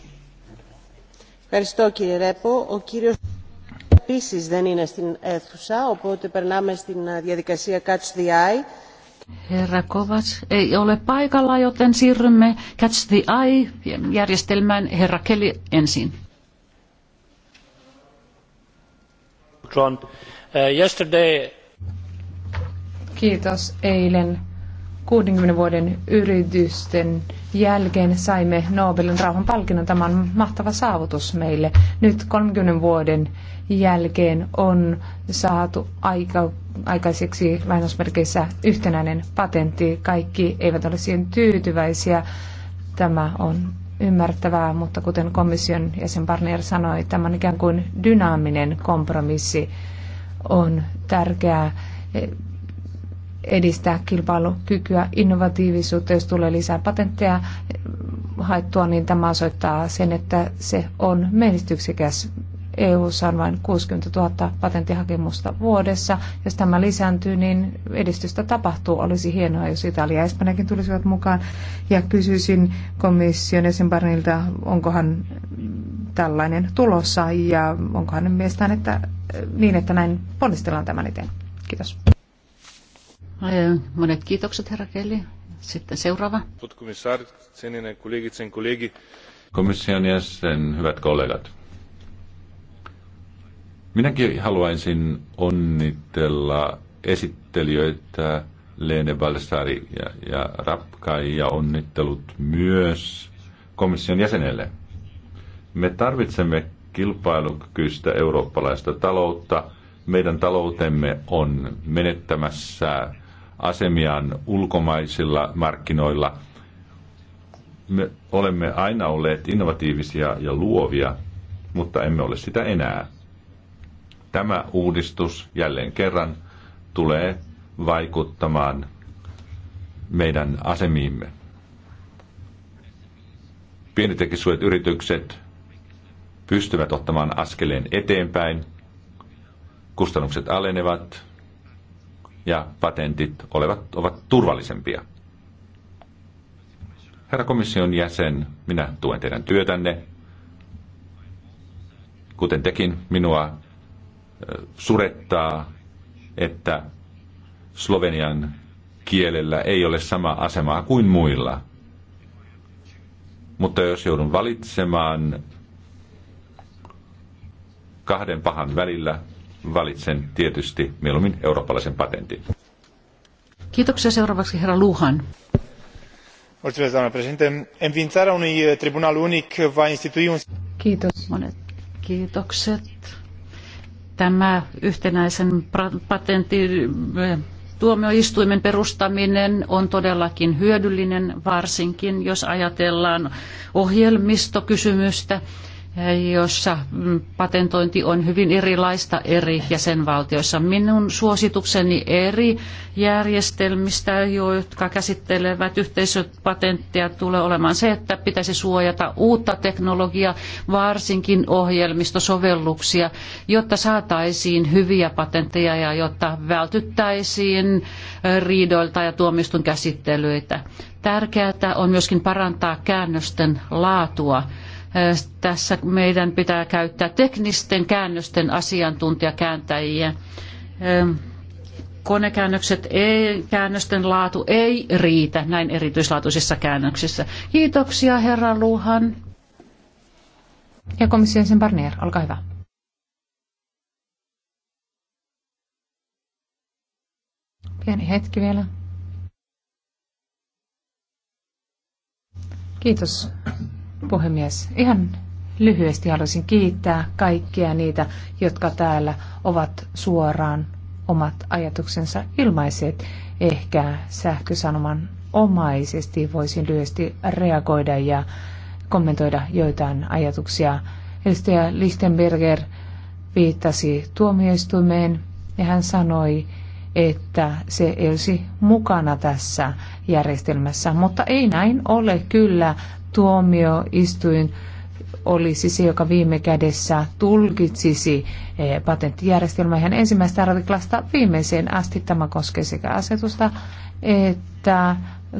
Ευχαριστώ κύριε Ρέπο. Ο κύριος επίσης δεν είναι στην αίθουσα, οπότε περνάμε στην διαδικασία Catch the Eye. Herra Kovats ei ole paikalla, joten siirrymme Catch the Eye-järjestelmään. Herra Kelly ensin. Uh, Kiitos. Eilen 60 vuoden yritysten jälkeen saimme Nobelin rauhanpalkinnon. Tämä on mahtava saavutus meille. Nyt 30 vuoden jälkeen on saatu aika, aikaiseksi lainausmerkeissä yhtenäinen patentti. Kaikki eivät ole siihen tyytyväisiä. Tämä on ymmärtävää, mutta kuten komission jäsen Barnier sanoi, tämä on ikään kuin dynaaminen kompromissi. On tärkeää edistää kilpailukykyä, innovatiivisuutta, jos tulee lisää patentteja haettua, niin tämä osoittaa sen, että se on menestyksekäs. eu on vain 60 000 patenttihakemusta vuodessa. Jos tämä lisääntyy, niin edistystä tapahtuu. Olisi hienoa, jos Italia ja Espanjakin tulisivat mukaan. Ja kysyisin komission jäsenparnilta, onkohan tällainen tulossa ja onkohan mielestään että, niin, että näin ponnistellaan tämän eteen. Kiitos. Monet kiitokset, herra Kelly. Sitten seuraava. Komission jäsen, hyvät kollegat. Minäkin haluaisin onnitella esittelijöitä Lene Balsari ja, ja Rapkai ja onnittelut myös komission jäsenelle. Me tarvitsemme kilpailukykyistä eurooppalaista taloutta. Meidän taloutemme on menettämässä asemiaan ulkomaisilla markkinoilla. Me olemme aina olleet innovatiivisia ja luovia, mutta emme ole sitä enää. Tämä uudistus jälleen kerran tulee vaikuttamaan meidän asemiimme. Pienitekisuudet yritykset pystyvät ottamaan askeleen eteenpäin, kustannukset alenevat, ja patentit olevat, ovat turvallisempia. Herra komission jäsen, minä tuen teidän työtänne. Kuten tekin, minua surettaa, että Slovenian kielellä ei ole sama asemaa kuin muilla. Mutta jos joudun valitsemaan kahden pahan välillä, valitsen tietysti mieluummin eurooppalaisen patentin. Kiitoksia seuraavaksi herra Luhan. Mulțumesc, doamnă președinte. Înființarea unui eh, tribunal unic va institui un... Kiitos. Monet kiitokset. Tämä yhtenäisen patentin eh, tuomioistuimen perustaminen on todellakin hyödyllinen, varsinkin jos ajatellaan ohjelmistokysymystä jossa patentointi on hyvin erilaista eri jäsenvaltioissa. Minun suositukseni eri järjestelmistä, jotka käsittelevät yhteisöpatentteja, tulee olemaan se, että pitäisi suojata uutta teknologiaa, varsinkin ohjelmistosovelluksia, jotta saataisiin hyviä patentteja ja jotta vältyttäisiin riidoilta ja tuomistun käsittelyitä. Tärkeää on myöskin parantaa käännösten laatua tässä meidän pitää käyttää teknisten käännösten asiantuntijakääntäjiä. Ehm, konekäännökset, ei, käännösten laatu ei riitä näin erityislaatuisissa käännöksissä. Kiitoksia herra Luhan. Ja komission sen Barnier, olkaa hyvä. Pieni hetki vielä. Kiitos Puhemies, ihan lyhyesti haluaisin kiittää kaikkia niitä, jotka täällä ovat suoraan omat ajatuksensa ilmaiset. Ehkä sähkösanoman omaisesti voisin lyhyesti reagoida ja kommentoida joitain ajatuksia. Edustaja Lichtenberger viittasi tuomioistuimeen ja hän sanoi, että se ei olisi mukana tässä järjestelmässä, mutta ei näin ole kyllä tuomioistuin olisi siis se, joka viime kädessä tulkitsisi eh, patenttijärjestelmää ihan ensimmäistä artiklasta viimeiseen asti. Tämä koskee sekä asetusta että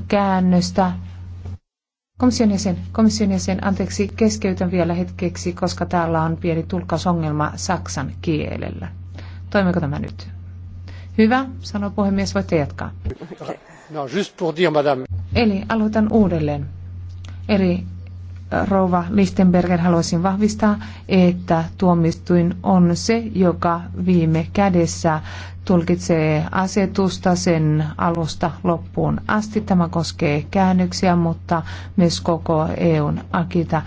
käännöstä. Komission jäsen, komission jäsen, anteeksi, keskeytän vielä hetkeksi, koska täällä on pieni tulkkausongelma saksan kielellä. Toimiko tämä nyt? Hyvä, sanoo puhemies, voitte jatkaa. No, just pour dire, madame. Eli aloitan uudelleen. Eli rouva Lichtenberger haluaisin vahvistaa, että tuomistuin on se, joka viime kädessä tulkitsee asetusta sen alusta loppuun asti. Tämä koskee käännöksiä, mutta myös koko EUn akita.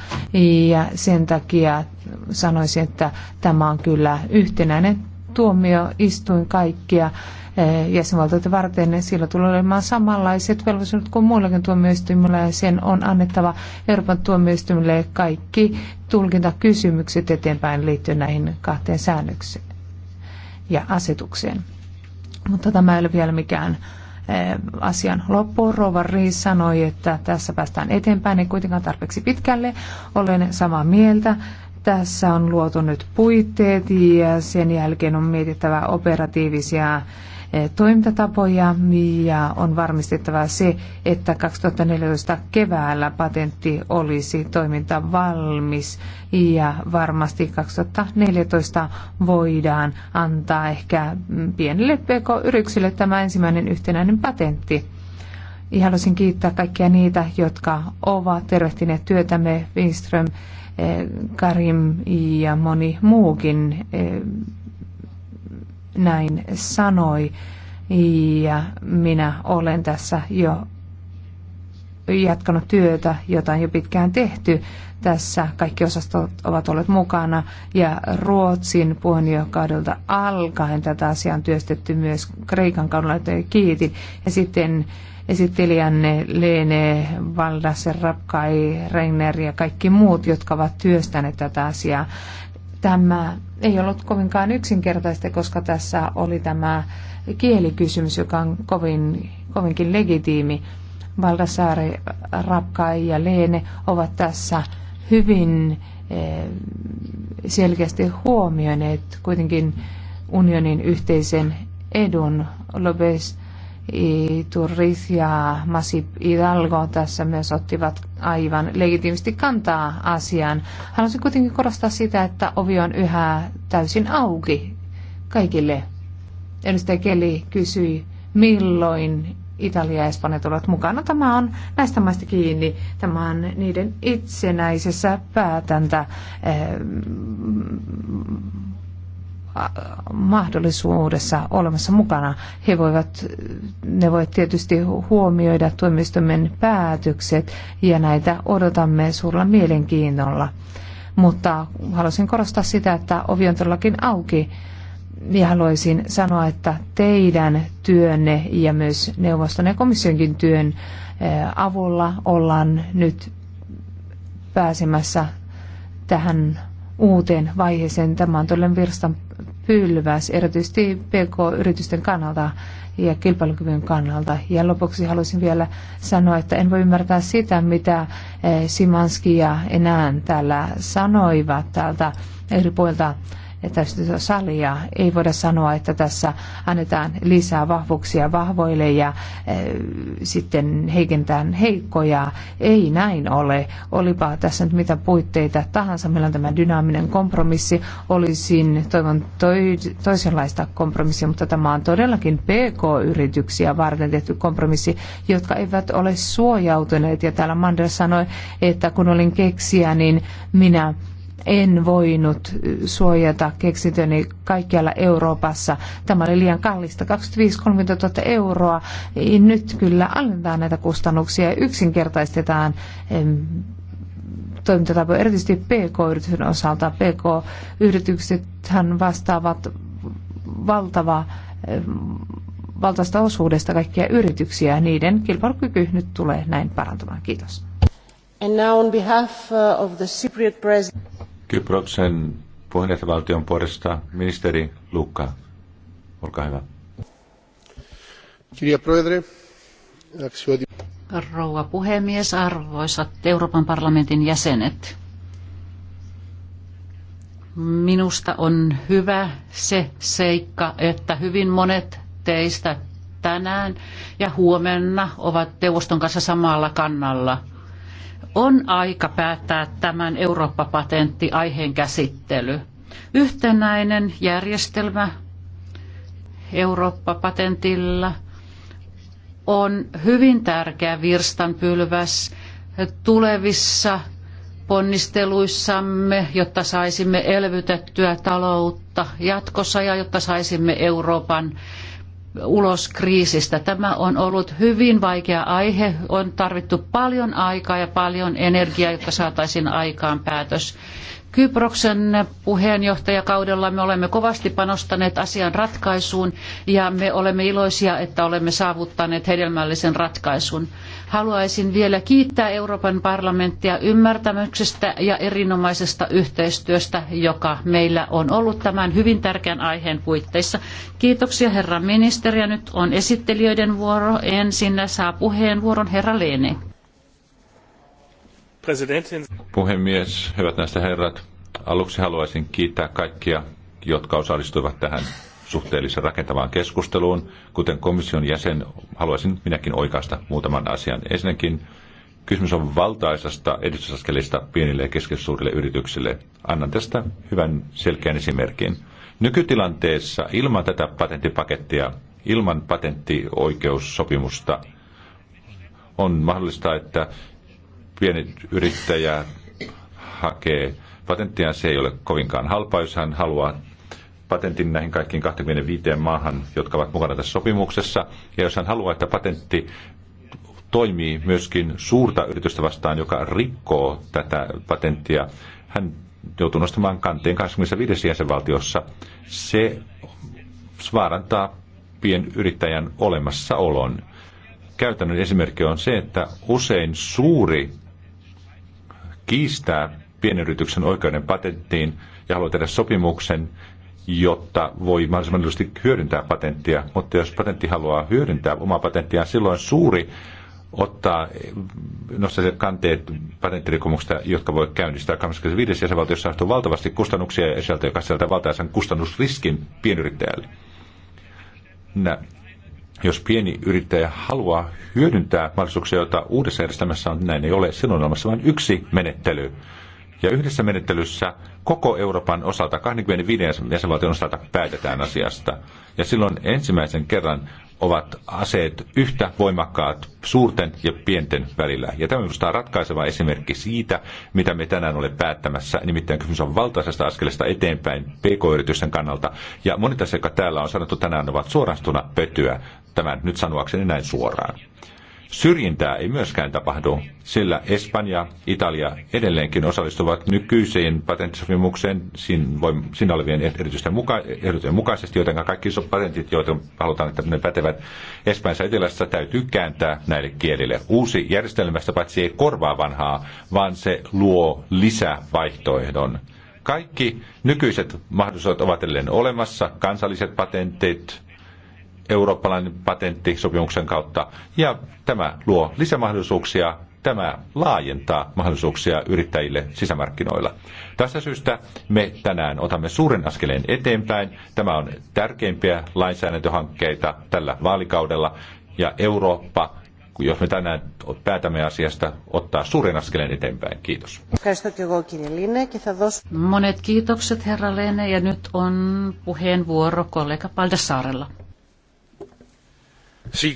Ja sen takia sanoisin, että tämä on kyllä yhtenäinen tuomioistuin kaikkia Eh, jäsenvaltioita varten. Silloin tulee olemaan samanlaiset velvollisuudet kuin muillakin tuomioistuimilla ja sen on annettava Euroopan tuomioistuimille kaikki tulkintakysymykset eteenpäin liittyen näihin kahteen säännökseen ja asetukseen. Mutta tämä ei ole vielä mikään eh, asian loppuun. Rova Riis sanoi, että tässä päästään eteenpäin, ei kuitenkaan tarpeeksi pitkälle. Olen samaa mieltä. Tässä on luotu nyt puitteet ja sen jälkeen on mietittävä operatiivisia E, toimintatapoja ja on varmistettava se, että 2014 keväällä patentti olisi toimintavalmis ja varmasti 2014 voidaan antaa ehkä pienille pk-yrityksille tämä ensimmäinen yhtenäinen patentti. Ja haluaisin kiittää kaikkia niitä, jotka ovat tervehtineet työtämme, Winström, e, Karim ja moni muukin e, näin sanoi. Ja minä olen tässä jo jatkanut työtä, jota on jo pitkään tehty. Tässä kaikki osastot ovat olleet mukana ja Ruotsin puheenjohtajakaudelta alkaen tätä asiaa on työstetty myös Kreikan kaudella, jota kiitin. Ja sitten esittelijänne Leene Valdas, Rapkai, Reiner ja kaikki muut, jotka ovat työstäneet tätä asiaa. Tämä ei ollut kovinkaan yksinkertaista, koska tässä oli tämä kielikysymys, joka on kovin, kovinkin legitiimi. Valdasaari, Rapkai ja Leene ovat tässä hyvin eh, selkeästi huomioineet kuitenkin unionin yhteisen edun. Lopes Turris ja Masip Hidalgo tässä myös ottivat aivan legitiimisti kantaa asiaan. Haluaisin kuitenkin korostaa sitä, että ovi on yhä täysin auki kaikille. Edustaja Keli kysyi, milloin Italia ja Espanja tulevat mukana. Tämä on näistä maista kiinni. Tämä on niiden itsenäisessä päätäntä eh, mahdollisuudessa olemassa mukana. He voivat, ne voivat tietysti huomioida tuomioistuimen päätökset ja näitä odotamme suurella mielenkiinnolla. Mutta haluaisin korostaa sitä, että ovi on todellakin auki ja haluaisin sanoa, että teidän työnne ja myös neuvoston ja komissionkin työn eh, avulla ollaan nyt pääsemässä tähän uuteen vaiheeseen. Tämä on todellinen virstan pylväs, erityisesti PK-yritysten kannalta ja kilpailukyvyn kannalta. Ja lopuksi haluaisin vielä sanoa, että en voi ymmärtää sitä, mitä eh, Simanski ja enää täällä sanoivat täältä eri puolta salia. Ei voida sanoa, että tässä annetaan lisää vahvuuksia vahvoille ja eh, sitten heikentään heikkoja. Ei näin ole. Olipa tässä nyt mitä puitteita tahansa. Meillä on tämä dynaaminen kompromissi. Olisin toivon toi, toisenlaista kompromissia, mutta tämä on todellakin PK-yrityksiä varten tehty kompromissi, jotka eivät ole suojautuneet. Ja täällä Mandel sanoi, että kun olin keksiä, niin minä en voinut suojata keksintöni kaikkialla Euroopassa. Tämä oli liian kallista, 25-30 000 euroa. Nyt kyllä alentaa näitä kustannuksia ja yksinkertaistetaan toimintatapoja, erityisesti PK-yritysten osalta. PK-yrityksethän vastaavat valtava, valtaista osuudesta kaikkia yrityksiä. Niiden kilpailukyky nyt tulee näin parantumaan. Kiitos. And now on behalf uh, of the Cypriot president. Kyproksen puheenjohtajavaltion puolesta ministeri Lukka. Olkaa hyvä. Kirja Proedre, Rouva puhemies, arvoisat Euroopan parlamentin jäsenet. Minusta on hyvä se seikka, että hyvin monet teistä tänään ja huomenna ovat neuvoston kanssa samalla kannalla – on aika päättää tämän Eurooppa-patentti aiheen käsittely. Yhtenäinen järjestelmä Eurooppa-patentilla on hyvin tärkeä virstanpylväs tulevissa ponnisteluissamme, jotta saisimme elvytettyä taloutta jatkossa ja jotta saisimme Euroopan ulos kriisistä. Tämä on ollut hyvin vaikea aihe. On tarvittu paljon aikaa ja paljon energiaa, jotta saataisiin aikaan päätös. Kyproksen puheenjohtajakaudella me olemme kovasti panostaneet asian ratkaisuun ja me olemme iloisia, että olemme saavuttaneet hedelmällisen ratkaisun. Haluaisin vielä kiittää Euroopan parlamenttia ymmärtämyksestä ja erinomaisesta yhteistyöstä, joka meillä on ollut tämän hyvin tärkeän aiheen puitteissa. Kiitoksia herra ministeri ja nyt on esittelijöiden vuoro. Ensin saa puheenvuoron herra Leene. Puhemies, hyvät näistä herrat. Aluksi haluaisin kiittää kaikkia, jotka osallistuivat tähän suhteellisen rakentavaan keskusteluun. Kuten komission jäsen, haluaisin minäkin oikaista muutaman asian. Ensinnäkin kysymys on valtaisasta edistysaskelista pienille ja keskisuurille yrityksille. Annan tästä hyvän selkeän esimerkin. Nykytilanteessa ilman tätä patenttipakettia, ilman patenttioikeussopimusta on mahdollista, että pieni yrittäjä hakee patenttia. Se ei ole kovinkaan halpa, jos hän haluaa patentin näihin kaikkiin 25 maahan, jotka ovat mukana tässä sopimuksessa. Ja jos hän haluaa, että patentti toimii myöskin suurta yritystä vastaan, joka rikkoo tätä patenttia, hän joutuu nostamaan kanteen 25 jäsenvaltiossa. Se vaarantaa pienyrittäjän olemassaolon. Käytännön esimerkki on se, että usein suuri kiistää pienyrityksen oikeuden patenttiin ja haluaa tehdä sopimuksen, jotta voi mahdollisimman hyödyntää patenttia. Mutta jos patentti haluaa hyödyntää omaa patenttiaan, silloin suuri ottaa nostaa kanteet patenttirikomuksista, jotka voi käynnistää 25 jäsenvaltiossa on valtavasti kustannuksia ja sieltä, joka sieltä valtaisen kustannusriskin pienyrittäjälle. Nä, jos pieni yrittäjä haluaa hyödyntää mahdollisuuksia, joita uudessa järjestelmässä on, näin ei ole, silloin on olemassa vain yksi menettely ja yhdessä menettelyssä koko Euroopan osalta, 25 jäsenvaltion osalta päätetään asiasta. Ja silloin ensimmäisen kerran ovat aseet yhtä voimakkaat suurten ja pienten välillä. Ja tämä minusta on ratkaiseva esimerkki siitä, mitä me tänään olemme päättämässä. Nimittäin kysymys on valtaisesta askelesta eteenpäin PK-yritysten kannalta. Ja monet asiat, jotka täällä on sanottu tänään, ovat suorastuna pötyä. Tämän nyt sanoakseni näin suoraan. Syrjintää ei myöskään tapahdu, sillä Espanja, Italia edelleenkin osallistuvat nykyiseen patenttisopimukseen siinä olevien erityisten muka, erityisten mukaisesti, joten kaikki patentit, joita halutaan, että ne pätevät Espanjassa etelässä, täytyy kääntää näille kielille. Uusi järjestelmästä paitsi ei korvaa vanhaa, vaan se luo lisävaihtoehdon. Kaikki nykyiset mahdollisuudet ovat edelleen olemassa, kansalliset patentit, eurooppalainen patenttisopimuksen kautta. Ja tämä luo lisämahdollisuuksia, tämä laajentaa mahdollisuuksia yrittäjille sisämarkkinoilla. Tästä syystä me tänään otamme suuren askeleen eteenpäin. Tämä on tärkeimpiä lainsäädäntöhankkeita tällä vaalikaudella ja Eurooppa jos me tänään päätämme asiasta, ottaa suuren askeleen eteenpäin. Kiitos. Monet kiitokset herra Leene, ja nyt on puheenvuoro kollega Paldasaarella. E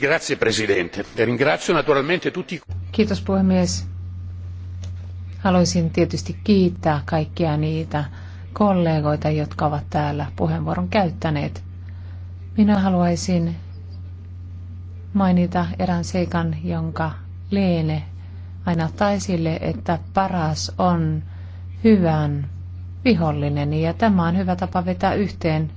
Kiitos puhemies. Haluaisin tietysti kiittää kaikkia niitä kollegoita, jotka ovat täällä puheenvuoron käyttäneet. Minä haluaisin mainita erään seikan, jonka Leene aina ottaa esille, että paras on hyvän vihollinen ja tämä on hyvä tapa vetää yhteen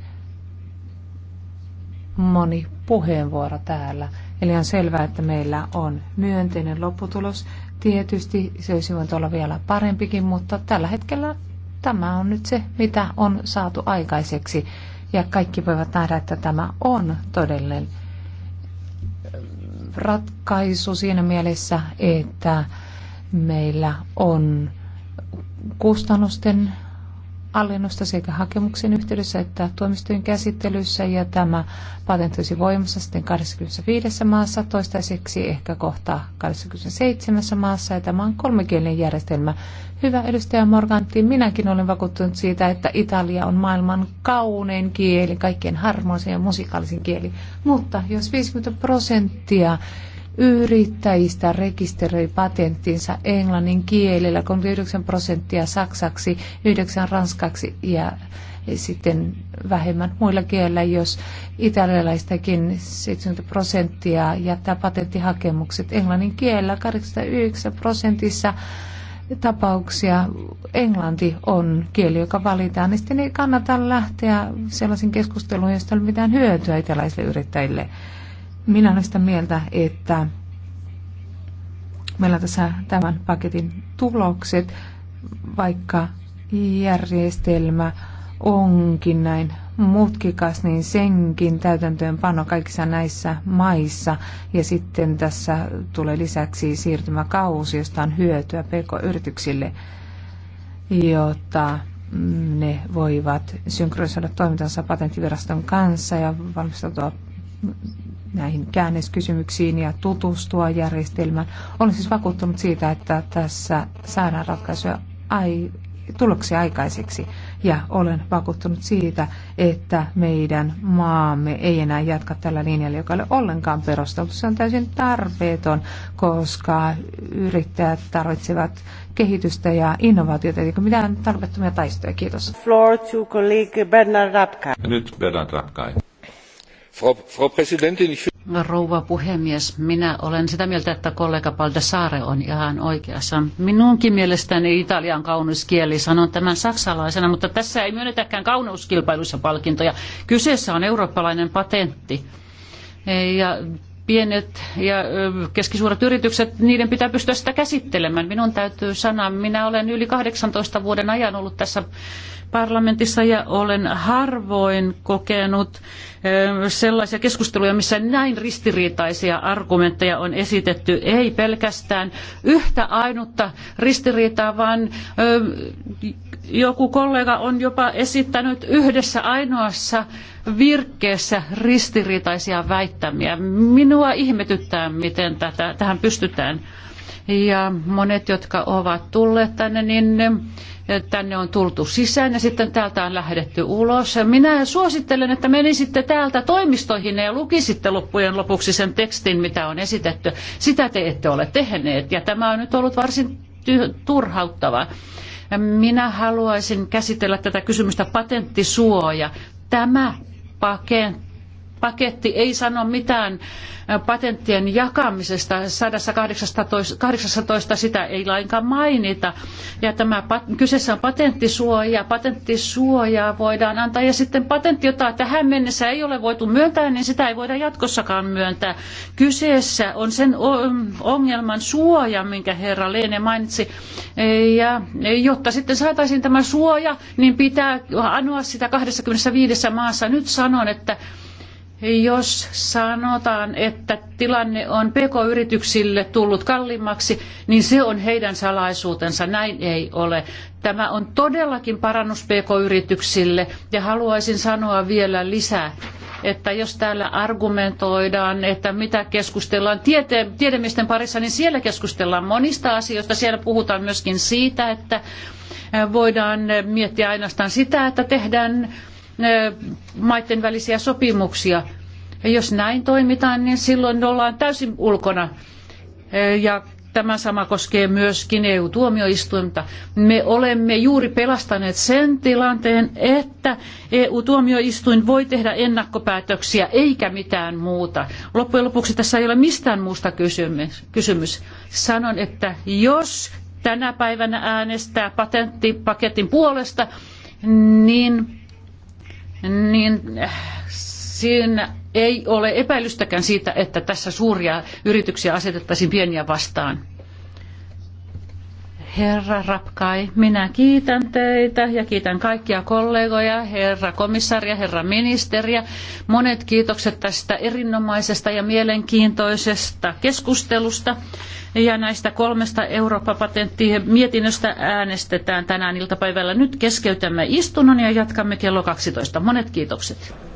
moni puheenvuoro täällä. Eli on selvää, että meillä on myönteinen lopputulos. Tietysti se olisi voinut olla vielä parempikin, mutta tällä hetkellä tämä on nyt se, mitä on saatu aikaiseksi. Ja kaikki voivat nähdä, että tämä on todellinen ratkaisu siinä mielessä, että meillä on kustannusten alennusta sekä hakemuksen yhteydessä että tuomistojen käsittelyssä ja tämä patentoisi voimassa sitten 25 maassa, toistaiseksi ehkä kohta 27 maassa ja tämä on kolmikielinen järjestelmä. Hyvä edustaja Morganti, minäkin olen vakuuttunut siitä, että Italia on maailman kaunein kieli, kaikkien harmoisin ja musiikallisin kieli, mutta jos 50 prosenttia yrittäjistä rekisteröi patenttinsa englannin kielellä, 39 prosenttia saksaksi, 9 ranskaksi ja sitten vähemmän muilla kielillä, jos italialaistakin 70 prosenttia jättää patenttihakemukset englannin kielellä, 89 prosentissa tapauksia englanti on kieli, joka valitaan, niin sitten ei kannata lähteä sellaisen keskusteluun, josta ei ole mitään hyötyä italaisille yrittäjille. Minä olen sitä mieltä, että meillä on tässä tämän paketin tulokset, vaikka järjestelmä onkin näin mutkikas, niin senkin täytäntöönpano kaikissa näissä maissa. Ja sitten tässä tulee lisäksi siirtymäkausi, josta on hyötyä pk-yrityksille, jotta ne voivat synkronisoida toimintansa patenttiviraston kanssa ja valmistautua näihin käännöskysymyksiin ja tutustua järjestelmään. Olen siis vakuuttunut siitä, että tässä saadaan ratkaisuja ai, tuloksia aikaiseksi ja olen vakuuttunut siitä, että meidän maamme ei enää jatka tällä linjalla, joka ei ole ollenkaan perusteltu. Se on täysin tarpeeton, koska yrittäjät tarvitsevat kehitystä ja innovaatiota, eikä mitään tarpeettomia taistoja. Kiitos. Floor to colleague Bernard Rapkai. Nyt Bernard Rapkai. No, rouva puhemies, minä olen sitä mieltä, että kollega Baldassare on ihan oikeassa. Minunkin mielestäni Italia on kaunis kieli, sanon tämän saksalaisena, mutta tässä ei myönnetäkään kauneuskilpailussa palkintoja. Kyseessä on eurooppalainen patentti. Ja pienet ja keskisuuret yritykset, niiden pitää pystyä sitä käsittelemään. Minun täytyy sanoa, minä olen yli 18 vuoden ajan ollut tässä parlamentissa ja olen harvoin kokenut sellaisia keskusteluja, missä näin ristiriitaisia argumentteja on esitetty. Ei pelkästään yhtä ainutta ristiriitaa, vaan joku kollega on jopa esittänyt yhdessä ainoassa virkkeessä ristiriitaisia väittämiä. Minua ihmetyttää, miten tätä, tähän pystytään. Ja monet, jotka ovat tulleet tänne, niin tänne on tultu sisään ja sitten täältä on lähdetty ulos. Minä suosittelen, että menisitte täältä toimistoihin ja lukisitte loppujen lopuksi sen tekstin, mitä on esitetty. Sitä te ette ole tehneet ja tämä on nyt ollut varsin turhauttavaa. Minä haluaisin käsitellä tätä kysymystä patenttisuoja. Tämä paketti paketti ei sano mitään patenttien jakamisesta. 118 sitä ei lainkaan mainita. Ja tämä kyseessä on patenttisuoja. Patenttisuojaa voidaan antaa. Ja sitten patentti, jota tähän mennessä ei ole voitu myöntää, niin sitä ei voida jatkossakaan myöntää. Kyseessä on sen ongelman suoja, minkä herra Leene mainitsi. E, ja jotta sitten saataisiin tämä suoja, niin pitää anoa sitä 25 maassa. Nyt sanon, että jos sanotaan, että tilanne on pk-yrityksille tullut kalliimmaksi, niin se on heidän salaisuutensa. Näin ei ole. Tämä on todellakin parannus pk-yrityksille ja haluaisin sanoa vielä lisää että jos täällä argumentoidaan, että mitä keskustellaan tiete, tiedemiesten parissa, niin siellä keskustellaan monista asioista. Siellä puhutaan myöskin siitä, että voidaan miettiä ainoastaan sitä, että tehdään maiden välisiä sopimuksia. Ja jos näin toimitaan, niin silloin ollaan täysin ulkona. Ja tämä sama koskee myöskin EU-tuomioistuinta. Me olemme juuri pelastaneet sen tilanteen, että EU-tuomioistuin voi tehdä ennakkopäätöksiä eikä mitään muuta. Loppujen lopuksi tässä ei ole mistään muusta kysymys. kysymys. Sanon, että jos tänä päivänä äänestää patenttipaketin puolesta, niin niin siinä ei ole epäilystäkään siitä, että tässä suuria yrityksiä asetettaisiin pieniä vastaan. Herra Rapkai, minä kiitän teitä ja kiitän kaikkia kollegoja, herra komissaria, herra ministeriä. Monet kiitokset tästä erinomaisesta ja mielenkiintoisesta keskustelusta. Ja näistä kolmesta Eurooppa-patenttien mietinnöstä äänestetään tänään iltapäivällä. Nyt keskeytämme istunnon ja jatkamme kello 12. Monet kiitokset.